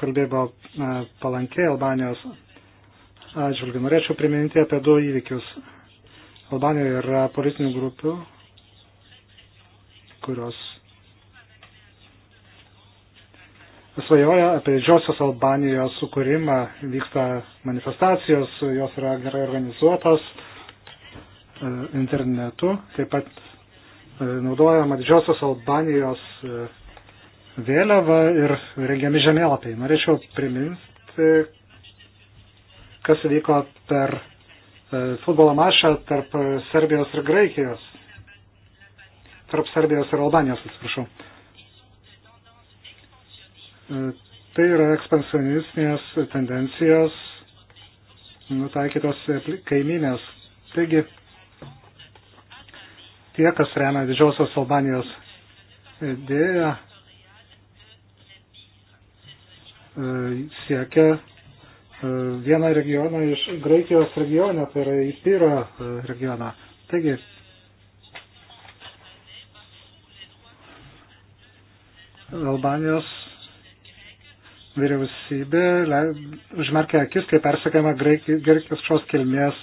kalbėjo palankiai Albanijos atžvilgių. Norėčiau priminti apie du įvykius. Albanijoje yra politinių grupių, kurios svajoja apie didžiosios Albanijos sukūrimą, vyksta manifestacijos, jos yra gerai organizuotos e, internetu, taip pat E, naudojama didžiosios Albanijos e, vėliava ir rengiami žemėlapiai. Norėčiau priminti, kas vyko per e, futbolo mačą tarp Serbijos ir Graikijos. Tarp Serbijos ir Albanijos, atsiprašau. Tai yra ekspansionistinės tendencijos nutaikytos kaiminės. Taigi, tie, kas remia didžiausios Albanijos idėją, e, siekia e, vieną regioną iš Graikijos regiono, tai yra Ipyro e, regioną. Taigi, Albanijos vyriausybė užmerkė akis, kai persekiama graikijos kilmės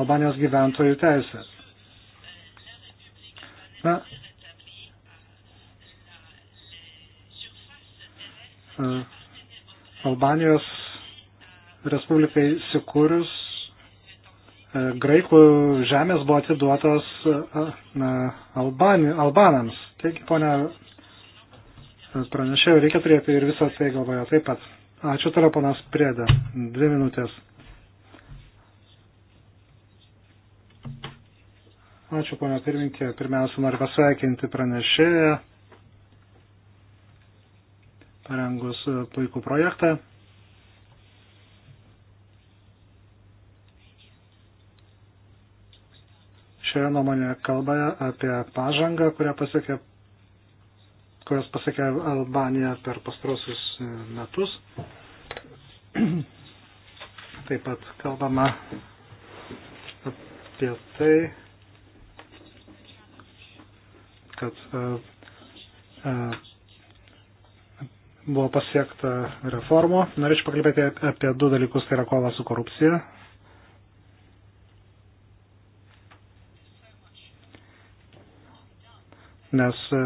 Albanijos gyventojų teisės. Na, Albanijos Respublikai Sikūrius graikų žemės buvo atiduotos na, Albani, albanams. Taigi, ponia pranešėjau, reikia turėti ir visą tai galvoje taip pat. Ačiū toliau, ponas Prieda. Dvi minutės. Ačiū, ponia pirminkė. Pirmiausia, noriu pasveikinti pranešėją, parengus puikų projektą. Šioje nuomonėje kalba apie pažangą, kurią pasiekė kurios pasiekė Albaniją per pastrosius metus. Taip pat kalbama apie tai, kad e, e, buvo pasiekta reformo. Norėčiau pakalbėti apie du dalykus, tai yra kova su korupcija. Nes e,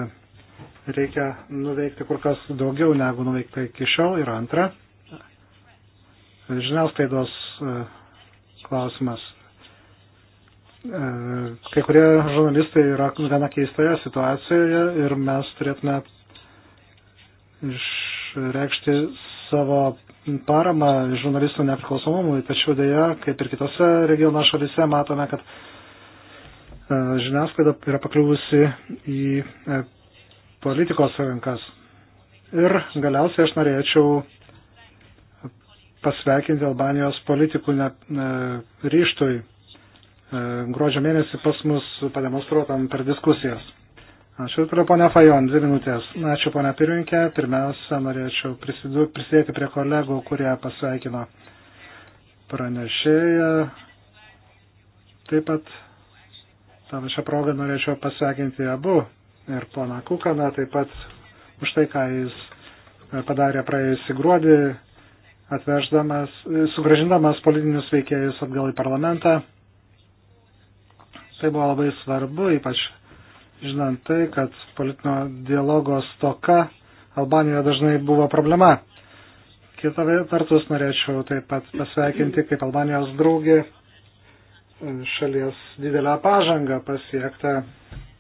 reikia nuveikti kur kas daugiau negu nuveikta iki šiol. Ir antra, žiniasklaidos klausimas. E, kai kurie žurnalistai yra gana keistoje situacijoje ir mes turėtume išreikšti savo paramą žurnalistų nepriklausomumui, tačiau dėja, kaip ir kitose regiono šalise, matome, kad e, žiniasklaida yra pakliuvusi į e, politikos rankas. Ir galiausiai aš norėčiau pasveikinti Albanijos politikų ne, ne, ryštui E, gruodžio mėnesį pas mus pademonstruotam per diskusijas. Ačiū, turiu ponia Fajon, dvi minutės. Ačiū, ponia Pirinkė. Pirmiausia, norėčiau prisidėti prie kolegų, kurie pasveikino pranešėją. Taip pat tam šią progą norėčiau pasveikinti abu ir poną Kukaną, taip pat už tai, ką jis e, padarė praėjusį gruodį, atveždamas, e, sugražindamas politinius veikėjus atgal į parlamentą. Tai buvo labai svarbu, ypač žinant tai, kad politinio dialogo stoka Albanijoje dažnai buvo problema. Kita vertus norėčiau taip pat pasveikinti kaip Albanijos draugė e, šalies didelę pažangą pasiektą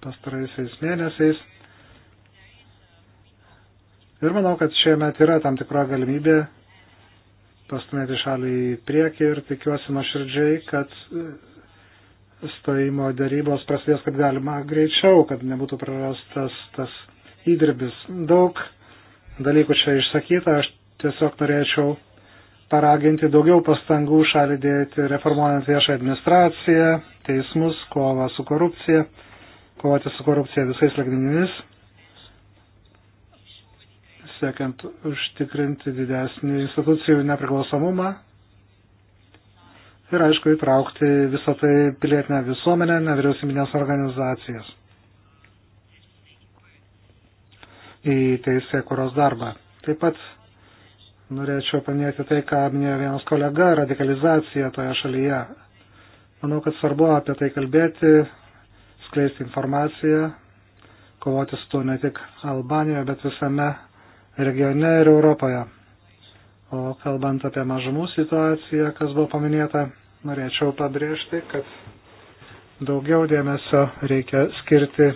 pastaraisiais mėnesiais. Ir manau, kad šiemet yra tam tikra galimybė pastumėti šalį į priekį ir tikiuosi nuoširdžiai, kad e, stojimo darybos prasidės kaip galima greičiau, kad nebūtų prarastas tas įdirbis. Daug dalykų čia išsakyta, aš tiesiog norėčiau paraginti daugiau pastangų šalį dėti reformuojant viešą administraciją, teismus, kovą su korupcija, kovoti su korupcija visais lagmenimis, siekiant užtikrinti didesnį institucijų nepriklausomumą, ir aišku įtraukti visą tai pilietinę visuomenę, nevyriausybinės organizacijas į teisę kuros darbą. Taip pat norėčiau paminėti tai, ką minėjo vienas kolega, radikalizacija toje šalyje. Manau, kad svarbu apie tai kalbėti, skleisti informaciją, kovoti su tuo ne tik Albanijoje, bet visame regione ir Europoje. O kalbant apie mažumų situaciją, kas buvo paminėta, norėčiau pabrėžti, kad daugiau dėmesio reikia skirti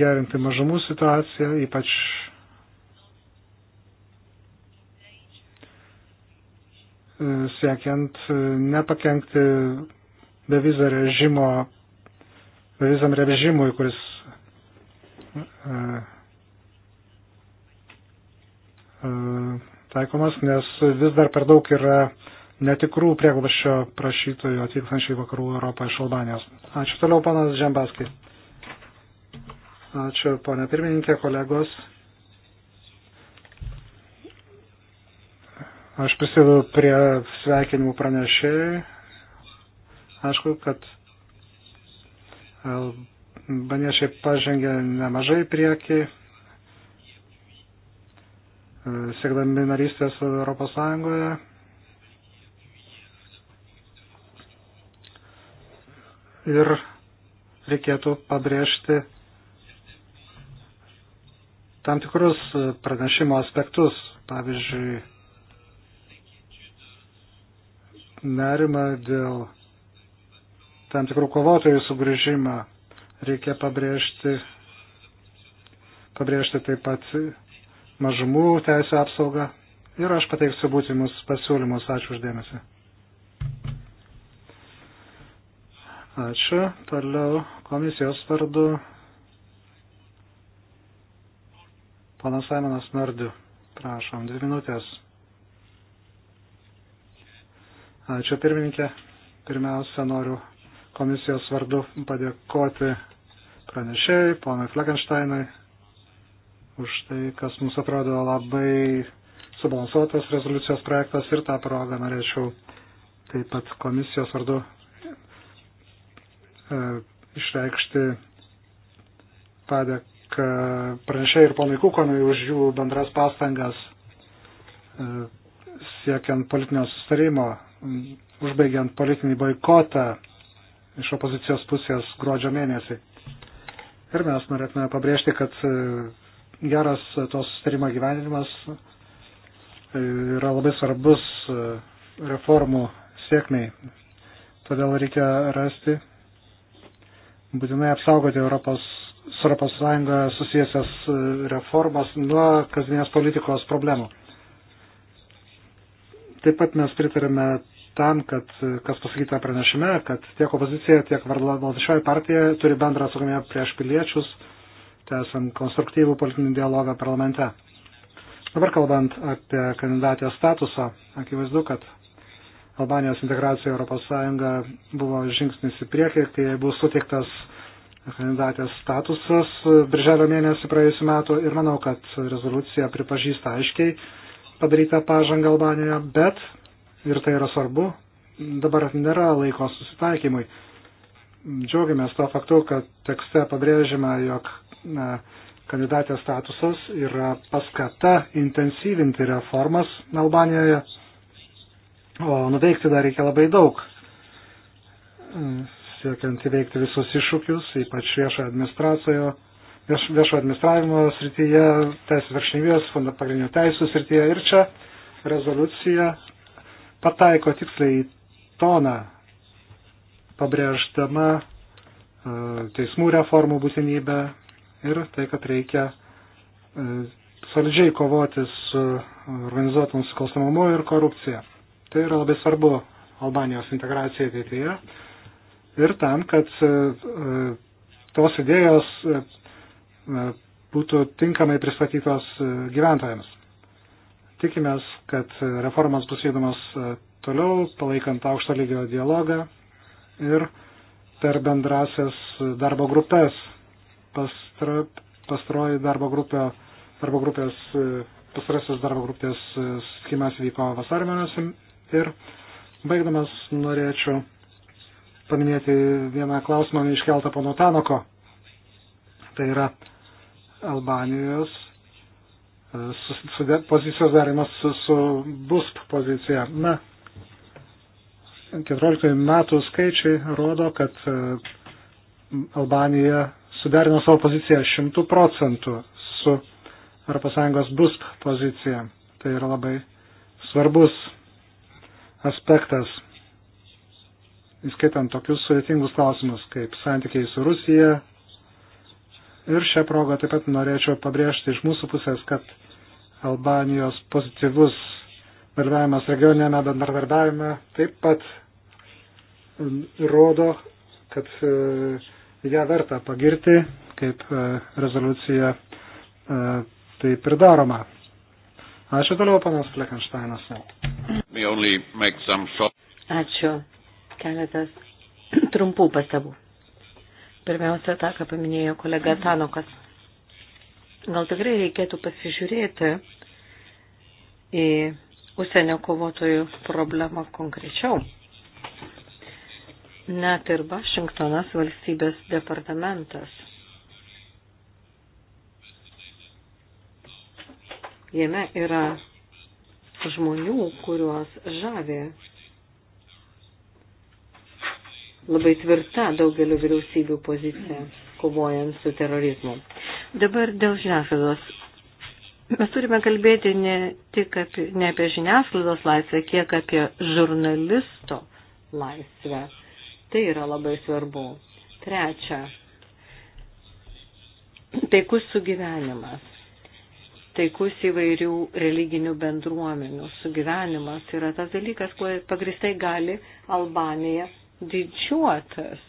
gerinti mažumų situaciją, ypač siekiant nepakengti bevizą režimo, bevizam režimui, kuris uh, uh, taikomas, nes vis dar per daug yra netikrų prieglobščio prašytojų atvykstančių į vakarų Europą iš Albanijos. Ačiū toliau, panas Žembaskai. Ačiū, ponė pirmininkė, kolegos. Aš prisidedu prie sveikinimų pranešėjai. Aišku, kad baniečiai pažengė nemažai prieki siekdami narystės Europos Sąjungoje. Ir reikėtų pabrėžti tam tikrus pranešimo aspektus, pavyzdžiui, nerimą dėl tam tikrų kovotojų sugrįžimą. Reikia pabrėžti, pabrėžti taip pat mažumų teisų apsaugą ir aš pateiksiu būtimus pasiūlymus. Ačiū uždėmesi. Ačiū. Toliau komisijos vardu Panas Simonas Nardiu. Prašom, dvi minutės. Ačiū pirmininkė. Pirmiausia, noriu komisijos vardu padėkoti pranešėjai, ponui Fleckensteinui už tai, kas mums atrodo labai subalansuotas rezoliucijos projektas ir tą progą norėčiau taip pat komisijos vardu e, išreikšti padėką pranešėjai ir ponui Kukonui už jų bendras pastangas e, siekiant politinio sustarimo, užbaigiant politinį boikotą iš opozicijos pusės gruodžio mėnesį. Ir mes norėtume pabrėžti, kad e, geras to sustarimo gyvenimas e, yra labai svarbus e, reformų sėkmiai. Todėl reikia rasti, būtinai apsaugoti Europos, su Europos Sąjunga susijęsias e, reformas nuo kasdienės politikos problemų. Taip pat mes pritarėme tam, kad, kas pasakyta pranešime, kad tiek opozicija, tiek valdančioji partija turi bendrą atsakomybę prieš piliečius tęsant konstruktyvų politinį dialogą parlamente. Dabar kalbant apie kandidatės statusą, akivaizdu, kad Albanijos integracija Europos Sąjunga buvo žingsnis į priekį, kai buvo suteiktas kandidatės statusas birželio mėnesį praėjusiu metu ir manau, kad rezoliucija pripažįsta aiškiai padarytą pažangą Albanijoje, bet, ir tai yra svarbu, dabar nėra laiko susitaikymui. Džiaugiamės to faktu, kad tekste pabrėžima, jog kandidatės statusas yra paskata intensyvinti reformas Albanijoje, o nuveikti dar reikia labai daug, siekiant įveikti visus iššūkius, ypač viešo administracijoje viešo administravimo srityje, teisės viršinybės, pagrindinių teisų srityje. Ir čia rezoliucija pataiko tiksliai į toną, pabrėždama e, teismų reformų būtinybę, ir tai, kad reikia e, solidžiai kovoti su organizuotų nusikalstamumu ir korupcija. Tai yra labai svarbu Albanijos integracijai ateityje ir tam, kad e, e, tos idėjos būtų tinkamai pristatytos gyventojams. Tikimės, kad reformas bus vykdomas toliau, palaikant aukšto lygio dialogą ir per bendrasias darbo grupės pastra, pastaroji darbo, grupė, darbo grupės, e, pastarasis darbo grupės e, skimas vyko vasario mėnesį. Ir baigdamas norėčiau paminėti vieną klausimą iškeltą pono Tanoko. Tai yra Albanijos e, su, su de, pozicijos darimas su, su BUSP pozicija. Na, 14 metų skaičiai rodo, kad Albanija suderino savo poziciją šimtų procentų su ES BUSP pozicija. Tai yra labai svarbus aspektas, įskaitant tokius sudėtingus klausimus kaip santykiai su Rusija. Ir šią progą taip pat norėčiau pabrėžti iš mūsų pusės, kad Albanijos pozityvus dalyvavimas regioninėme bendradarbiavime taip pat um, rodo, kad e, ją verta pagirti, kaip e, rezoliucija e, taip ir daroma. Ačiū toliau, panas Fleckensteinas. Ačiū. Keletas <clears throat> trumpų pastabų. Pirmiausia, tą, ką paminėjo kolega Tanokas. Gal tikrai reikėtų pasižiūrėti į užsienio kovotojų problemą konkrečiau net ir Vašingtonas valstybės departamentas. Jame yra žmonių, kuriuos žavė labai tvirta daugeliu vyriausybių pozicija kovojant su terorizmu. Dabar dėl žiniasklaidos. Mes turime kalbėti ne tik apie, ne apie žiniasklaidos laisvę, kiek apie žurnalisto laisvę Tai yra labai svarbu. Trečia, taikus sugyvenimas. Taikus įvairių religinių bendruomenių sugyvenimas yra tas dalykas, kuo pagristai gali Albanija didžiuotas.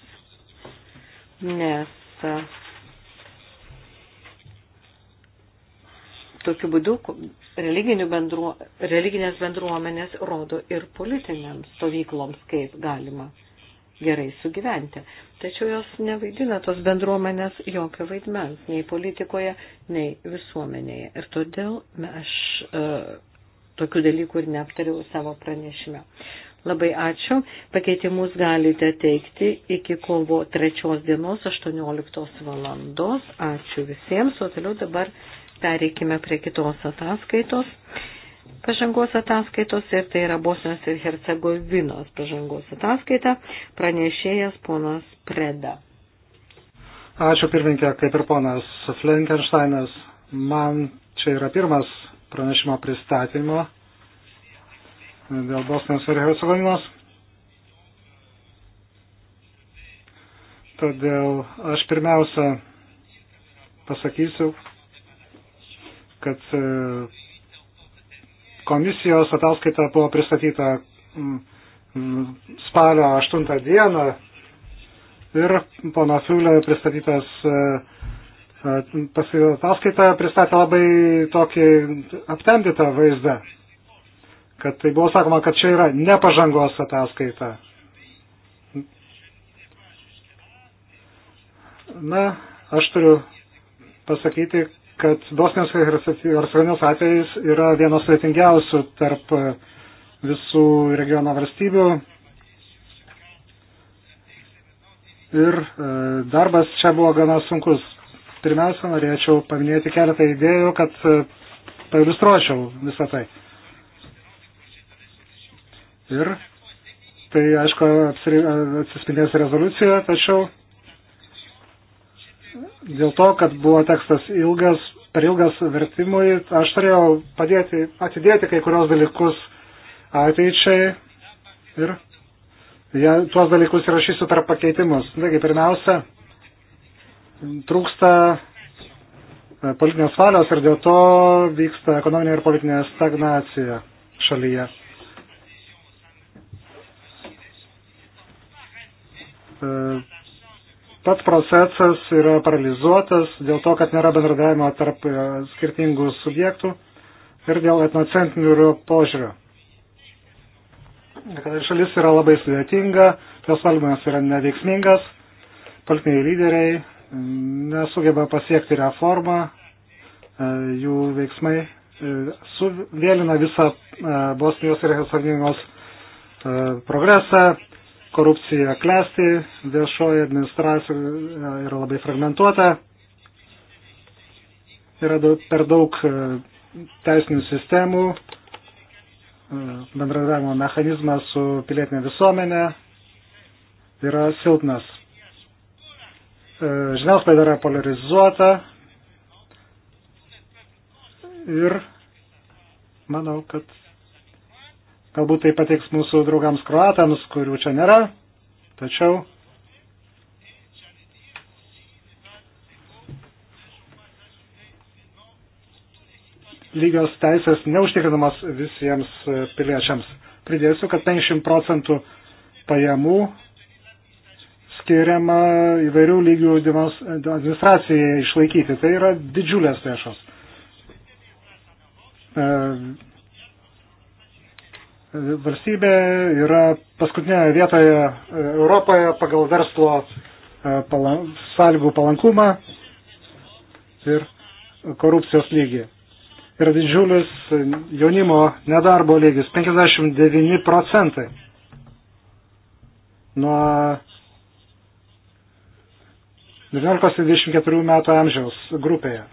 Nes tokiu būdu bendruo, religinės bendruomenės rodo ir politiniams stovykloms, kaip galima gerai sugyventi. Tačiau jos nevaidina tos bendruomenės jokio vaidmens, nei politikoje, nei visuomenėje. Ir todėl aš e, tokių dalykų ir neaptariau savo pranešime. Labai ačiū. Pakeitimus galite teikti iki kovo 3 dienos 18 valandos. Ačiū visiems. O toliau dabar pereikime prie kitos ataskaitos pažangos ataskaitos ir tai yra Bosnios ir Hercegovinos pažangos ataskaita, pranešėjas ponas Preda. Ačiū pirmininkė, kaip ir ponas Flenkensteinas, man čia yra pirmas pranešimo pristatymo dėl Bosnijos ir Hercegovinos. Todėl aš pirmiausia pasakysiu, kad Komisijos ataskaita buvo pristatyta mm, mm, spalio 8 dieną ir pono Fiulė pristatytas e, e, ataskaita pristatė labai tokį aptemdytą vaizdą, kad tai buvo sakoma, kad čia yra nepažangos ataskaita. Na, aš turiu pasakyti, kad Bosnijos Hercegovinos atvejais yra vienas sveitingiausių tarp visų regiono valstybių. Ir e, darbas čia buvo gana sunkus. Pirmiausia, norėčiau paminėti keletą idėjų, kad e, pailustruočiau visą tai. Ir tai, aišku, atsispindės rezoliucijoje, tačiau dėl to, kad buvo tekstas ilgas, per ilgas vertimui, aš turėjau padėti, atidėti kai kurios dalykus ateičiai ir ja, tuos dalykus įrašysiu per pakeitimus. Taigi, pirmiausia, trūksta e, politinės valios ir dėl to vyksta ekonominė ir politinė stagnacija šalyje. E, Pats procesas yra paralizuotas dėl to, kad nėra bendradavimo tarp e, skirtingų subjektų ir dėl etnocentrinių požiūrio. Kad šalis yra labai sudėtinga, jos valdymas yra neveiksmingas, politiniai lyderiai nesugeba pasiekti reformą, e, jų veiksmai e, suvėlina visą Bosnijos ir Hercegovinos progresą, korupcija klesti, viešoji administracija yra labai fragmentuota, yra daug, per daug e, teisinių sistemų, e, bendradavimo mechanizmas su pilietinė visuomenė yra silpnas. E, žiniasklaida yra polarizuota ir manau, kad Galbūt tai pateiks mūsų draugams kroatams, kurių čia nėra. Tačiau lygios teisės neužtikrinamas visiems piliečiams. Pridėsiu, kad 50 procentų pajamų skiriama įvairių lygių administracijai išlaikyti. Tai yra didžiulės lėšos. E, valstybė yra paskutinėje vietoje e, Europoje pagal verslo e, palan, sąlygų palankumą ir korupcijos lygį. Yra didžiulis jaunimo nedarbo lygis - 59 procentai. Nuo 19-24 metų amžiaus grupėje.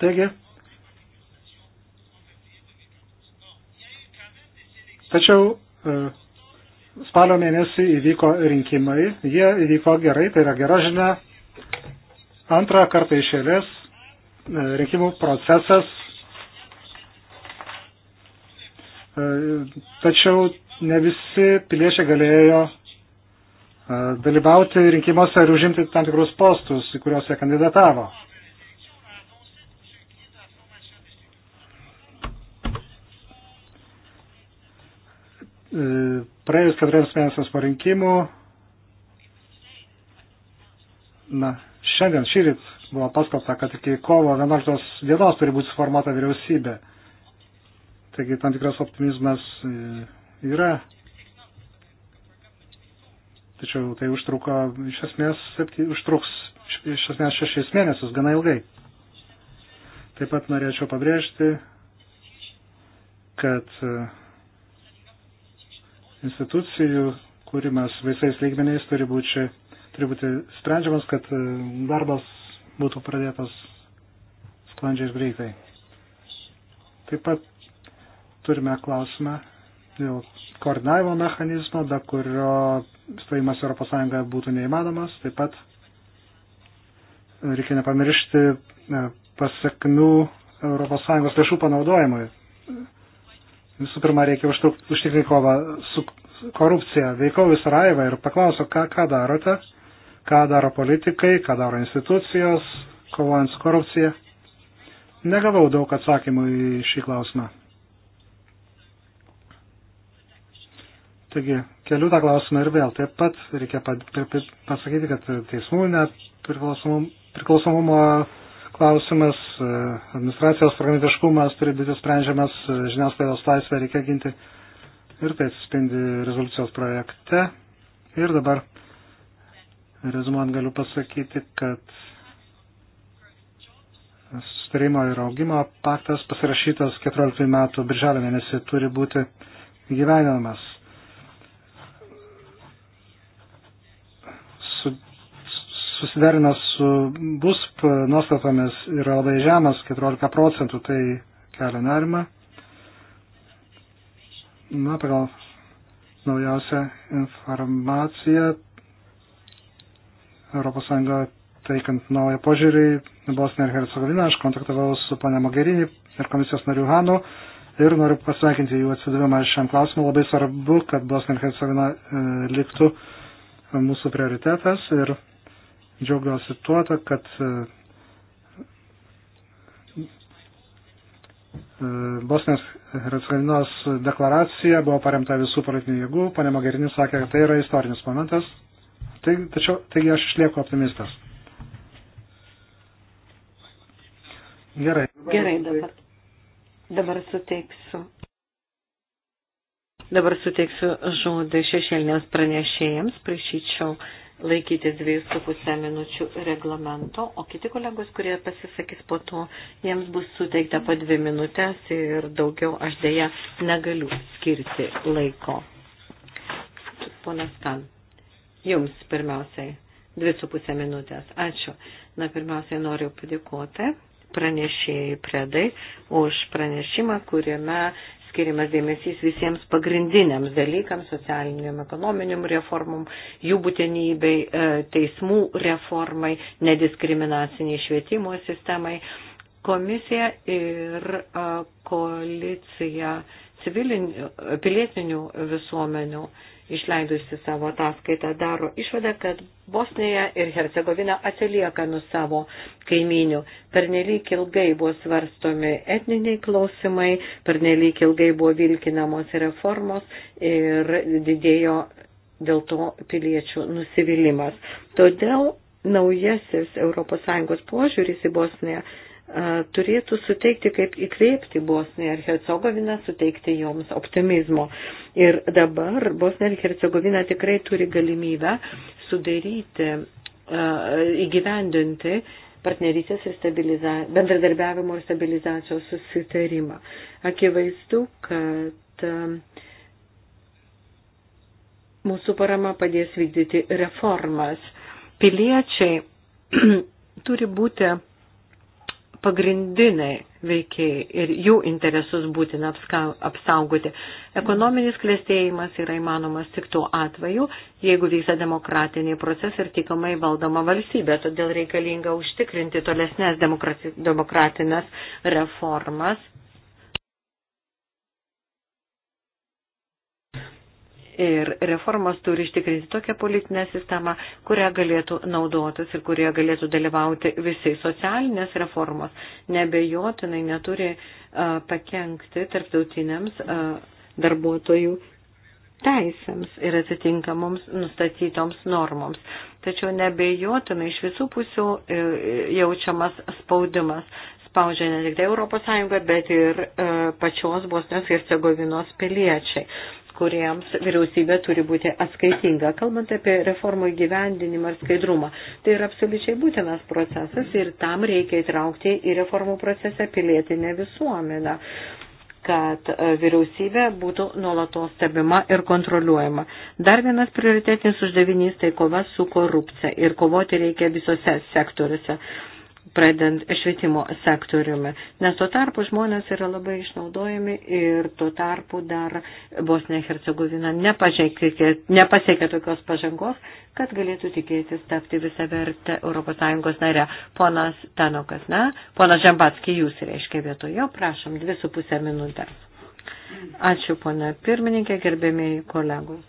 Taigi, Tačiau e, spalio mėnesį įvyko rinkimai, jie įvyko gerai, tai yra gera žinia. Antrą kartą išėlės e, rinkimų procesas, e, tačiau ne visi piliečiai galėjo dalyvauti rinkimuose ir užimti tam tikrus postus, į kuriuos jie kandidatavo. praėjus keturiams mėnesiams po rinkimų, na, šiandien šyrit buvo paskelbta, kad iki kovo 11 dienos turi būti suformuota vyriausybė. Taigi tam tikras optimizmas e, yra. Tačiau tai užtruko, iš esmės, septy, užtruks iš esmės šešis mėnesius, gana ilgai. Taip pat norėčiau pabrėžti, kad uh, institucijų kūrimas visais lygmeniais turi būti, čia, turi būti sprendžiamas, kad e, darbas būtų pradėtas sklandžiai ir greitai. Taip pat turime klausimą dėl koordinavimo mechanizmo, be kurio stojimas Europos Sąjungoje būtų neįmanomas. Taip pat e, reikia nepamiršti e, pasiekmių Europos Sąjungos lėšų panaudojimui. Visų pirma, reikia užtikrinti kovą su korupcija. Veikau į Sarajevą ir paklausiau, ką, ką darote, ką daro politikai, ką daro institucijos, kovojant su korupcija. Negavau daug atsakymų į šį klausimą. Taigi, keliu tą klausimą ir vėl. Taip pat reikia pasakyti, kad teismų nepriklausomumo klausimas, e, administracijos fragmentiškumas turi būti sprendžiamas, e, žiniasklaidos laisvę reikia ginti ir tai atsispindi rezoliucijos projekte. Ir dabar rezumuant galiu pasakyti, kad sustarimo ir augimo paktas pasirašytas 14 metų birželio mėnesį turi būti gyvenamas. susiderina su BUSP nuostatomis yra labai žemas, 14 procentų, tai kelia nerima. Na, pagal naujausią informaciją, ES taikant naują požiūrį, Bosnija ir Hercegovina, aš kontaktavau su pane Mogherini ir komisijos nariu Hanu ir noriu pasveikinti jų atsidavimą šiam klausimui. Labai svarbu, kad Bosnija ir Hercegovina e, liktų mūsų prioritetas ir Džiaugiuosi tuo, kad e, e, Bosnijos Hercegovinos deklaracija buvo paremta visų politinių jėgų. Pane Mogherini sakė, kad tai yra istorinis momentas. Tai, tačiau, taigi aš išlieku optimistas. Gerai. Gerai, dabar, dabar suteiksiu. Dabar suteiksiu žodį šešėlinėms pranešėjams. Prašyčiau laikytis 2,5 minučių reglamento, o kiti kolegos, kurie pasisakys po to, jiems bus suteikta po 2 minutės ir daugiau aš dėja negaliu skirti laiko. Ponas Tan, jums pirmiausiai 2,5 minutės. Ačiū. Na, pirmiausiai noriu padėkoti pranešėjai Predai už pranešimą, kuriame skiriamas dėmesys visiems pagrindiniams dalykams, socialiniam, ekonominiam reformom, jų būtinybei, e, teismų reformai, nediskriminaciniai švietimo sistemai. Komisija ir e, koalicija civilinių, pilietinių visuomenių išleidusi savo ataskaitą, daro išvadą, kad Bosnija ir Hercegovina atsilieka nuo savo kaiminių. Pernelyk ilgai buvo svarstomi etniniai klausimai, pernelyk ilgai buvo vilkinamos reformos ir didėjo dėl to piliečių nusivylimas. Todėl naujasis ES požiūris į Bosniją turėtų suteikti, kaip įkvėpti Bosniją ir Hercegoviną, suteikti joms optimizmo. Ir dabar Bosnija ir Hercegovina tikrai turi galimybę sudaryti, įgyvendinti partnerystės ir stabiliza... bendradarbiavimo ir stabilizacijos susitarimą. Akivaizdu, kad mūsų parama padės vykdyti reformas. Piliečiai <clears throat> turi būti pagrindiniai veikiai ir jų interesus būtina apsaugoti. Ekonominis klėstėjimas yra įmanomas tik tuo atveju, jeigu vyksta demokratiniai procesai ir tikamai valdoma valstybė. Todėl reikalinga užtikrinti tolesnės demokratinės reformas Ir reformos turi ištikrinti tokią politinę sistemą, kurią galėtų naudotis ir kurie galėtų dalyvauti visi. Socialinės reformos nebejotinai neturi uh, pakengti tarptautiniams uh, darbuotojų teisėms ir atitinkamoms nustatytoms normoms. Tačiau nebejotinai iš visų pusių e, jaučiamas spaudimas spaudžia ne tik tai ES, bet ir e, pačios Bosnijos ir Cegovinos piliečiai kuriems vyriausybė turi būti atskaitinga. Kalbant apie reformų įgyvendinimą ir skaidrumą, tai yra absoliučiai būtinas procesas ir tam reikia įtraukti į reformų procesą pilietinę visuomenę kad e, vyriausybė būtų nuolatos stebima ir kontroliuojama. Dar vienas prioritetinis uždavinys tai kova su korupcija ir kovoti reikia visose sektoriuose pradedant švietimo sektoriumi. Nes tuo tarpu žmonės yra labai išnaudojami ir tuo tarpu dar Bosnija Hercegovina nepasiekė tokios pažangos, kad galėtų tikėtis tapti visą vertę ES narę. Ponas Tanokas, ne? Ponas Žembatski, jūs reiškia vietojo, prašom, dvi su pusę minutės. Ačiū, pone pirmininkė, gerbėmiai kolegos.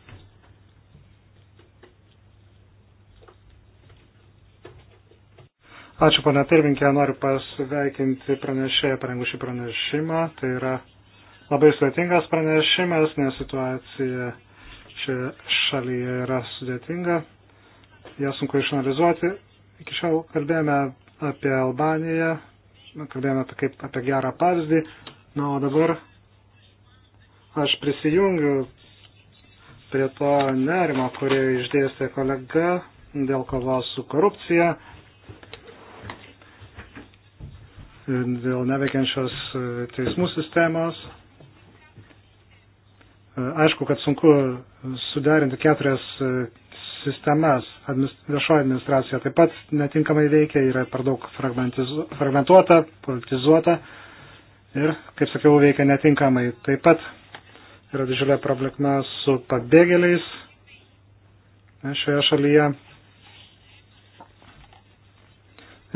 Ačiū, pana pirminkė, noriu pasveikinti pranešėją parengus šį pranešimą. Tai yra labai sudėtingas pranešimas, nes situacija šioje šalyje yra sudėtinga. Ja sunku išanalizuoti. Iki šiol kalbėjome apie Albaniją, kalbėjome apie, kaip, apie gerą pavyzdį. Na, o dabar aš prisijungiu prie to nerimo, kurį išdėstė kolega dėl kovos su korupcija. dėl neveikiančios e, teismų sistemos. E, aišku, kad sunku suderinti keturias e, sistemas. Viešoji administracija taip pat netinkamai veikia, yra per daug fragmentuota, politizuota ir, kaip sakiau, veikia netinkamai. Taip pat yra didžiulė problema su pabėgėliais šioje šalyje.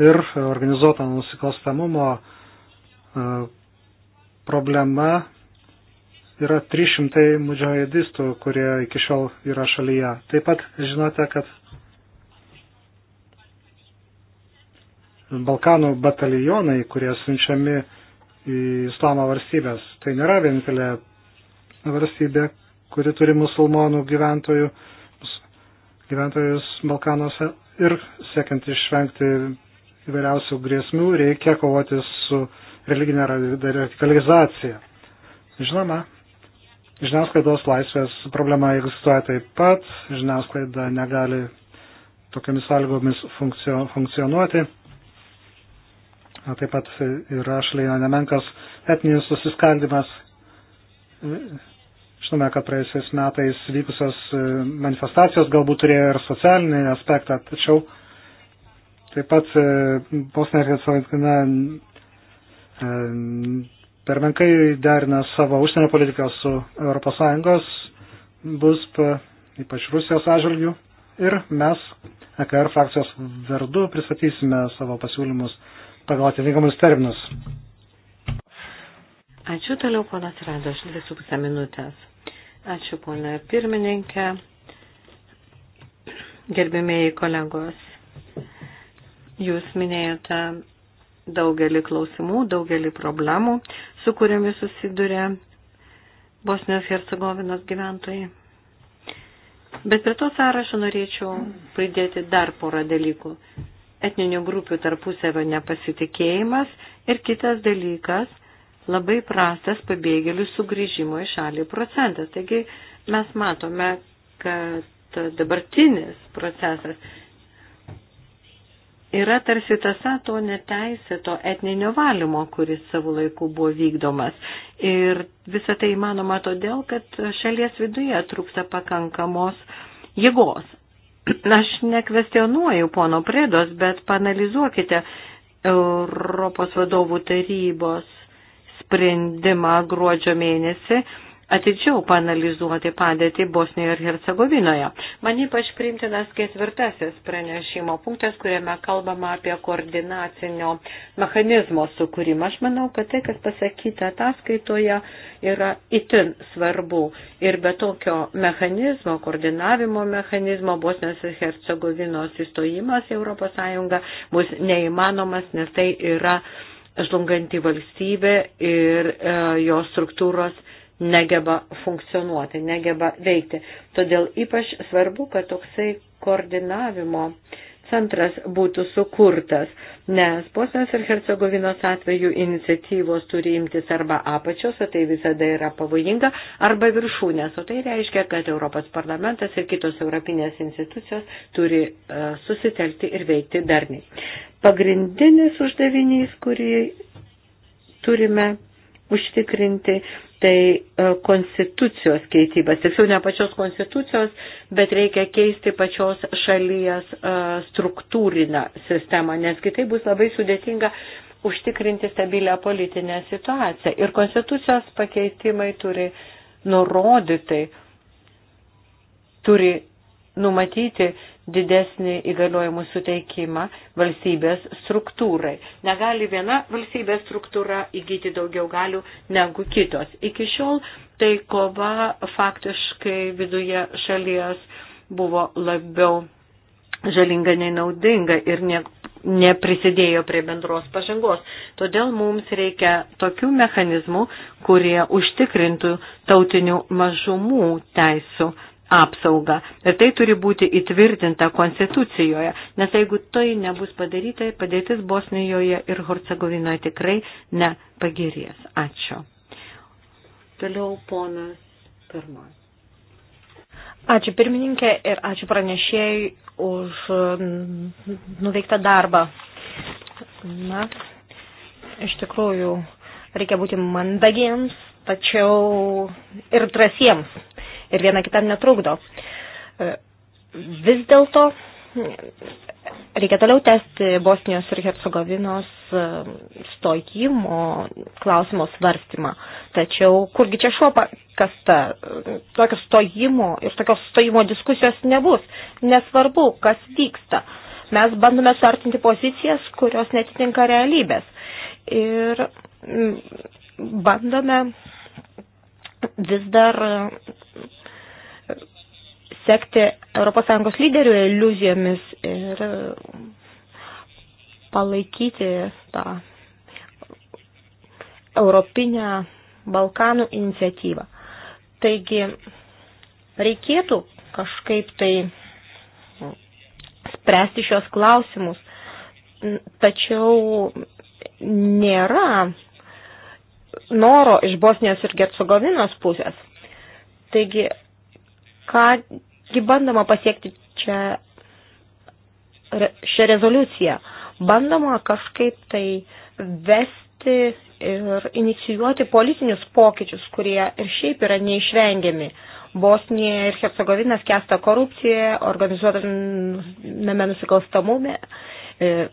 ir organizuoto nusikalstamumo e, problema yra 300 mudžahidistų, kurie iki šiol yra šalyje. Taip pat žinote, kad Balkanų batalionai, kurie siunčiami į islamo valstybės, tai nėra vienintelė valstybė, kuri turi musulmonų gyventojų, gyventojus Balkanuose ir siekiant išvengti įvairiausių grėsmių, reikia kovoti su religinė radikalizacija. Žinoma, žiniasklaidos laisvės problema egzistuoja taip pat, žiniasklaida negali tokiamis sąlygomis funkcio, funkcionuoti. A, taip pat yra šalyje nemenkas etninis susiskaldimas. Žinome, kad praėjusiais metais vykusios manifestacijos galbūt turėjo ir socialinį aspektą, tačiau Taip pat e, Bosnija ir Hercegovina e, per menkai derina savo užsienio politiką su ES, bus ypač Rusijos atžvilgių. Ir mes EKR frakcijos vardu pristatysime savo pasiūlymus pagal atitinkamus terminus. Ačiū toliau, ponas Rado, aš dvi su pusę minutės. Ačiū, ponė pirmininkė, gerbėmėjai kolegos. Jūs minėjote daugelį klausimų, daugelį problemų, su kuriomis susiduria Bosnijos Hercegovinos gyventojai. Bet prie to sąrašo norėčiau pridėti dar porą dalykų. Etninių grupių tarpusavio nepasitikėjimas ir kitas dalykas - labai prastas pabėgėlių sugrįžimo į šalį procentas. Taigi mes matome, kad dabartinis procesas yra tarsi tasa to neteisėto etninio valymo, kuris savo laiku buvo vykdomas. Ir visą tai įmanoma todėl, kad šalies viduje trūksta pakankamos jėgos. <clears throat> Aš nekvestionuoju pono priedos, bet panalizuokite Europos vadovų tarybos sprendimą gruodžio mėnesį atidžiau panalizuoti padėtį Bosnijoje ir Hercegovinoje. Man ypač priimtinas ketvirtasis pranešimo punktas, kuriame kalbama apie koordinacinio mechanizmo sukūrimą. Aš manau, kad tai, kas pasakyta ataskaitoje, yra itin svarbu. Ir be tokio mechanizmo, koordinavimo mechanizmo, Bosnijos ir Hercegovinos įstojimas į ES bus neįmanomas, nes tai yra žlunganti valstybė ir e, jos struktūros negeba funkcionuoti, negeba veikti. Todėl ypač svarbu, kad toksai koordinavimo centras būtų sukurtas, nes Bosnijos ir Hercegovinos atveju iniciatyvos turi imtis arba apačios, o tai visada yra pavojinga, arba viršūnės, o tai reiškia, kad Europos parlamentas ir kitos europinės institucijos turi uh, susitelkti ir veikti darniai. Pagrindinis uždavinys, kurį turime užtikrinti, tai e, konstitucijos keitybas. Tiksliau ne pačios konstitucijos, bet reikia keisti pačios šalies e, struktūrinę sistemą, nes kitaip bus labai sudėtinga užtikrinti stabilę politinę situaciją. Ir konstitucijos pakeitimai turi nurodyti, turi numatyti didesnį įgaliojimų suteikimą valstybės struktūrai. Negali viena valstybės struktūra įgyti daugiau galių negu kitos. Iki šiol tai kova faktiškai viduje šalies buvo labiau žalinga nei naudinga ir ne, neprisidėjo prie bendros pažangos. Todėl mums reikia tokių mechanizmų, kurie užtikrintų tautinių mažumų teisų apsaugą. Ir tai turi būti įtvirtinta konstitucijoje, nes jeigu tai nebus padaryta, padėtis Bosnijoje ir Hercegovinoje tikrai nepagerės. Ačiū. Toliau ponas pirmas. Ačiū pirmininkė ir ačiū pranešėjai už nuveiktą darbą. Na, iš tikrųjų, reikia būti mandagiems, tačiau ir drąsiems ir viena kitam netrukdo. E, vis dėlto reikia toliau tęsti Bosnijos ir Hercegovinos e, stojimo klausimo svarstymą. Tačiau kurgi čia šuo kasta, e, tokio stojimo ir tokios stojimo diskusijos nebus. Nesvarbu, kas vyksta. Mes bandome suartinti pozicijas, kurios netitinka realybės. Ir bandome vis dar sekti ES lyderių iliuzijomis ir palaikyti tą europinę Balkanų iniciatyvą. Taigi reikėtų kažkaip tai spręsti šios klausimus, tačiau nėra noro iš Bosnijos ir Gercegovinos pusės. Taigi, ką Taigi bandoma pasiekti čia šią rezoliuciją. Bandoma kažkaip tai vesti ir inicijuoti politinius pokyčius, kurie ir šiaip yra neišvengiami. Bosnija ir Hercegovina skęsta korupcijoje, organizuotame nusikalstamume. E,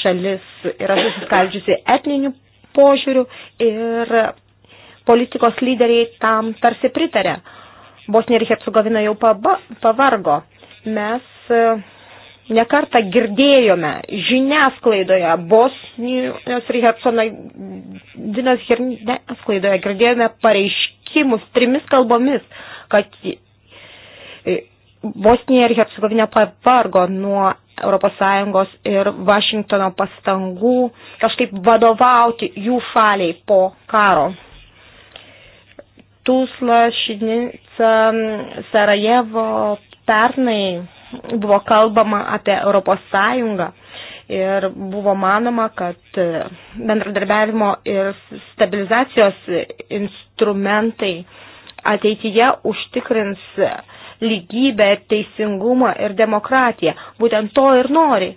šalis yra susiskaldžiusi etninių požiūrių ir politikos lyderiai tam tarsi pritarė. Bosnija ir Hercegovina jau pavargo. Mes e, nekartą girdėjome žiniasklaidoje, Bosnijos ir Hercegovinos žiniasklaidoje girdėjome pareiškimus trimis kalbomis, kad e, Bosnija ir Hercegovina pavargo nuo ES ir Vašingtono pastangų kažkaip vadovauti jų šaliai po karo. Tuzla, Šinica, Sarajevo pernai buvo kalbama apie Europos Sąjungą ir buvo manoma, kad bendradarbiavimo ir stabilizacijos instrumentai ateityje užtikrins lygybę, teisingumą ir demokratiją. Būtent to ir nori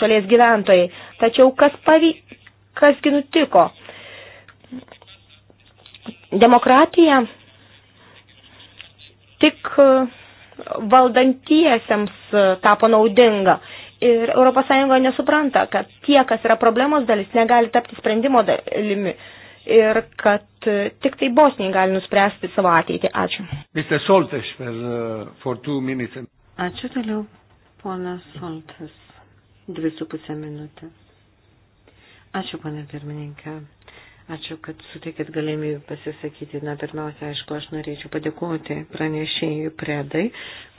šalies gyventojai. Tačiau kas pavy... kasgi nutiko? Demokratija tik e, valdantiesiems e, tapo naudinga. Ir ES nesupranta, kad tie, kas yra problemos dalis, negali tapti sprendimo dalimi. Ir kad e, tik tai Bosnija gali nuspręsti savo ateitį. Ačiū. Mr. Soltes, per, for two minutes. Ačiū toliau, ponas Soltes. Dvi su pusė minutė. Ačiū, ponė pirmininkė. Ačiū, kad sutikėt galimybę pasisakyti. Na, pirmiausia, aišku, aš norėčiau padėkoti pranešėjui Predai,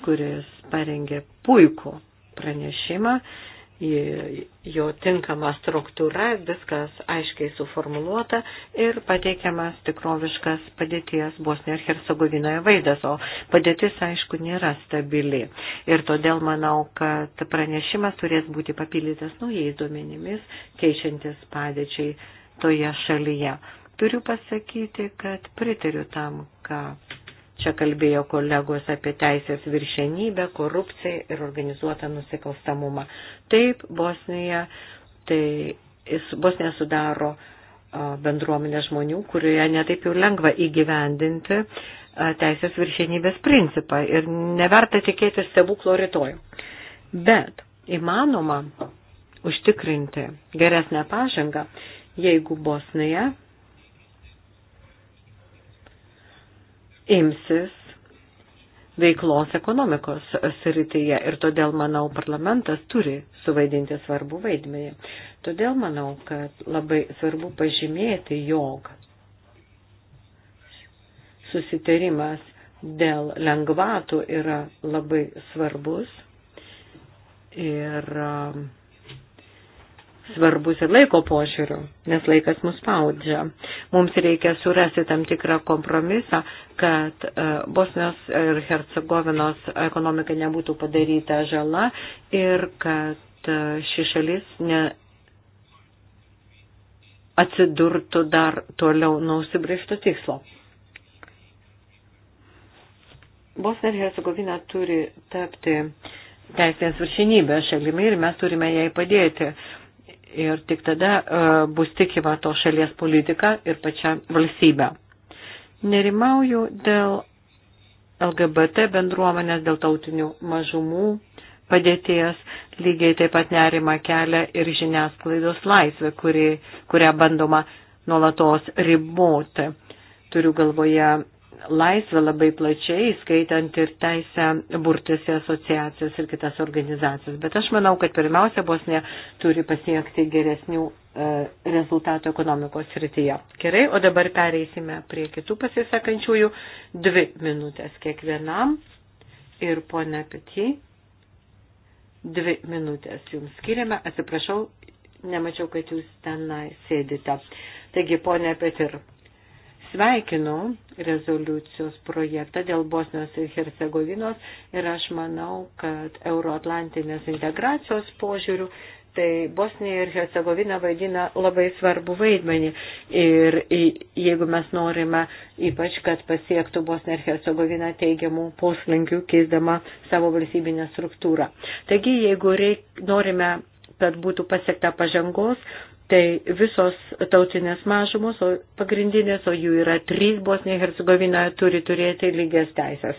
kuris parengė puikų pranešimą. Jo tinkama struktūra, viskas aiškiai suformuluota ir pateikiamas tikroviškas padėties Bosnijoje ir Hercegovinoje vaizdas, o padėtis, aišku, nėra stabili. Ir todėl manau, kad pranešimas turės būti papildytas naujais duomenimis, keičiantis padėčiai toje šalyje. Turiu pasakyti, kad pritariu tam, ką čia kalbėjo kolegos apie teisės viršenybę, korupciją ir organizuotą nusikalstamumą. Taip, Bosnija, tai Bosnija sudaro bendruomenė žmonių, kurioje netaip jau lengva įgyvendinti teisės viršenybės principą ir neverta tikėtis stebuklo rytoj. Bet įmanoma užtikrinti geresnę pažangą, jeigu Bosnija imsis veiklos ekonomikos srityje ir todėl, manau, parlamentas turi suvaidinti svarbų vaidmenį. Todėl manau, kad labai svarbu pažymėti, jog susitarimas dėl lengvatų yra labai svarbus ir uh, svarbus ir laiko požiūriu, nes laikas mus spaudžia. Mums reikia surasti tam tikrą kompromisą, kad e, Bosnijos ir Hercegovinos ekonomika nebūtų padaryta žala ir kad e, ši šalis ne atsidurtų dar toliau nausibrieštų tikslo. Bosnija ir Hercegovina turi tapti teisinės viršinybės šalimi ir mes turime jai padėti. Uh, ir tik tada e, bus tikima to šalies politika ir pačia valstybė. Nerimauju dėl LGBT bendruomenės, dėl tautinių mažumų padėties, lygiai taip pat nerima kelia ir žiniasklaidos laisvė, kuri, kurią bandoma nuolatos riboti. Turiu galvoje laisvę labai plačiai, skaitant ir teisę burtis į asociacijas ir kitas organizacijas. Bet aš manau, kad pirmiausia Bosnija turi pasiekti geresnių e, rezultatų ekonomikos srityje. Gerai, o dabar pereisime prie kitų pasisakančiųjų. Dvi minutės kiekvienam ir ponia Petit. Dvi minutės jums skiriame. Atsiprašau, nemačiau, kad jūs tenai sėdite. Taigi, ponia Petir sveikinu rezoliucijos projektą dėl Bosnios ir Hercegovinos ir aš manau, kad euroatlantinės integracijos požiūrių tai Bosnija ir Hercegovina vaidina labai svarbu vaidmenį. Ir jeigu mes norime ypač, kad pasiektų Bosnija ir Hercegovina teigiamų poslinkių, keisdama savo valstybinę struktūrą. Taigi, jeigu reik, norime kad būtų pasiekta pažangos, tai visos tautinės mažumos, o pagrindinės, o jų yra trys Bosnija Hercegovinoje, turi turėti lygias teisės.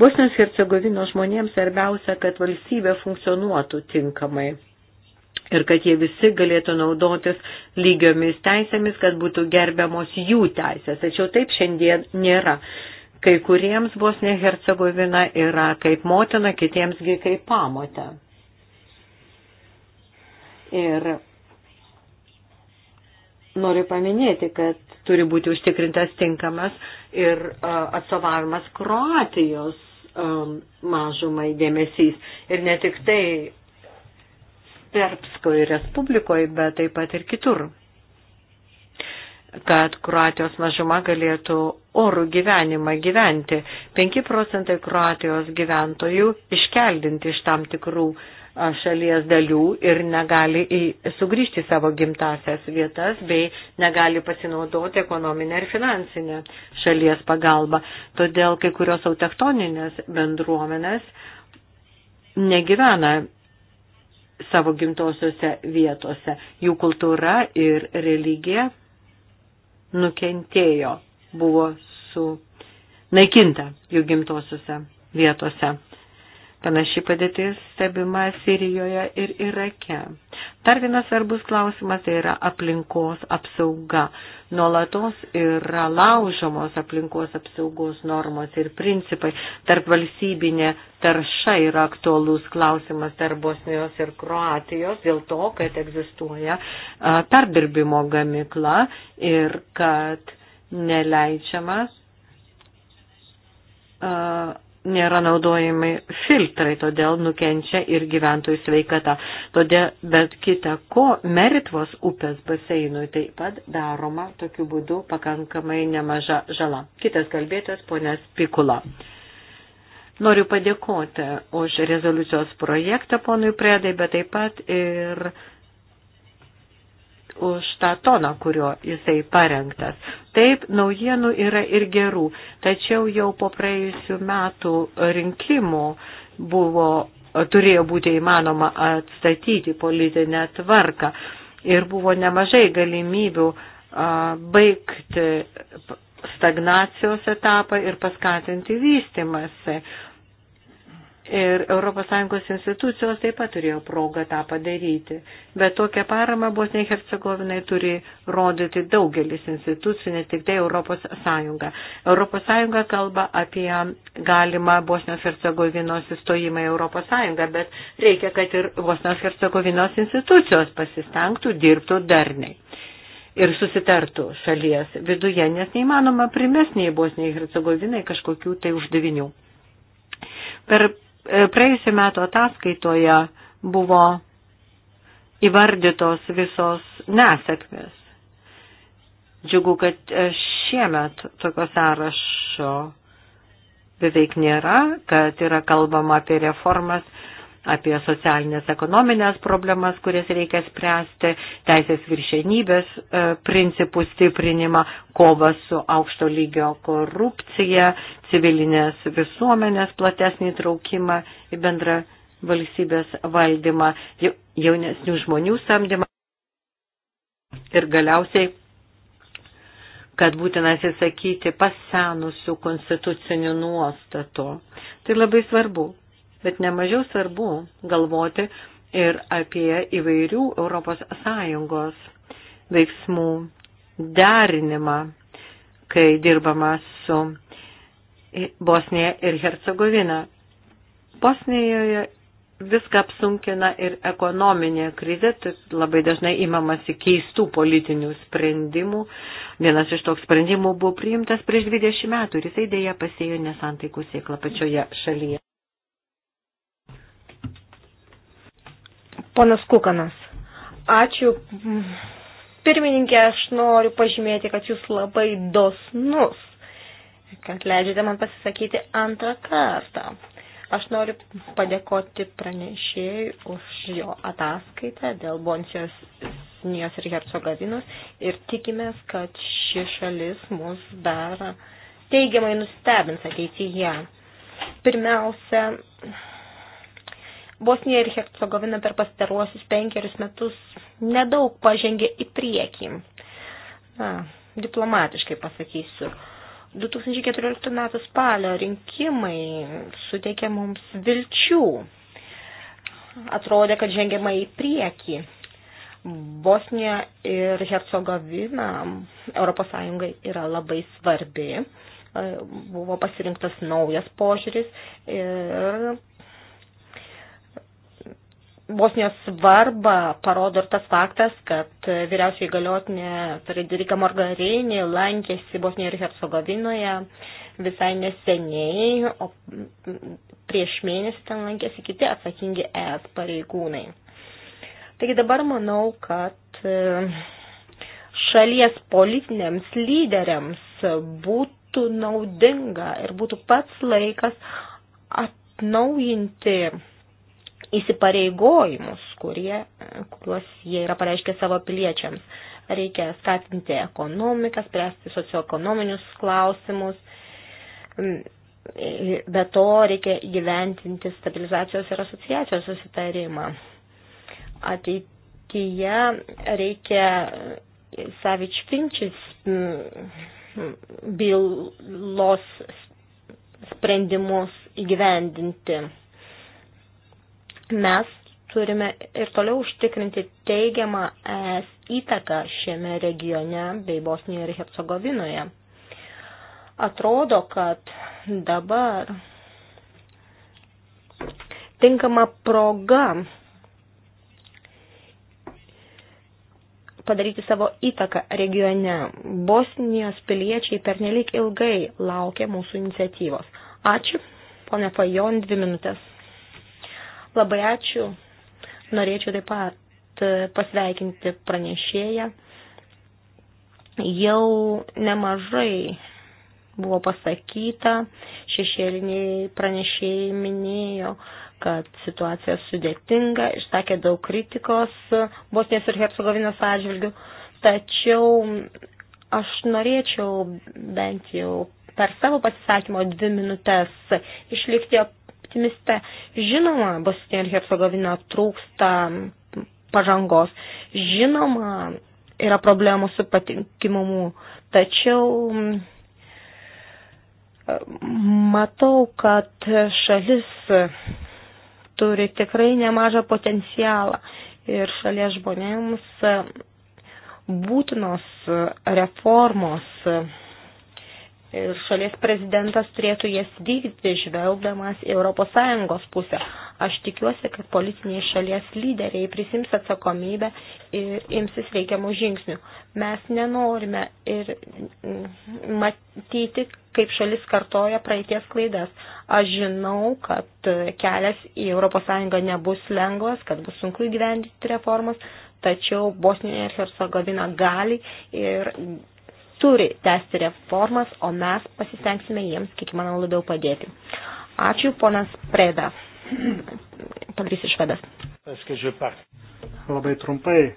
Bosnijos Hercegovino žmonėms svarbiausia, kad valstybė funkcionuotų tinkamai ir kad jie visi galėtų naudotis lygiomis teisėmis, kad būtų gerbiamos jų teisės. Tačiau taip šiandien nėra. Kai kuriems Bosnija Hercegovina yra kaip motina, kitiemsgi kaip pamotė. Ir noriu paminėti, kad turi būti užtikrintas tinkamas ir atsovavimas Kroatijos mažumai dėmesys. Ir ne tik tai Serbskoje Respublikoje, bet taip pat ir kitur kad Kroatijos mažuma galėtų orų gyvenimą gyventi. 5 procentai Kroatijos gyventojų iškeldinti iš tam tikrų uh, šalies dalių ir negali į, sugrįžti į savo gimtasias vietas bei negali pasinaudoti ekonominę ir finansinę šalies pagalbą. Todėl kai kurios autochtoninės bendruomenės negyvena savo gimtosiuose vietose. Jų kultūra ir religija nukentėjo, buvo sunaikinta jų gimtosiuose vietose. Panaši padėtis stebima Sirijoje ir Irake. Dar vienas svarbus klausimas tai yra aplinkos apsauga. Nuolatos yra laužomos aplinkos apsaugos normos ir principai. Tarp valstybinė tarša yra aktualus klausimas tarp Bosnijos ir Kroatijos dėl to, kad egzistuoja perdirbimo gamikla ir kad neleidžiamas nėra naudojami filtrai, todėl nukenčia ir gyventojų sveikata. Todėl, bet kita ko, Meritvos upės baseinui taip pat daroma tokiu būdu pakankamai nemaža žala. Kitas kalbėtas ponės Pikula. Noriu padėkoti už rezoliucijos projektą ponui Predai, bet taip pat ir už tą toną, kurio jisai parengtas. Taip, naujienų yra ir gerų, tačiau jau po praėjusių metų rinkimų buvo, turėjo būti įmanoma atstatyti politinę tvarką ir buvo nemažai galimybių a, baigti stagnacijos etapą ir paskatinti vystimąsi. Ir ES institucijos taip pat turėjo progą tą padaryti. Bet tokią paramą Bosniai Hercegovinai turi rodyti daugelis institucijų, ne tik tai ES. ES kalba apie galimą Bosnios Hercegovinos įstojimą į ES, bet reikia, kad ir Bosnios Hercegovinos institucijos pasistengtų, dirbtų darniai ir susitartų šalies viduje, nes neįmanoma primesniai Bosniai Hercegovinai kažkokių tai uždavinių. Per E, praėjusiu metu ataskaitoje buvo įvardytos visos nesėkmės. Džiugu, kad e, šiemet tokio sąrašo beveik nėra, kad yra kalbama apie reformas apie socialinės ekonominės problemas, kurias reikia spręsti, teisės viršenybės e, principų stiprinimą, kovą su aukšto lygio korupcija, civilinės visuomenės platesnį traukimą į bendrą valstybės valdymą, jaunesnių žmonių samdymą ir galiausiai kad būtina atsisakyti pasenusių konstitucinių nuostatų. Tai labai svarbu, bet nemažiau svarbu galvoti ir apie įvairių ES veiksmų derinimą, kai dirbama su Bosnija ir Hercegovina. Bosnijoje viską apsunkina ir ekonominė krizė, labai dažnai imamasi keistų politinių sprendimų. Vienas iš toks sprendimų buvo priimtas prieš 20 metų ir jisai dėja pasėjo nesantaikų sėklą pačioje šalyje. Ponas Kukanas. Ačiū. Pirmininkė, aš noriu pažymėti, kad jūs labai dosnus, kad leidžiate man pasisakyti antrą kartą. Aš noriu padėkoti pranešėjui už jo ataskaitą dėl Boncijos, Nijos ir Hercogavinos ir tikimės, kad ši šalis mus dar teigiamai nustebins ateityje. Pirmiausia, Bosnija ir Hercegovina per pastaruosius penkerius metus nedaug pažengė į priekį. Na, diplomatiškai pasakysiu. 2014 m. spalio rinkimai suteikė mums vilčių. Atrodė, kad žengiama į priekį. Bosnija ir Hercegovina ES yra labai svarbi. Buvo pasirinktas naujas požiūris ir Bosnijos svarbą parodo ir tas faktas, kad vyriausiai galiotinė Frederika Morgarini lankėsi Bosnijoje ir Hercegovinoje visai neseniai, o prieš mėnesį ten lankėsi kiti atsakingi ES pareigūnai. Taigi dabar manau, kad e, šalies politiniams lyderiams būtų naudinga ir būtų pats laikas atnaujinti įsipareigojimus, kurie, kuriuos jie yra pareiškę savo piliečiams. Reikia skatinti ekonomiką, spręsti socioekonominius klausimus. Mm, be to reikia gyventinti stabilizacijos ir asociacijos susitarimą. Ateityje reikia Savič Finčis mm, bylos sprendimus įgyvendinti mes turime ir toliau užtikrinti teigiamą ES įtaką šiame regione bei Bosnijoje ir Hercegovinoje. Atrodo, kad dabar tinkama proga padaryti savo įtaką regione. Bosnijos piliečiai pernelik ilgai laukia mūsų iniciatyvos. Ačiū, ponia Fajon, dvi minutės. Labai ačiū. Norėčiau taip pat e, pasveikinti pranešėją. Jau nemažai buvo pasakyta, šešėliniai pranešėjai minėjo, kad situacija sudėtinga, išsakė daug kritikos Bosnijos ir Hercegovinos atžvilgių, tačiau aš norėčiau bent jau per savo pasisakymo dvi minutės išlikti optimiste. Žinoma, Bosnija ir Hercegovina trūksta pažangos. Žinoma, yra problemų su patikimumu, tačiau mm, matau, kad šalis turi tikrai nemažą potencialą ir šalies žmonėms būtinos reformos ir šalies prezidentas turėtų jas vykdyti žvelgdamas į ES pusę. Aš tikiuosi, kad politiniai šalies lyderiai prisims atsakomybę ir imsis reikiamų žingsnių. Mes nenorime ir matyti, kaip šalis kartoja praeities klaidas. Aš žinau, kad kelias į ES nebus lengvas, kad bus sunku įgyvendinti reformas, tačiau Bosnija ir Hercegovina gali ir turi tęsti reformas, o mes pasistengsime jiems, kiek manau, labiau padėti. Ačiū, ponas Preda. Pagrys iš vedas. Labai trumpai,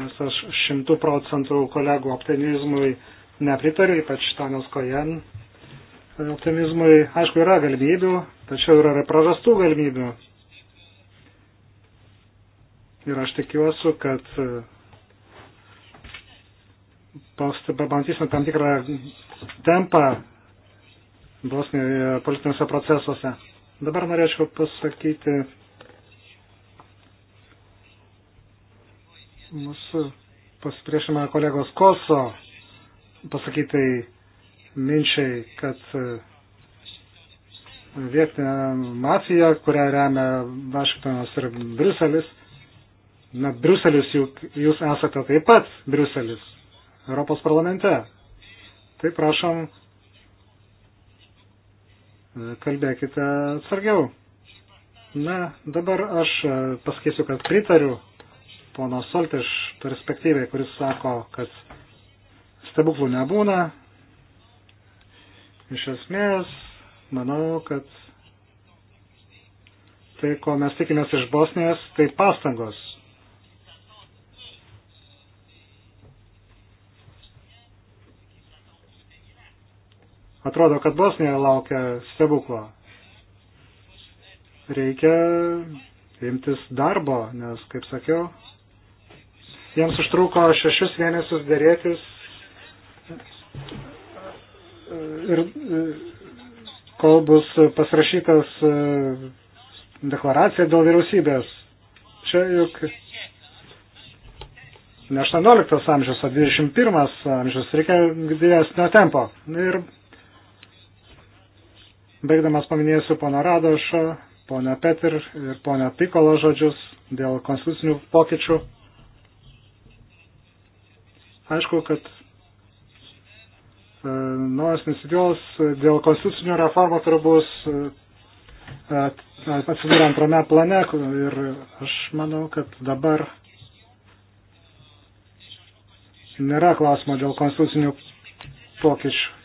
nes aš šimtų procentų kolegų optimizmui nepritariu, ypač Tanos Kojan optimizmui. Aišku, yra galimybių, tačiau yra ir prarastų galimybių. Ir aš tikiuosi, kad pabandysime tam tikrą tempą Bosnijoje politiniuose procesuose. Dabar norėčiau pasakyti mūsų pasipriešimą kolegos Koso pasakyti minčiai, kad e, vietinė mafija, kurią remia Vašingtonas ir Briuselis, na, Briuselis juk jūs esate taip pat Briuselis. Europos parlamente. Tai prašom, kalbėkite atsargiau. Na, dabar aš e, pasakysiu, kad pritariu pono Soltiš perspektyvai, kuris sako, kad stebuklų nebūna. Iš esmės, manau, kad tai, ko mes tikimės iš Bosnijos, tai pastangos. Atrodo, kad Bosnija laukia stebuklo. Reikia imtis darbo, nes, kaip sakiau, jiems užtruko šešius mėnesius dėrėtis ir kol bus pasirašytas e, deklaracija dėl vyriausybės. Čia juk ne 18 amžius, o 21 amžius, reikia didesnio tempo. Ir Baigdamas paminėsiu pono Radošą, pono Petir ir pono Pikolo žodžius dėl konstitucinių pokyčių. Aišku, kad e, naujas iniciatyvos dėl konstitucinių reformų turbūt e, atsidūrė antrame plane ir aš manau, kad dabar nėra klausimo dėl konstitucinių pokyčių.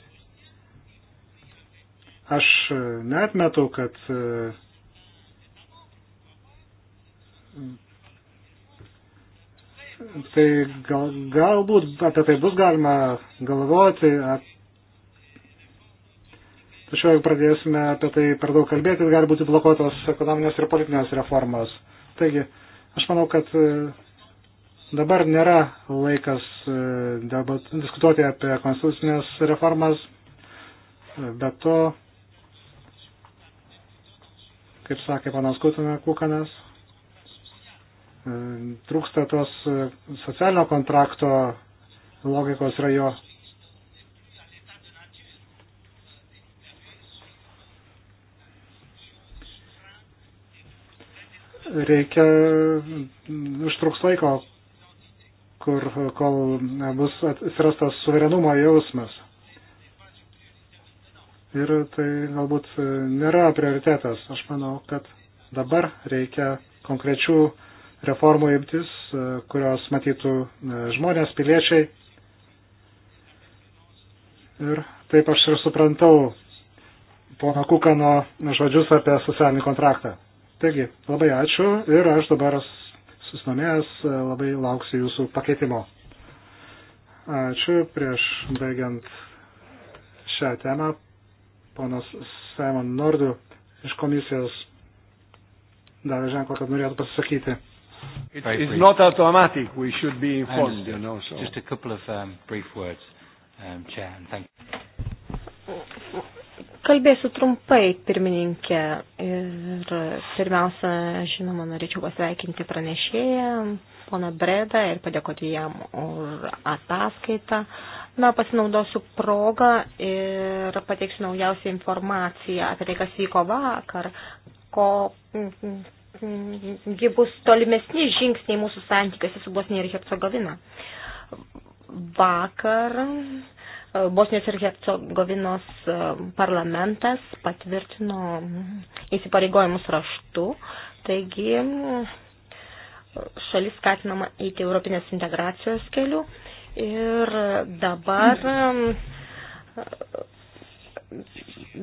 Aš e, netmetu, kad e, tai gal, galbūt apie tai bus galima galvoti, tačiau jeigu pradėsime apie tai per daug kalbėti, tai gali būti blokuotos ekonominės ir politinės reformos. Taigi, aš manau, kad e, dabar nėra laikas debat, diskutuoti apie konstitucinės reformas, bet to kaip sakė panas Kutina Kukanas, e, trūksta tos e, socialinio kontrakto logikos yra jo. Reikia mm, užtruks laiko, kur, kol bus atsirastas suverenumo jausmas ir tai galbūt nėra prioritetas. Aš manau, kad dabar reikia konkrečių reformų imtis, e, kurios matytų e, žmonės, piliečiai. Ir taip aš ir suprantau pono Kukano žodžius apie socialinį kontraktą. Taigi, labai ačiū ir aš dabar susinomėjęs e, labai lauksiu jūsų pakeitimo. Ačiū prieš baigiant šią temą ponas Simon Nordu iš komisijos davė ženklą, kad norėtų pasisakyti. It is not automatic. We should be informed, you know. So. Just a couple of um, brief words, um, Chair, and thank you. Kalbėsiu trumpai, pirmininkė. Ir pirmiausia, žinoma, norėčiau pasveikinti pranešėją, poną Bredą, ir padėkoti jam už ataskaitą. Na, pasinaudosiu progą ir pateiksiu naujausią informaciją apie tai, kas vyko vakar, ko gi bus tolimesni žingsniai mūsų santykiuose su Bosnija ir Hercegovina. Vakar Bosnijos ir Hercegovinos e, parlamentas patvirtino įsipareigojimus raštu, taigi šalis skatinama eiti Europinės integracijos keliu ir dabar e,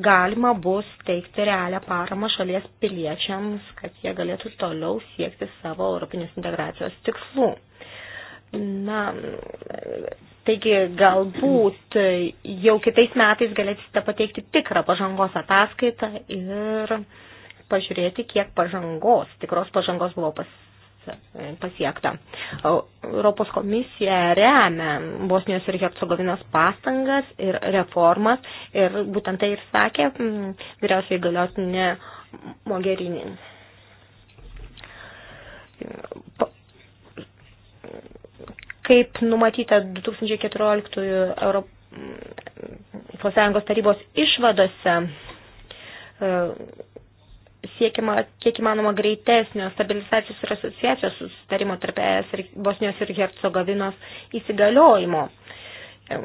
galima bus teikti realią paramą šalies piliečiams, kad jie galėtų toliau siekti savo Europinės integracijos tikslų. Na, Taigi galbūt jau kitais metais galėsite pateikti tikrą pažangos ataskaitą ir pažiūrėti, kiek pažangos, tikros pažangos buvo pas, pasiekta. Europos komisija remia Bosnijos ir Hercegovinos pastangas ir reformas ir būtent tai ir sakė mm, vyriausiai galiotinė Mogherini kaip numatyta 2014 Europos Sąjungos tarybos išvadose, e, siekiama kiek įmanoma greitesnio stabilizacijos ir asociacijos susitarimo tarp ES ir Bosnijos ir Hercegovinos įsigaliojimo. E,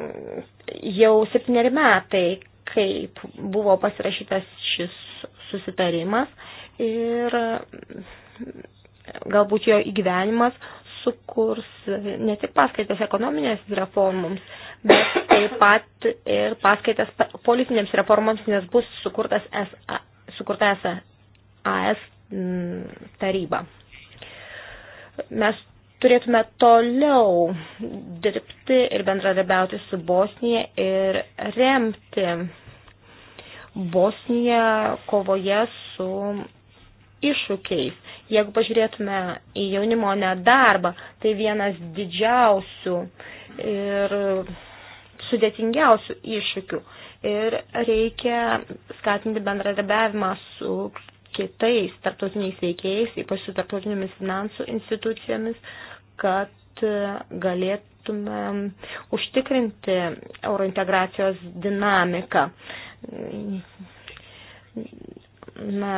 jau septyneri metai, kaip buvo pasirašytas šis susitarimas ir mm, galbūt jo įgyvenimas sukurs ne tik paskaitas ekonominės reformoms, bet taip pat ir paskaitas politinėms reformoms, nes bus sukurtas SA, sukurta SAS mm, taryba. Mes turėtume toliau dirbti ir bendradarbiauti su Bosnija ir remti Bosniją kovoje su iššūkiais. Jeigu pažiūrėtume į jaunimo nedarbą, tai vienas didžiausių ir sudėtingiausių iššūkių. Ir reikia skatinti bendradarbiavimą su kitais tarptautiniais veikėjais, ypač su tarptautinėmis finansų institucijomis, kad galėtume užtikrinti eurointegracijos dinamiką. Na,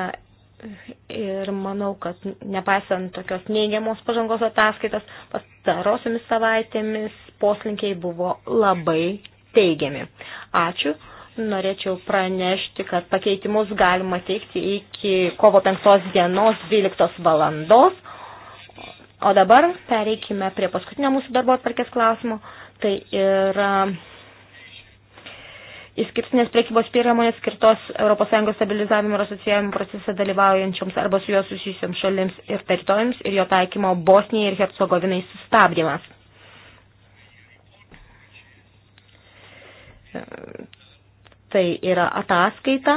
Ir manau, kad nepaisant tokios neigiamos pažangos ataskaitas, pastarosiomis savaitėmis poslinkiai buvo labai teigiami. Ačiū. Norėčiau pranešti, kad pakeitimus galima teikti iki kovo 5 dienos 12 valandos. O dabar pereikime prie paskutinio mūsų darbo atvarkės klausimo. Tai yra išskirtinės priekybos priemonės skirtos ES stabilizavimo ir asociavimo procese dalyvaujančioms arba su juo susijusiams šalims ir teritorijoms ir jo taikymo Bosnijai ir Hercegovinai sustabdymas. Tai yra ataskaita,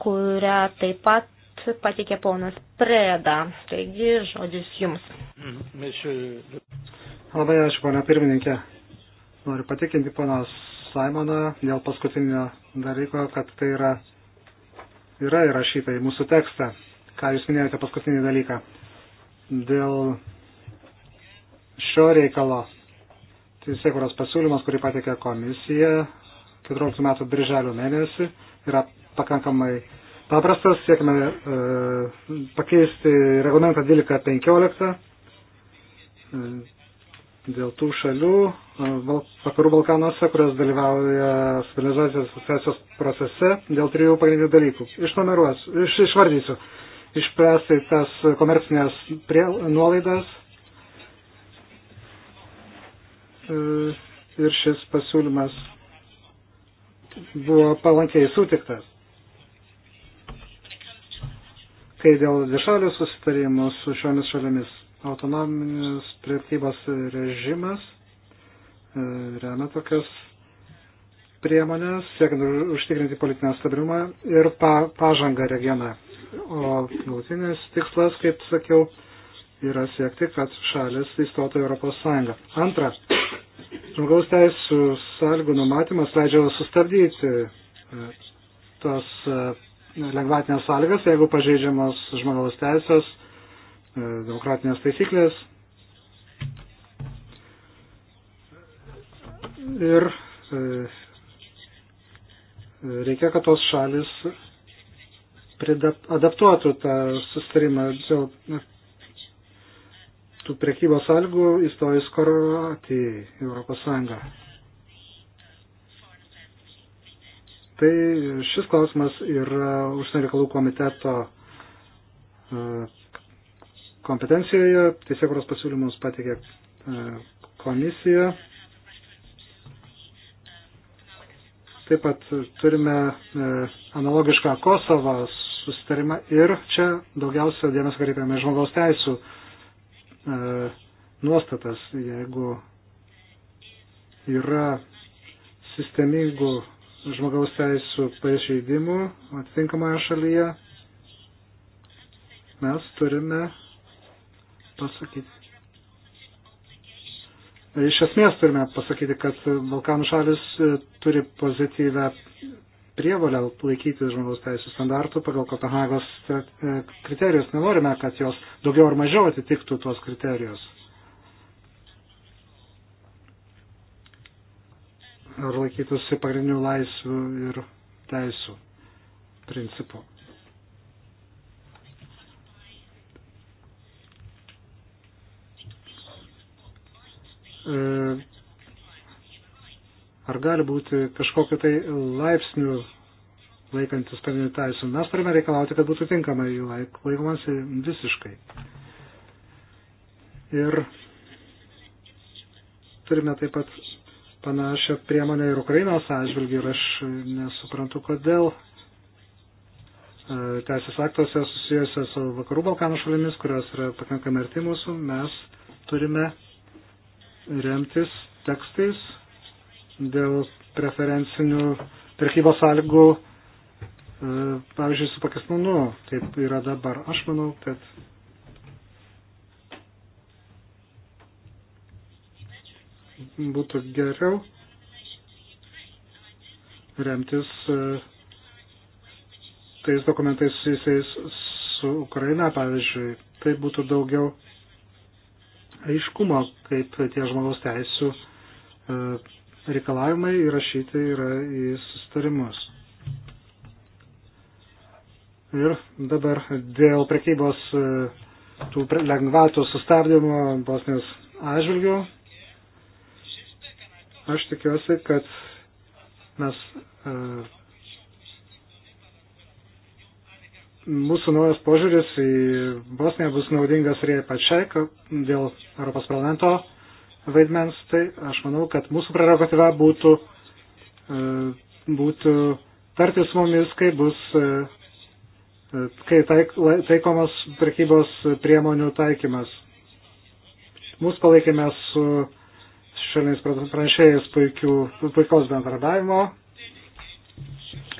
kurią taip pat patikė ponas Preda. Taigi, žodis jums. Mm, Labai ačiū, ponia pirmininkė. Noriu patikinti ponas Simoną dėl paskutinio dalyko, kad tai yra, yra įrašyta į mūsų tekstą, ką jūs minėjote paskutinį dalyką. Dėl šio reikalo teisėkuros pasiūlymas, kurį patikė komisija 14 metų birželio mėnesį, yra pakankamai paprastas, siekime e, pakeisti reglamentą 12.15 e, dėl tų šalių, vakarų Balkanuose, kurios dalyvauja stabilizacijos asociacijos procese dėl trijų pagrindinių dalykų. Išnumeruosiu, iš, išvardysiu. Išspręsti tas komercinės prie, nuolaidas. E, ir šis pasiūlymas buvo palankiai sutiktas. Kai dėl dvišalių susitarimų su šiomis šalimis autonominis priekybos režimas E, remia tokias priemonės, siekiant užtikrinti politinę stabilumą ir pa, pažangą regione. O galutinis tikslas, kaip sakiau, yra siekti, kad šalis įstotų Europos Sąjungą. Antra, žmogaus teisų sąlygų numatymas leidžia sustabdyti e, tas e, lengvatinės sąlygas, jeigu pažeidžiamos žmogaus teisės, demokratinės taisyklės, Ir e, reikia, kad tos šalis adaptuotų tą sustarimą dėl tų prekybos sąlygų įstojus Kroatijai Europos Sąjungą. Tai šis klausimas yra užsienio reikalų komiteto e, kompetencijoje. Teisėkuros pasiūlymus pateikė e, komisija. Taip pat turime e, analogišką Kosovą susitarimą ir čia daugiausia dėmesio kreipiame žmogaus teisų e, nuostatas, jeigu yra sistemingų žmogaus teisų pažeidimų atitinkamoje šalyje, mes turime pasakyti, Iš esmės turime pasakyti, kad Balkanų šalis e, turi pozityvę prievalę laikyti žmogaus teisų standartų pagal Kopenhagos e, kriterijus. Nenorime, kad jos daugiau ar mažiau atitiktų tuos kriterijus. Ar laikytųsi pagrindinių laisvių ir teisų principų. E, ar gali būti kažkokiu tai laipsniu laikantis pagrindinių teisų. Mes turime reikalauti, kad būtų tinkamai jų laikomasi visiškai. Ir turime taip pat panašią priemonę ir Ukrainos atžvilgių ir aš nesuprantu, kodėl e, teisės aktuose susijusios su vakarų Balkanų šalimis, kurios yra pakankamai arti mūsų, mes turime remtis tekstais dėl preferencinių prekybos sąlygų, e, pavyzdžiui, su Pakistanu, kaip yra dabar. Aš manau, kad būtų geriau remtis e, tais dokumentais susijusiais su Ukraina, pavyzdžiui. Tai būtų daugiau aiškumo, kaip tie žmogaus teisų e, reikalavimai įrašyti yra į sustarimus. Ir dabar dėl prekybos e, tų lengvatų sustabdymo Bosnijos atžvilgių. Aš tikiuosi, kad mes e, mūsų naujas požiūris į Bosniją bus naudingas ir jai pačiai dėl Europos parlamento vaidmens, tai aš manau, kad mūsų prerogatyva būtų, e, būtų tarti su mumis, kai bus, e, e, kai taik, taikomas prekybos priemonių taikymas. Mūsų palaikėme su šaliniais pranešėjais puikiaus bendradavimo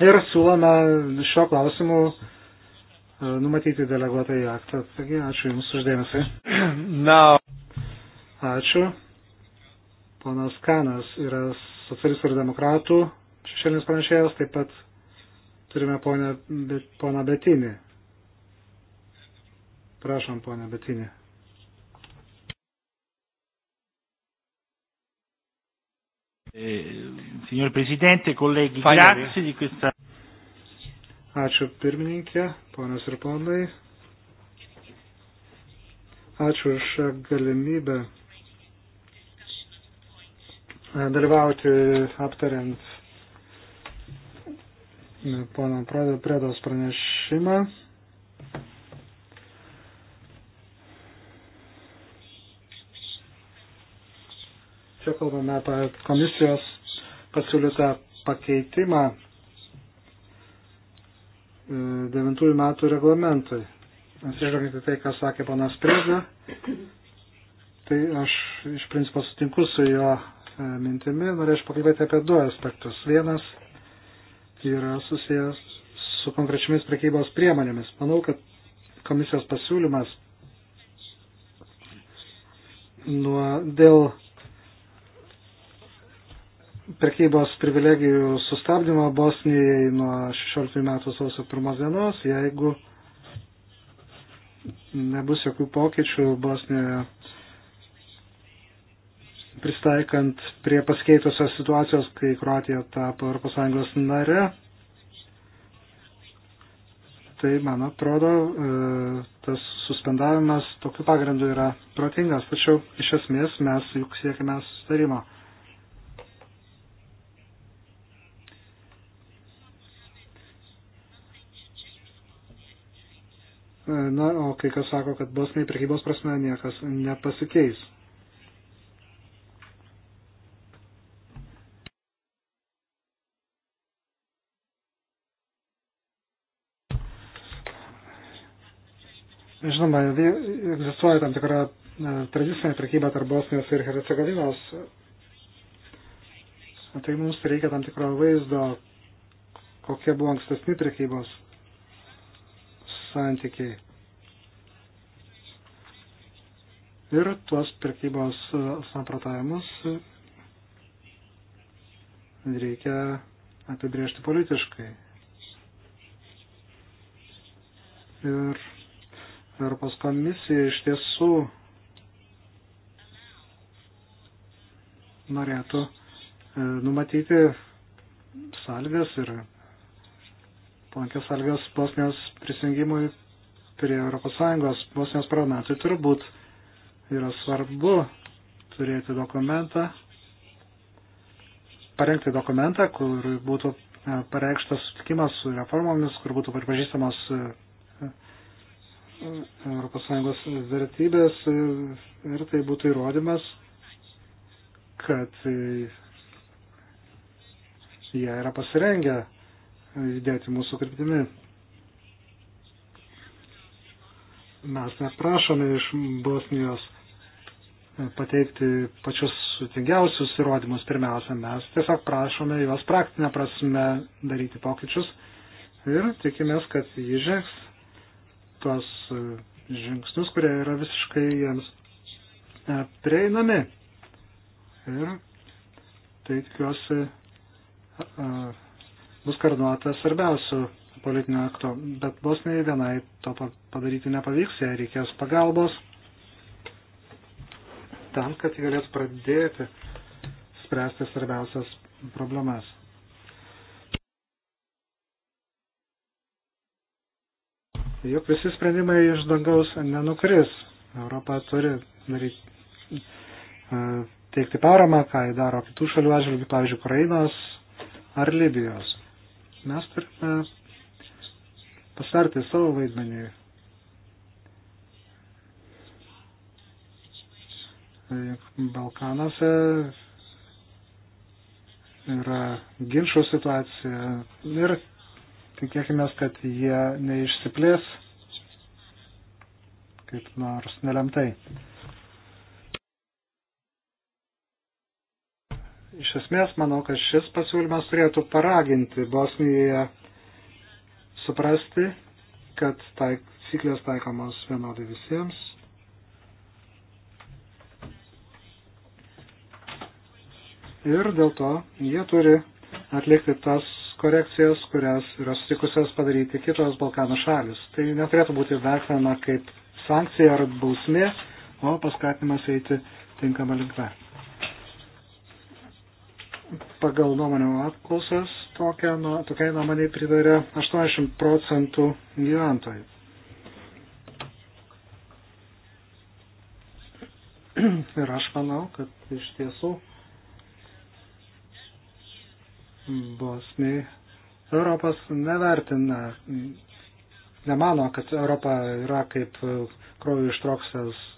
ir siūlome šio klausimu E, numatyti deleguotą į aktą. Taigi, ačiū Jums uždėmesį. Na. <clears throat> No. Ačiū. Ponas Kanas yra socialistų ir demokratų šešėlinis pranešėjas, taip pat turime ponę, poną Betinį. Prašom, ponę Betinį. Eh, signor Presidente, colleghi, Finally. grazie di questa. Ačiū pirmininkė, ponios ir ponai. Ačiū už galimybę dalyvauti aptariant pono Predos pranešimą. Čia kalbame apie komisijos pasiūlytą pakeitimą 2009 metų reglamentui. Atsižvelgiant į tai, ką sakė panas Preza, tai aš iš principo sutinku su jo e, mintimi, norėčiau pakalbėti apie du aspektus. Vienas yra susijęs su konkrečiamis prekybos priemonėmis. Manau, kad komisijos pasiūlymas nuo, dėl prekybos privilegijų sustabdymo Bosnijai nuo 16 metų sausio pirmos dienos, jeigu nebus jokių pokyčių Bosnijoje pristaikant prie pasikeitusios situacijos, kai Kroatija tapo ES nare. Tai, man atrodo, e, tas suspendavimas tokiu pagrindu yra protingas, tačiau iš esmės mes juk siekime sustarimo. Na, o kai kas sako, kad Bosniai prekybos prasme niekas nepasikeis. Žinoma, egzistuoja tam tikra tradicinė prekyba tarp Bosnijos ir Hercegovinos. Tai mums reikia tam tikro vaizdo, kokie buvo ankstesni prekybos santykiai. Ir tuos prekybos e, samprotavimus reikia apibriežti politiškai. Ir Europos komisija iš tiesų norėtų e, numatyti sąlygas ir palankios sąlygos Bosnijos prisijungimui prie ES Bosnijos parlamentui. Tai turbūt yra svarbu turėti dokumentą, parengti dokumentą, kur būtų e, pareikštas sutikimas su reformomis, kur būtų pripažįstamos ES e, vertybės e, ir tai būtų įrodymas, kad jie yra pasirengę judėti mūsų kryptimi. Mes neprašome iš Bosnijos e, pateikti pačius sutingiausius įrodymus pirmiausia. Mes tiesiog prašome juos praktinę prasme daryti pokyčius ir tikimės, kad jį žengs tuos e, žingsnius, kurie yra visiškai jiems e, prieinami. Ir tai tikiuosi bus koordinuotas svarbiausių politinio akto, bet Bosnijai vienai to padaryti nepavyks, jai reikės pagalbos tam, kad jie galėtų pradėti spręsti svarbiausias problemas. Juk visi sprendimai iš dangaus nenukris. Europa turi daryti, e, teikti paramą, ką daro kitų šalių atžvilgių, pavyzdžiui, Ukrainos ar Libijos. Mes turime pasverti savo vaidmenį. Balkanose yra ginčio situacija ir tikėkime, kad jie neišsiplės kaip nors nelemtai. Iš esmės, manau, kad šis pasiūlymas turėtų paraginti Bosnijoje suprasti, kad taisyklės taikomos vienodai visiems. Ir dėl to jie turi atlikti tas korekcijas, kurias yra sutikusios padaryti kitos Balkanų šalis. Tai neturėtų būti vertinama kaip sankcija ar bausmė, o paskatinimas eiti tinkamą linkmę pagal nuomonio apklausas tokia, nu, tokiai nuomonė pritarė 80 procentų gyventojų. <clears throat> Ir aš manau, kad iš tiesų Bosniai Europos nevertina, nemano, kad Europa yra kaip krauju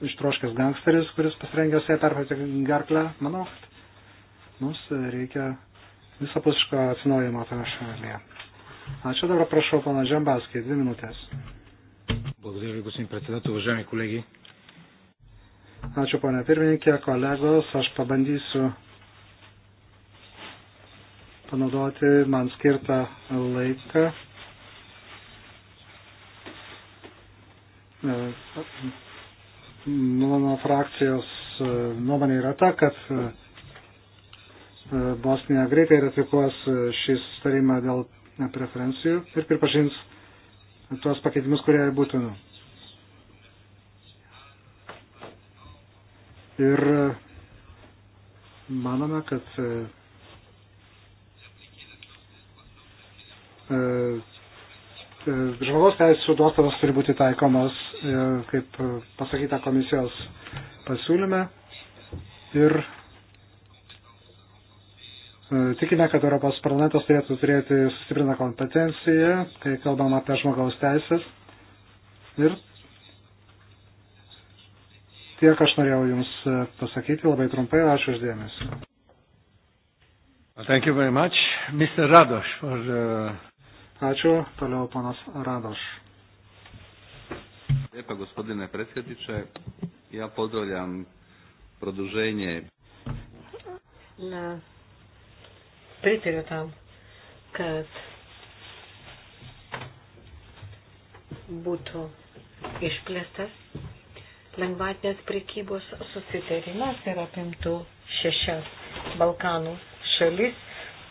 ištroškęs gangsteris, kuris pasirengęs ją perpatį gerklę. Manau, kad Mums reikia visapusiško atsinaujimo toje šalyje. Ačiū dabar prašau, pana Žembaskai, dvi minutės. Благодаря ви, господин председател. Уважаеми колеги. Ačiū, ponia pirmininkė, kolegos. Aš pabandysiu panaudoti man skirtą laiką. E, mano frakcijos e, nuomonė yra ta, kad e, E, Bosnija greitai ratifikuos e, šį sustarimą dėl preferencijų ir pripažins tuos pakeitimus, kurie būtinu. Ir e, manome, kad žmogaus teisų duostavos turi būti taikomos, kaip pasakyta komisijos pasiūlyme. Ir E, tikime, kad Europos parlamentas turėtų turėti sustiprintą kompetenciją, kai kalbam apie žmogaus teisės. Ir tiek aš norėjau Jums e, pasakyti labai trumpai, ačiū uždėmesi. Thank you very much, Mr. Radoš. The... Ačiū, toliau panas Radoš. Lijepa gospodine predsjedniče, ja pozdravljam produženje. Na, pritariu tam, kad būtų išplėstas lengvatinės priekybos susitarimas ir apimtų šešias Balkanų šalis.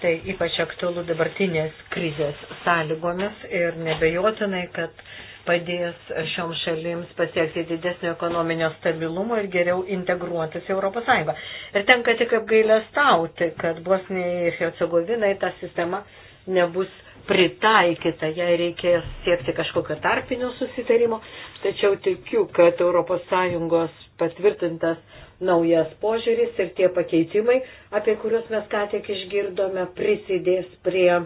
Tai ypač aktualu dabartinės krizės sąlygomis ir nebejotinai, kad uh, padės šioms šalims pasiekti didesnio ekonominio stabilumo ir geriau integruotis į ES. Ir tenka tik apgailestauti, kad Bosnijai ir Hercegovinai ta sistema nebus pritaikyta, jai reikės siekti kažkokio tarpinio susitarimo, tačiau tikiu, kad ES patvirtintas naujas požiūris ir tie pakeitimai, apie kuriuos mes ką tik išgirdome, prisidės prie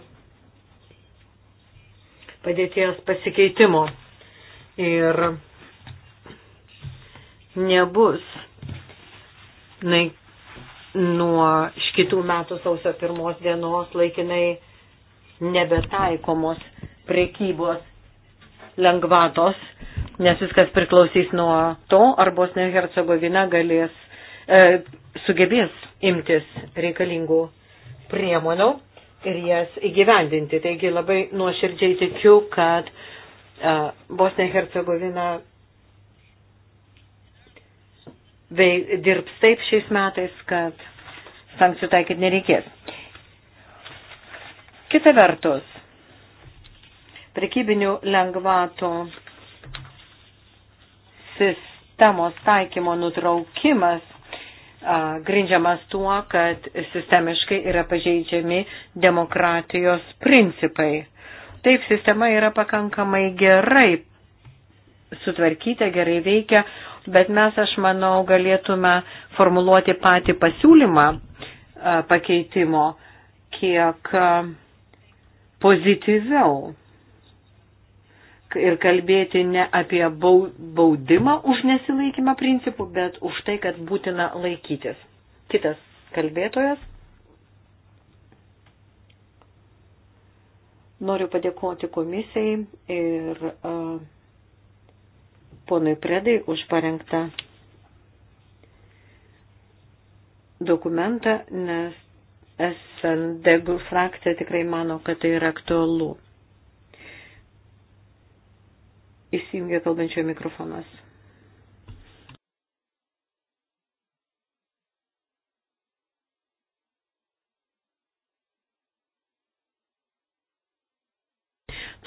padėties pasikeitimo ir nebus na, nuo kitų metų sausio pirmos dienos laikinai nebetaikomos priekybos lengvatos, nes viskas priklausys nuo to, ar Bosnija Hercegovina galės, e, sugebės imtis reikalingų priemonių ir jas įgyvendinti. Taigi labai nuoširdžiai tikiu, kad e, Bosnija Hercegovina dirbs taip šiais metais, kad sankcijų taikyti nereikės. Kita vertus, prekybinių lengvatų sistemos taikymo nutraukimas a, grindžiamas tuo, kad sistemiškai yra pažeidžiami demokratijos principai. Taip, sistema yra pakankamai gerai sutvarkyta, gerai veikia, bet mes, aš manau, galėtume formuluoti patį pasiūlymą pakeitimo kiek pozityviau ir kalbėti ne apie baudimą už nesilaikymą principų, bet už tai, kad būtina laikytis. Kitas kalbėtojas. Noriu padėkoti komisijai ir uh, ponui Predai už parengtą dokumentą, nes SND frakcija tikrai mano, kad tai yra aktualu. Įsijungia kalbančio mikrofonas.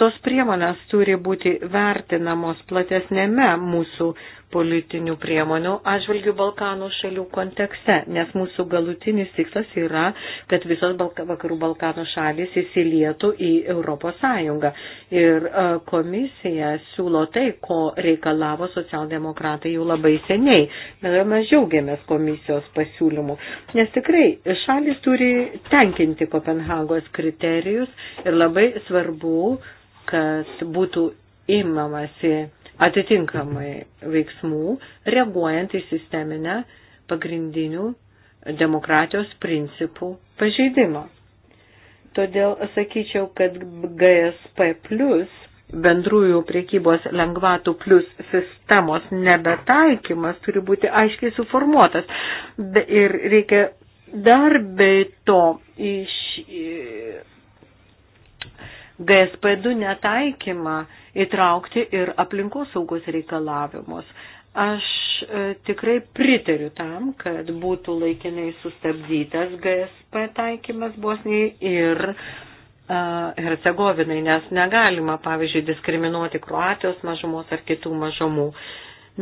tos priemonės turi būti vertinamos platesnėme mūsų politinių priemonių atžvilgių Balkanų šalių kontekste, nes mūsų galutinis tikslas yra, kad visos Balka, vakarų Balkanų šalis įsilietų į Europos Sąjungą. Ir e, komisija siūlo tai, ko reikalavo socialdemokratai jau labai seniai. Mes džiaugiamės komisijos pasiūlymų, nes tikrai šalis turi tenkinti Kopenhagos kriterijus ir labai svarbu kad būtų imamasi atitinkamai veiksmų, reaguojant į sisteminę pagrindinių demokratijos principų pažeidimą. Todėl sakyčiau, kad GSP plus bendrųjų priekybos lengvatų plus sistemos nebetaikymas turi būti aiškiai suformuotas. Be, ir reikia dar be to iš, GSP2 netaikymą įtraukti ir aplinkosaugos reikalavimus. Aš e, tikrai pritariu tam, kad būtų laikinai sustabdytas GSP taikymas Bosnijai ir e, Hercegovinai, nes negalima, pavyzdžiui, diskriminuoti Kroatijos mažumos ar kitų mažumų.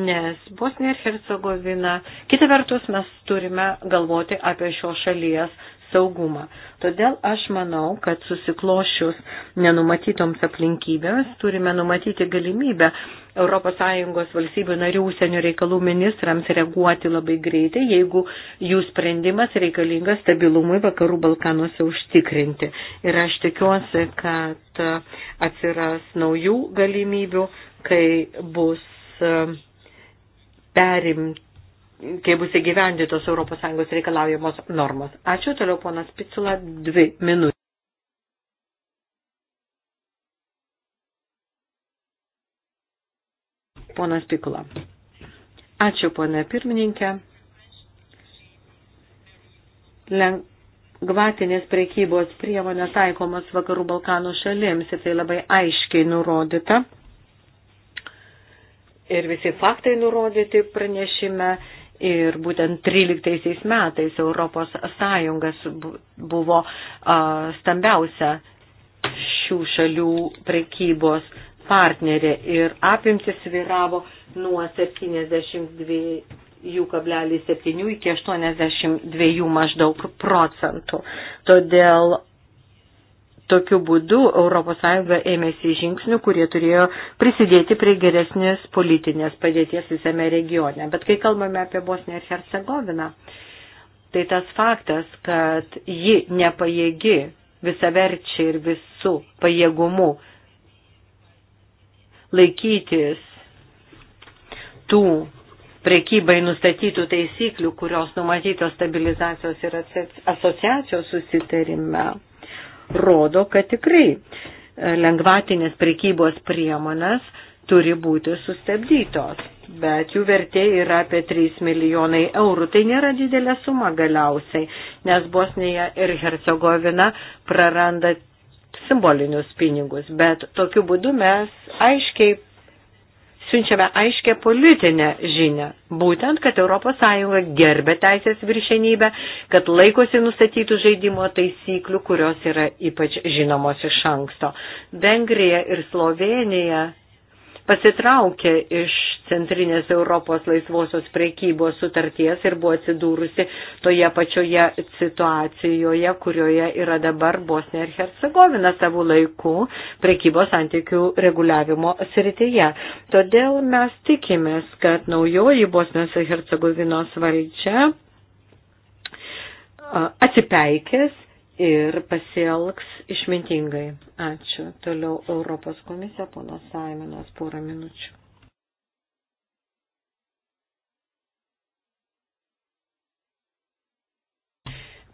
Nes Bosnija ir Hercegovina, kita vertus, mes turime galvoti apie šios šalies saugumą. Todėl aš manau, kad susiklošius nenumatytoms aplinkybėms turime numatyti galimybę ES valstybių narių užsienio reikalų ministrams reaguoti labai greitai, jeigu jų sprendimas reikalingas stabilumui vakarų Balkanuose užtikrinti. Ir aš tikiuosi, kad atsiras naujų galimybių, kai bus e, perimti kai bus įgyvendytos ES reikalaujamos normos. Ačiū, toliau ponas Picula, dvi minutės. Ponas Pikula. Ačiū, ponė pirmininkė. Lengvatinės prekybos priemonė taikomas Vakarų Balkanų šalims ir tai labai aiškiai nurodyta. Ir visi faktai nurodyti pranešime Ir būtent 13 metais Europos Sąjungas buvo stambiausia šių šalių prekybos partnerė ir apimtis vyravo nuo 72,7 iki 82 maždaug procentų. Todėl Tokiu būdu ES ėmėsi žingsnių, kurie turėjo prisidėti prie geresnės politinės padėties visame regione. Bet kai kalbame apie Bosniją ir Hercegoviną, tai tas faktas, kad ji nepajėgi visaverčiai ir visų pajėgumų laikytis tų prekybai nustatytų taisyklių, kurios numatytos stabilizacijos ir asociacijos susitarime rodo, kad tikrai e, lengvatinės prekybos priemonės turi būti sustabdytos, bet jų vertė yra apie 3 milijonai eurų. Tai nėra didelė suma galiausiai, nes Bosnija ir Hercegovina praranda simbolinius pinigus, bet tokiu būdu mes aiškiai siunčiame aiškę politinę žinę, būtent, kad ES gerbė teisės viršenybę, kad laikosi nustatytų žaidimo taisyklių, kurios yra ypač žinomos iš anksto. Vengrija ir Slovenija pasitraukė iš Centrinės Europos laisvosios priekybos sutarties ir buvo atsidūrusi toje pačioje situacijoje, kurioje yra dabar Bosnija ir Hercegovina savų laikų priekybos santykių reguliavimo srityje. Todėl mes tikimės, kad naujoji Bosnijos ir Hercegovinos valdžia atsipeikės ir pasielgs išmintingai. Ačiū. Toliau Europos komisija, ponas Saiminas, porą minučių.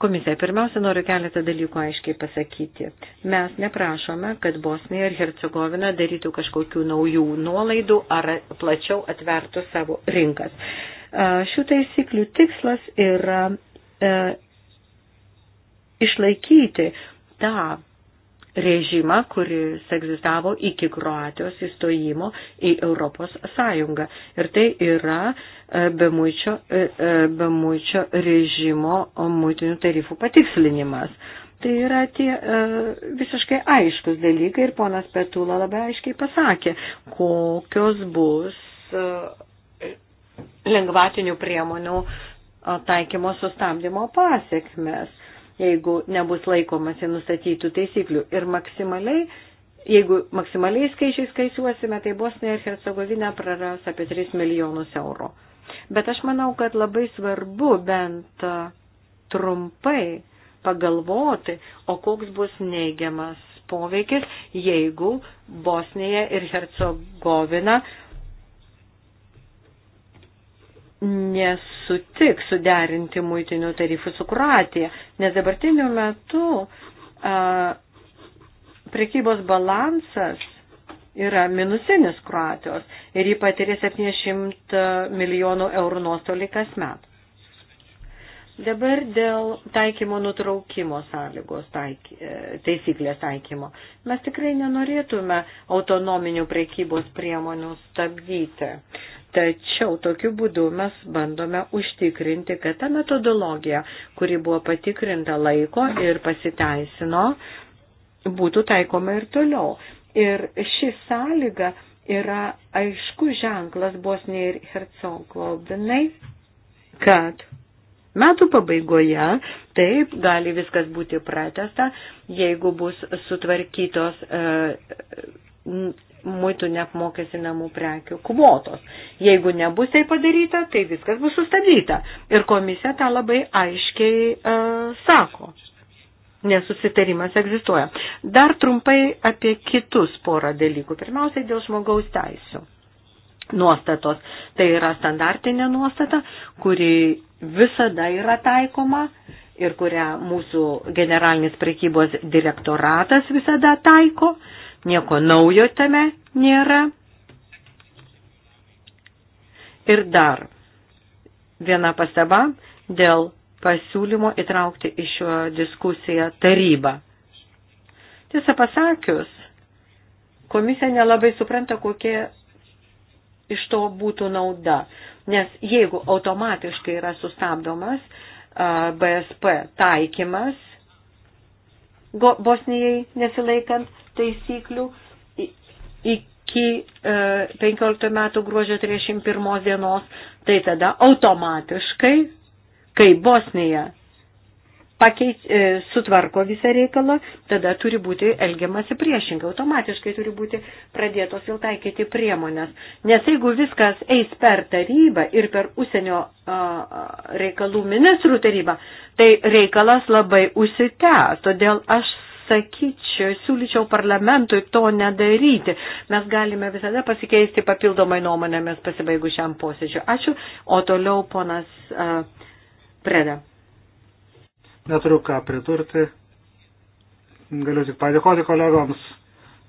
Komisija, pirmiausia, noriu keletą dalykų aiškiai pasakyti. Mes neprašome, kad Bosnija ir Hercegovina darytų kažkokių naujų nuolaidų ar plačiau atvertų savo rinkas. Šių taisyklių tikslas yra e, išlaikyti tą režimą, kuris egzistavo iki Kroatijos įstojimo į Europos Sąjungą. Ir tai yra e, bemuičio, e, e, bemuičio režimo muitinių tarifų patikslinimas. Tai yra tie e, visiškai aiškus dalykai ir ponas Petula labai aiškiai pasakė, kokios bus e, lengvatinių priemonių taikymo sustabdymo pasiekmes jeigu nebus laikomasi nustatytų taisyklių. Ir maksimaliai, jeigu maksimaliai skaičiai skaičiuosime, tai Bosnija ir Hercegovina praras apie 3 milijonus eurų. Bet aš manau, kad labai svarbu bent trumpai pagalvoti, o koks bus neigiamas poveikis, jeigu Bosnija ir Hercegovina nesutik suderinti muitinių tarifų su Kroatija, nes dabartiniu metu a, prekybos balansas yra minusinis Kroatijos ir jį patiria 700 milijonų eurų nuostolį kasmet. Dabar dėl taikymo nutraukimo sąlygos taiky, e, taisyklės taikymo. Mes tikrai nenorėtume autonominių prekybos priemonių stabdyti. Uh, Tačiau tokiu būdu mes bandome užtikrinti, kad ta metodologija, kuri buvo patikrinta laiko ir pasiteisino, būtų taikoma ir toliau. Ir ši sąlyga yra aišku ženklas Bosniai ir Hercegovinai, kad metų pabaigoje taip gali viskas būti pratesta, jeigu bus sutvarkytos e, muitų neapmokestinamų prekių kvotos. Jeigu nebus tai padaryta, tai viskas bus sustabdyta. Ir komisija tą labai aiškiai uh, sako, nes susitarimas egzistuoja. Dar trumpai apie kitus porą dalykų. Pirmiausiai dėl žmogaus teisų nuostatos. Tai yra standartinė nuostata, kuri visada yra taikoma ir kurią mūsų generalinis prekybos direktoratas visada taiko. Uh, nieko naujo tame nėra. Ir dar viena pastaba dėl pasiūlymo įtraukti į šio diskusiją tarybą. Tiesą pasakius, komisija nelabai supranta, kokie iš to būtų nauda, nes jeigu automatiškai yra sustabdomas BSP taikymas Bosnijai nesilaikant taisyklių iki 15 e, metų gruodžio 31 dienos, tai tada automatiškai, kai Bosnija pakeit, e, sutvarko visą reikalą, tada turi būti elgiamasi priešingai, automatiškai turi būti pradėtos jau taikyti priemonės. Nes jeigu viskas eis per tarybą ir per užsienio reikalų ministrų tarybą, tai reikalas labai užsitęs. Todėl aš sakyčiau, siūlyčiau parlamentui to nedaryti. Mes galime visada pasikeisti papildomai nuomonėmis pasibaigus šiam posėdžiu. Ačiū. O toliau ponas uh, Preda. Neturiu ką priturti. Galiu tik padėkoti kolegoms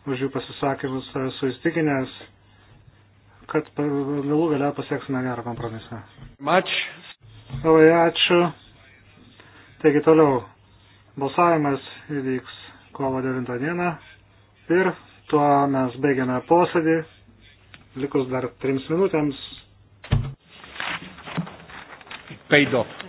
už jų pasisakymus. Esu įstikinęs, kad galų galia pasieksime gerą kompromisą. Mač. Labai ačiū. Taigi toliau. Balsavimas įvyks kovo 9 dieną. Ir tuo mes baigiame posėdį. Likus dar trims minutėms. Paid off.